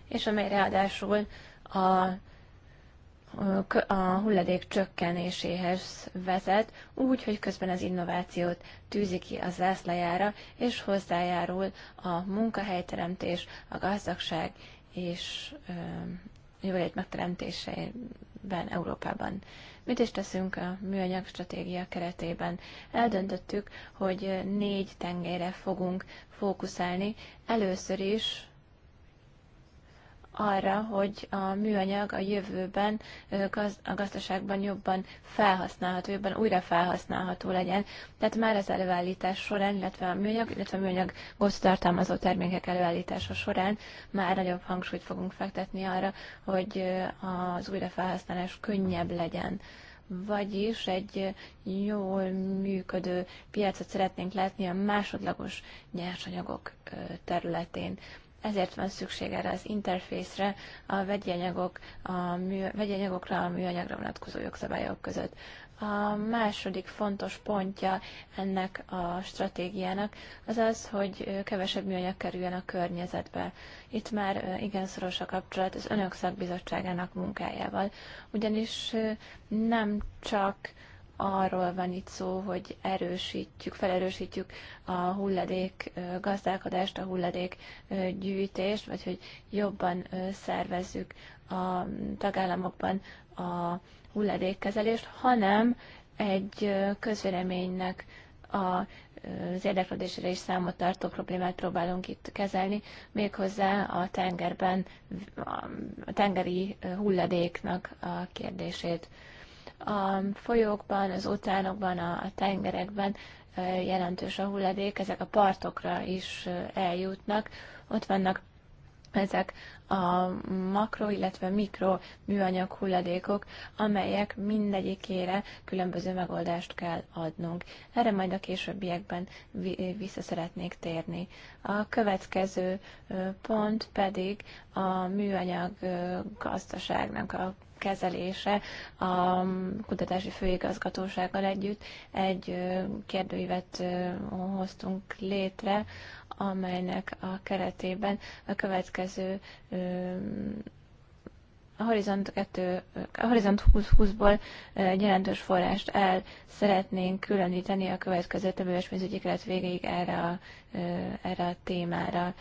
És amely ráadásul a a hulladék csökkenéséhez vezet, úgy, hogy közben az innovációt tűzi ki a zászlajára, és hozzájárul a munkahelyteremtés, a gazdagság és jólét megteremtése ben Európában. Mit is teszünk a műanyag stratégia keretében? Eldöntöttük, hogy négy tengelyre fogunk fókuszálni. Először is arra, hogy a műanyag a jövőben a gazdaságban jobban felhasználható, jobban újra felhasználható legyen. Tehát már az előállítás során, illetve a műanyag, illetve a műanyag tartalmazó termékek előállítása során már nagyobb hangsúlyt fogunk fektetni arra, hogy az újrafelhasználás könnyebb legyen vagyis egy jól működő piacot szeretnénk látni a másodlagos nyersanyagok területén ezért van szükség erre az interfészre a vegyi, anyagok, a mű, vegyi anyagokra, a műanyagra vonatkozó jogszabályok között. A második fontos pontja ennek a stratégiának az az, hogy kevesebb műanyag kerüljön a környezetbe. Itt már igen szoros a kapcsolat az Önök szakbizottságának munkájával, ugyanis nem csak arról van itt szó, hogy erősítjük, felerősítjük a hulladék gazdálkodást, a hulladék gyűjtést, vagy hogy jobban szervezzük a tagállamokban a hulladékkezelést, hanem egy közvéleménynek a az érdeklődésre is számot tartó problémát próbálunk itt kezelni, méghozzá a tengerben, a tengeri hulladéknak a kérdését. A folyókban, az óceánokban, a tengerekben jelentős a hulladék, ezek a partokra is eljutnak. Ott vannak ezek a makro, illetve mikro műanyag hulladékok, amelyek mindegyikére különböző megoldást kell adnunk. Erre majd a későbbiekben vissza szeretnék térni. A következő pont pedig a műanyag gazdaságnak a kezelése a kutatási főigazgatósággal együtt egy kérdőívet hoztunk létre, amelynek a keretében a következő a Horizont, 2, a Horizont 2020-ból egy jelentős forrást el szeretnénk különíteni a következő több éves pénzügyi keret végéig erre a, erre a témára.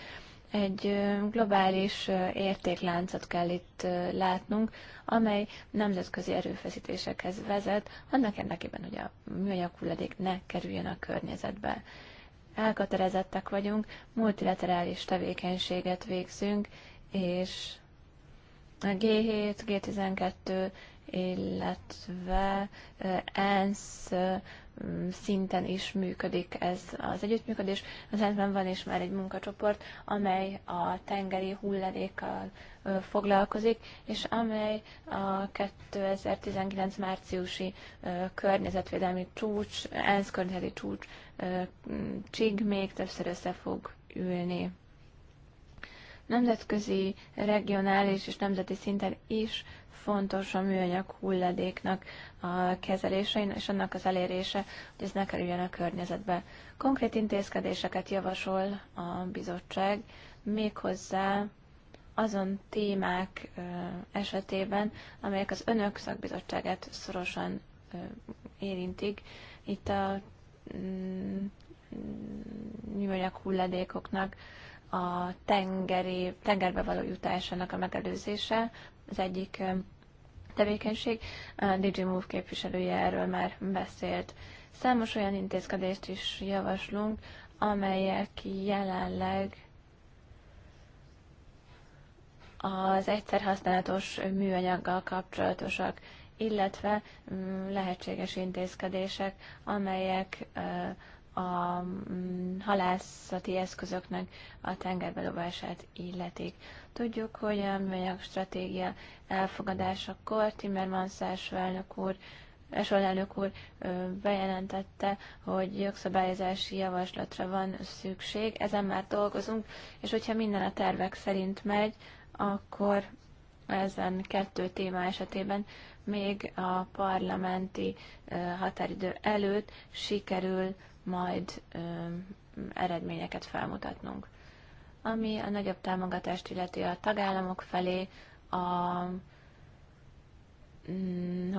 Egy globális értékláncot kell itt látnunk, amely nemzetközi erőfeszítésekhez vezet, annak érdekében, hogy a műanyag hulladék ne kerüljön a környezetbe. Elkötelezettek vagyunk, multilaterális tevékenységet végzünk, és a G7, G12, illetve ENSZ szinten is működik ez az együttműködés. Az elte van is már egy munkacsoport, amely a tengeri hulladékkal foglalkozik, és amely a 2019 márciusi környezetvédelmi csúcs, ENSZ környezeti csúcs csig még többször össze fog ülni. Nemzetközi, regionális és nemzeti szinten is fontos a műanyag hulladéknak a kezelése és annak az elérése, hogy ez ne kerüljön a környezetbe. Konkrét intézkedéseket javasol a bizottság, méghozzá azon témák esetében, amelyek az önök szakbizottságát szorosan érintik. Itt a mm, műanyag hulladékoknak a tengeri, tengerbe való jutásának a megelőzése az egyik tevékenység. A DigiMove képviselője erről már beszélt. Számos olyan intézkedést is javaslunk, amelyek jelenleg az egyszer használatos műanyaggal kapcsolatosak, illetve mm, lehetséges intézkedések, amelyek a mm, halászati eszközöknek a tengerbe dobását illetik. Tudjuk, hogy a műanyag stratégia elfogadásakor Timmermans első elnök úr Esol elnök úr bejelentette, hogy jogszabályozási javaslatra van szükség, ezen már dolgozunk, és hogyha minden a tervek szerint megy, akkor ezen kettő téma esetében még a parlamenti határidő előtt sikerül majd ö, eredményeket felmutatnunk. Ami a nagyobb támogatást illeti a tagállamok felé, a, mm,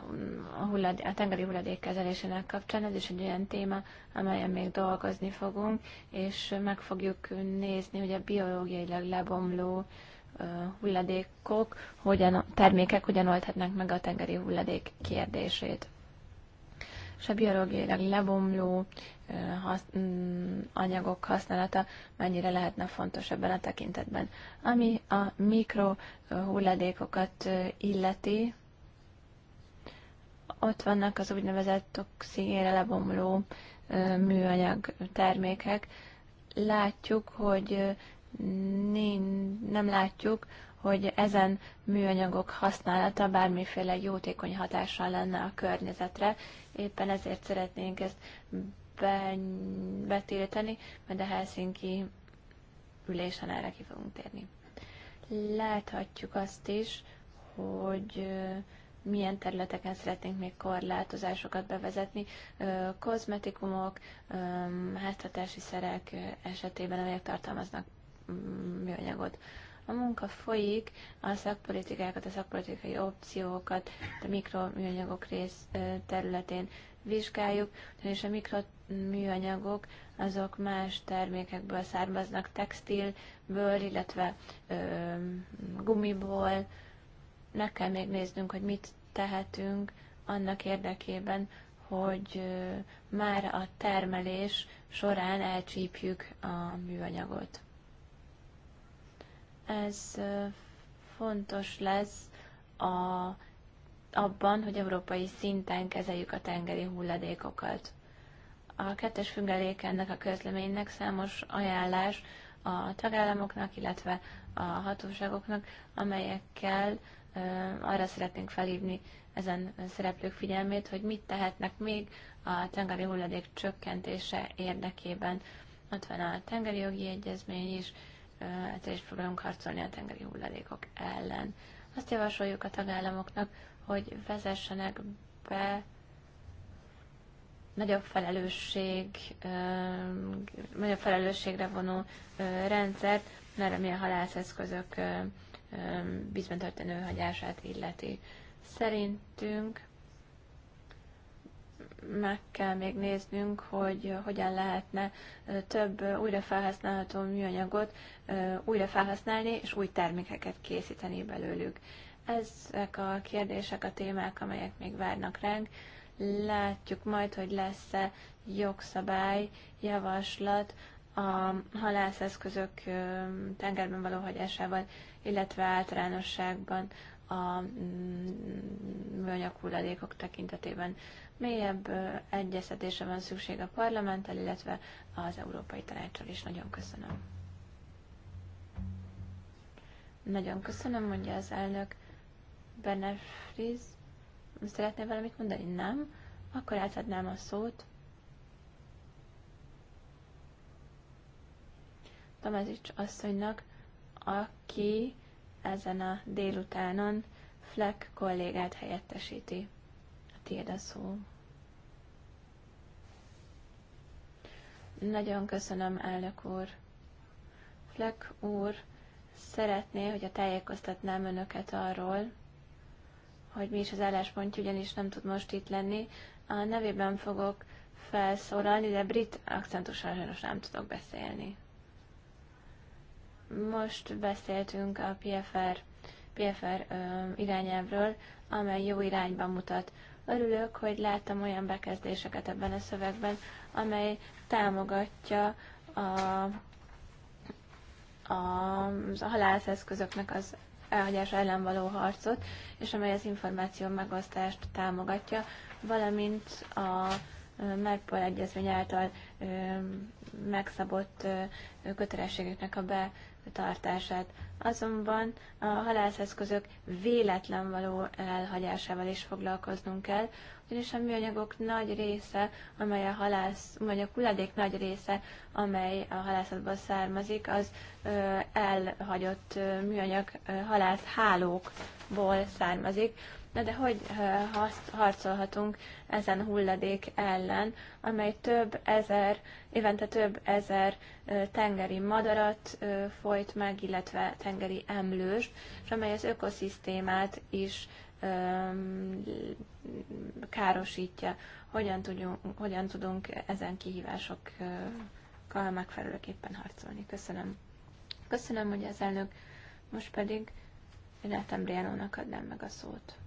a, hullad, a tengeri hulladék kezelésének kapcsán, ez is egy olyan téma, amelyen még dolgozni fogunk, és meg fogjuk nézni, hogy a biológiailag lebomló hulladékok, hogyan, termékek hogyan oldhatnak meg a tengeri hulladék kérdését és a biológiailag lebomló mm, anyagok használata mennyire lehetne fontos ebben a tekintetben. Ami a mikrohulladékokat illeti, ott vannak az úgynevezett toxinére lebomló műanyag termékek. Látjuk, hogy nem látjuk, hogy ezen műanyagok használata bármiféle jótékony hatással lenne a környezetre. Éppen ezért szeretnénk ezt be, betiltani, mert a Helsinki ülésen erre ki fogunk térni. Láthatjuk azt is, hogy milyen területeken szeretnénk még korlátozásokat bevezetni, kozmetikumok, háztartási szerek esetében, amelyek tartalmaznak mm, műanyagot. A munka folyik, a szakpolitikákat, a szakpolitikai opciókat, a mikroműanyagok rész területén vizsgáljuk, és a mikroműanyagok azok más termékekből származnak, textilből, illetve ö, gumiból. Meg kell még néznünk, hogy mit tehetünk annak érdekében, hogy már a termelés során elcsípjük a műanyagot. Ez fontos lesz a, abban, hogy európai szinten kezeljük a tengeri hulladékokat. A kettes függelék ennek a közleménynek számos ajánlás a tagállamoknak, illetve a hatóságoknak, amelyekkel ö, arra szeretnénk felhívni ezen szereplők figyelmét, hogy mit tehetnek még a tengeri hulladék csökkentése érdekében. Ott van a tengeri jogi egyezmény is, ezért is próbálunk harcolni a tengeri hulladékok ellen. Azt javasoljuk a tagállamoknak, hogy vezessenek be nagyobb felelősség, nagyobb felelősségre vonó rendszert, mert ami a halászeszközök bizony történő hagyását illeti. Szerintünk meg kell még néznünk, hogy hogyan lehetne több újra felhasználható műanyagot újra felhasználni, és új termékeket készíteni belőlük. Ezek a kérdések, a témák, amelyek még várnak ránk. Látjuk majd, hogy lesz-e jogszabály, javaslat a halászeszközök tengerben való hagyásával, illetve általánosságban a mm, műanyag hulladékok tekintetében mélyebb egyeztetése van szükség a parlamenttel, illetve az Európai Tanácssal is. Nagyon köszönöm. Nagyon köszönöm, mondja az elnök. Berne Friz, szeretnél valamit mondani? Nem? Akkor átadnám a szót. Tamazics asszonynak, aki ezen a délutánon Fleck kollégát helyettesíti tiéd a szó. Nagyon köszönöm, elnök úr. Fleck úr szeretné, a tájékoztatnám önöket arról, hogy mi is az álláspontja, ugyanis nem tud most itt lenni. A nevében fogok felszólalni, de brit akcentussal sajnos nem tudok beszélni. Most beszéltünk a PFR, PFR ö, amely jó irányban mutat. Örülök, hogy láttam olyan bekezdéseket ebben a szövegben, amely támogatja a, a, a halászeszközöknek az elhagyás ellen való harcot, és amely az információ megosztást támogatja, valamint a Merpol Egyezmény által megszabott kötelességeknek a be tartását. Azonban a halászeszközök véletlen való elhagyásával is foglalkoznunk kell, ugyanis a műanyagok nagy része, amely a halász, vagy a hulladék nagy része, amely a halászatból származik, az elhagyott műanyag halászhálókból származik, Na de hogy harcolhatunk ezen hulladék ellen, amely több ezer, évente több ezer tengeri madarat folyt meg, illetve tengeri emlős, és amely az ökoszisztémát is károsítja. Hogyan, tudjunk, hogyan tudunk ezen kihívásokkal megfelelőképpen harcolni? Köszönöm. Köszönöm, hogy az elnök. Most pedig Renátem Brianónak adnám meg a szót.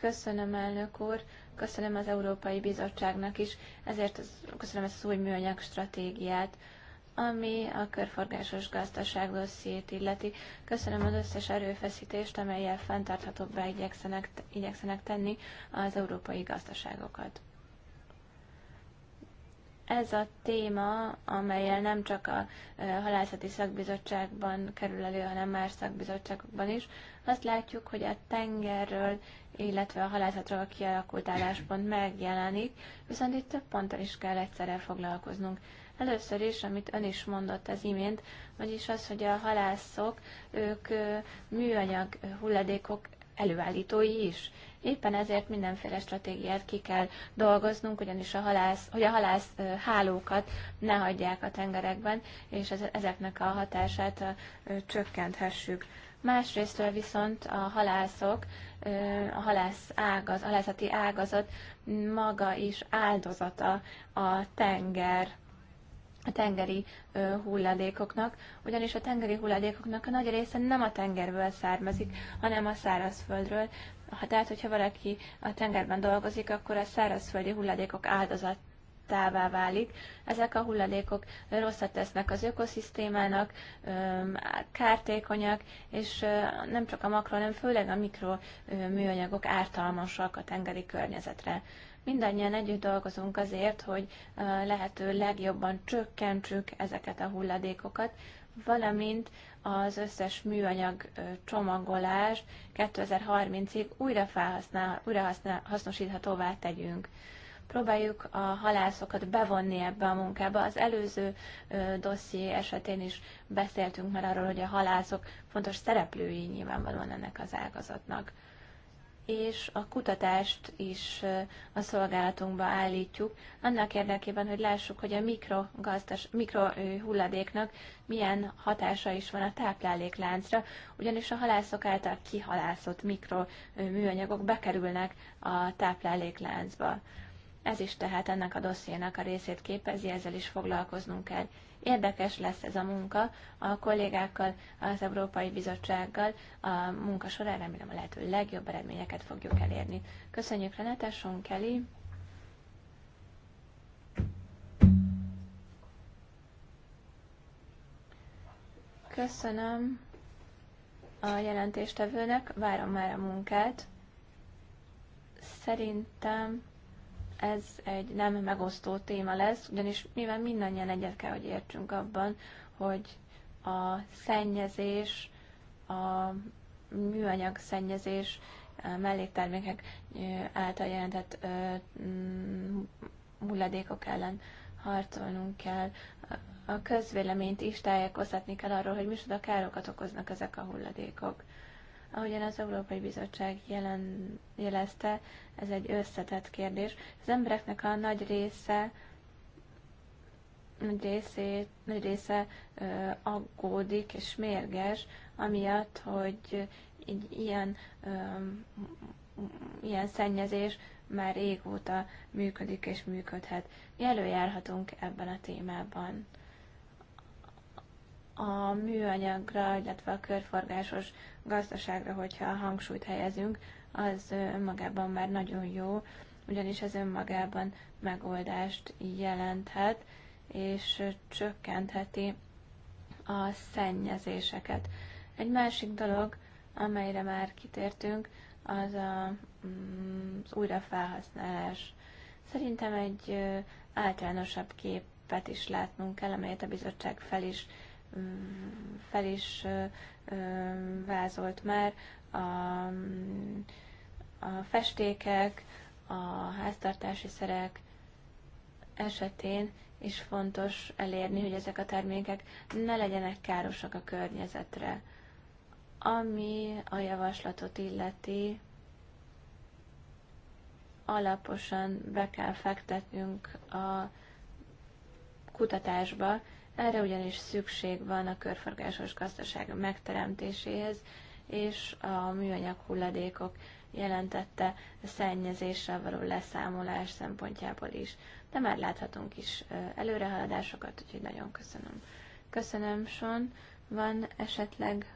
Köszönöm, elnök úr, köszönöm az Európai Bizottságnak is, ezért az, köszönöm ezt az új műanyag stratégiát, ami a körforgásos gazdaság dossziét illeti. Köszönöm az összes erőfeszítést, amelyel fenntarthatóbbá igyekszenek, igyekszenek tenni az európai gazdaságokat ez a téma, amelyel nem csak a halászati szakbizottságban kerül elő, hanem más szakbizottságokban is, azt látjuk, hogy a tengerről illetve a halászatról kialakult álláspont megjelenik, viszont itt több ponttal is kell egyszerre foglalkoznunk. Először is, amit ön is mondott az imént, vagyis az, hogy a halászok, ők műanyag hulladékok előállítói is. Éppen ezért mindenféle stratégiát ki kell dolgoznunk, ugyanis a halász, hogy a halász hálókat ne hagyják a tengerekben, és ezeknek a hatását csökkenthessük másrésztől viszont a halászok, a halász ágaz, a halászati ágazat maga is áldozata a tenger a tengeri ö, hulladékoknak, ugyanis a tengeri hulladékoknak a nagy része nem a tengerből származik, hanem a szárazföldről. Ha tehát, hogyha valaki a tengerben dolgozik, akkor a szárazföldi hulladékok áldozat tává válik. Ezek a hulladékok rosszat tesznek az ökoszisztémának, kártékonyak, és nem csak a makro, hanem főleg a mikro műanyagok ártalmasak a tengeri környezetre. Mindannyian együtt dolgozunk azért, hogy lehető legjobban csökkentsük ezeket a hulladékokat, valamint az összes műanyag csomagolás 2030-ig újra, újra hasznosíthatóvá tegyünk. Próbáljuk a halászokat bevonni ebbe a munkába. Az előző dosszié esetén is beszéltünk már arról, hogy a halászok fontos szereplői nyilvánvalóan ennek az ágazatnak. És a kutatást is a szolgálatunkba állítjuk, annak érdekében, hogy lássuk, hogy a mikrohulladéknak mikro, milyen hatása is van a táplálékláncra, ugyanis a halászok által kihalászott mikroműanyagok bekerülnek a táplálékláncba ez is tehát ennek a dossziénak a részét képezi, ezzel is foglalkoznunk kell. Érdekes lesz ez a munka a kollégákkal, az Európai Bizottsággal. A munka során remélem a lehető legjobb eredményeket fogjuk elérni. Köszönjük Renate, Sean Kelly. Köszönöm a jelentéstevőnek, várom már a munkát. Szerintem ez egy nem megosztó téma lesz, ugyanis mivel mindannyian egyet kell, hogy értsünk abban, hogy a szennyezés, a műanyag szennyezés, a melléktermékek által jelentett mm, hulladékok ellen harcolnunk kell. A közvéleményt is tájékoztatni kell arról, hogy micsoda károkat okoznak ezek a hulladékok. Ahogyan az Európai Bizottság jelen, jelezte, ez egy összetett kérdés. Az embereknek a nagy része nagy, részét, nagy része ö, aggódik és mérges, amiatt, hogy egy ilyen, ö, ilyen szennyezés már régóta működik és működhet. Mi előjárhatunk ebben a témában? a műanyagra, illetve a körforgásos gazdaságra, hogyha a hangsúlyt helyezünk, az önmagában már nagyon jó, ugyanis ez önmagában megoldást jelenthet, és csökkentheti a szennyezéseket. Egy másik dolog, amelyre már kitértünk, az a, mm, az újrafelhasználás. Szerintem egy általánosabb képet is látnunk kell, amelyet a bizottság fel is fel is vázolt már a, a festékek, a háztartási szerek esetén is fontos elérni, hogy ezek a termékek ne legyenek károsak a környezetre. Ami a javaslatot illeti, alaposan be kell fektetnünk a kutatásba, erre ugyanis szükség van a körforgásos gazdaság megteremtéséhez, és a műanyag hulladékok jelentette szennyezéssel való leszámolás szempontjából is. De már láthatunk is előrehaladásokat, úgyhogy nagyon köszönöm. Köszönöm, Son. Van esetleg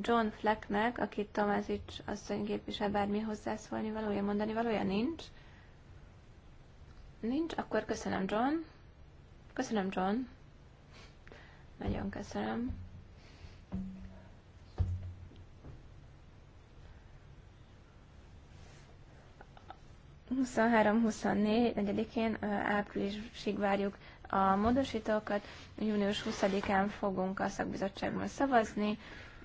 John Flecknek, akit Tomázics asszony képvisel bármi hozzászólni valója, mondani valója nincs. Nincs, akkor köszönöm John. Köszönöm, John. Nagyon köszönöm. ...23-24-én áprilisig várjuk a módosítókat. Június 20-án fogunk a szakbizottságban szavazni,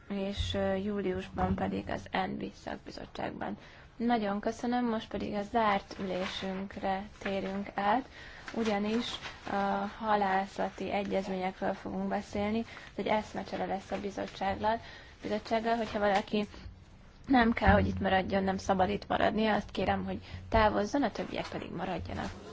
és júliusban pedig az NB szakbizottságban. Nagyon köszönöm, most pedig a zárt ülésünkre térünk át ugyanis a halászati egyezményekről fogunk beszélni, ez egy eszmecsere lesz a bizottsággal, bizottsággal, hogyha valaki nem kell, hogy itt maradjon, nem szabad itt maradni, azt kérem, hogy távozzon, a többiek pedig maradjanak.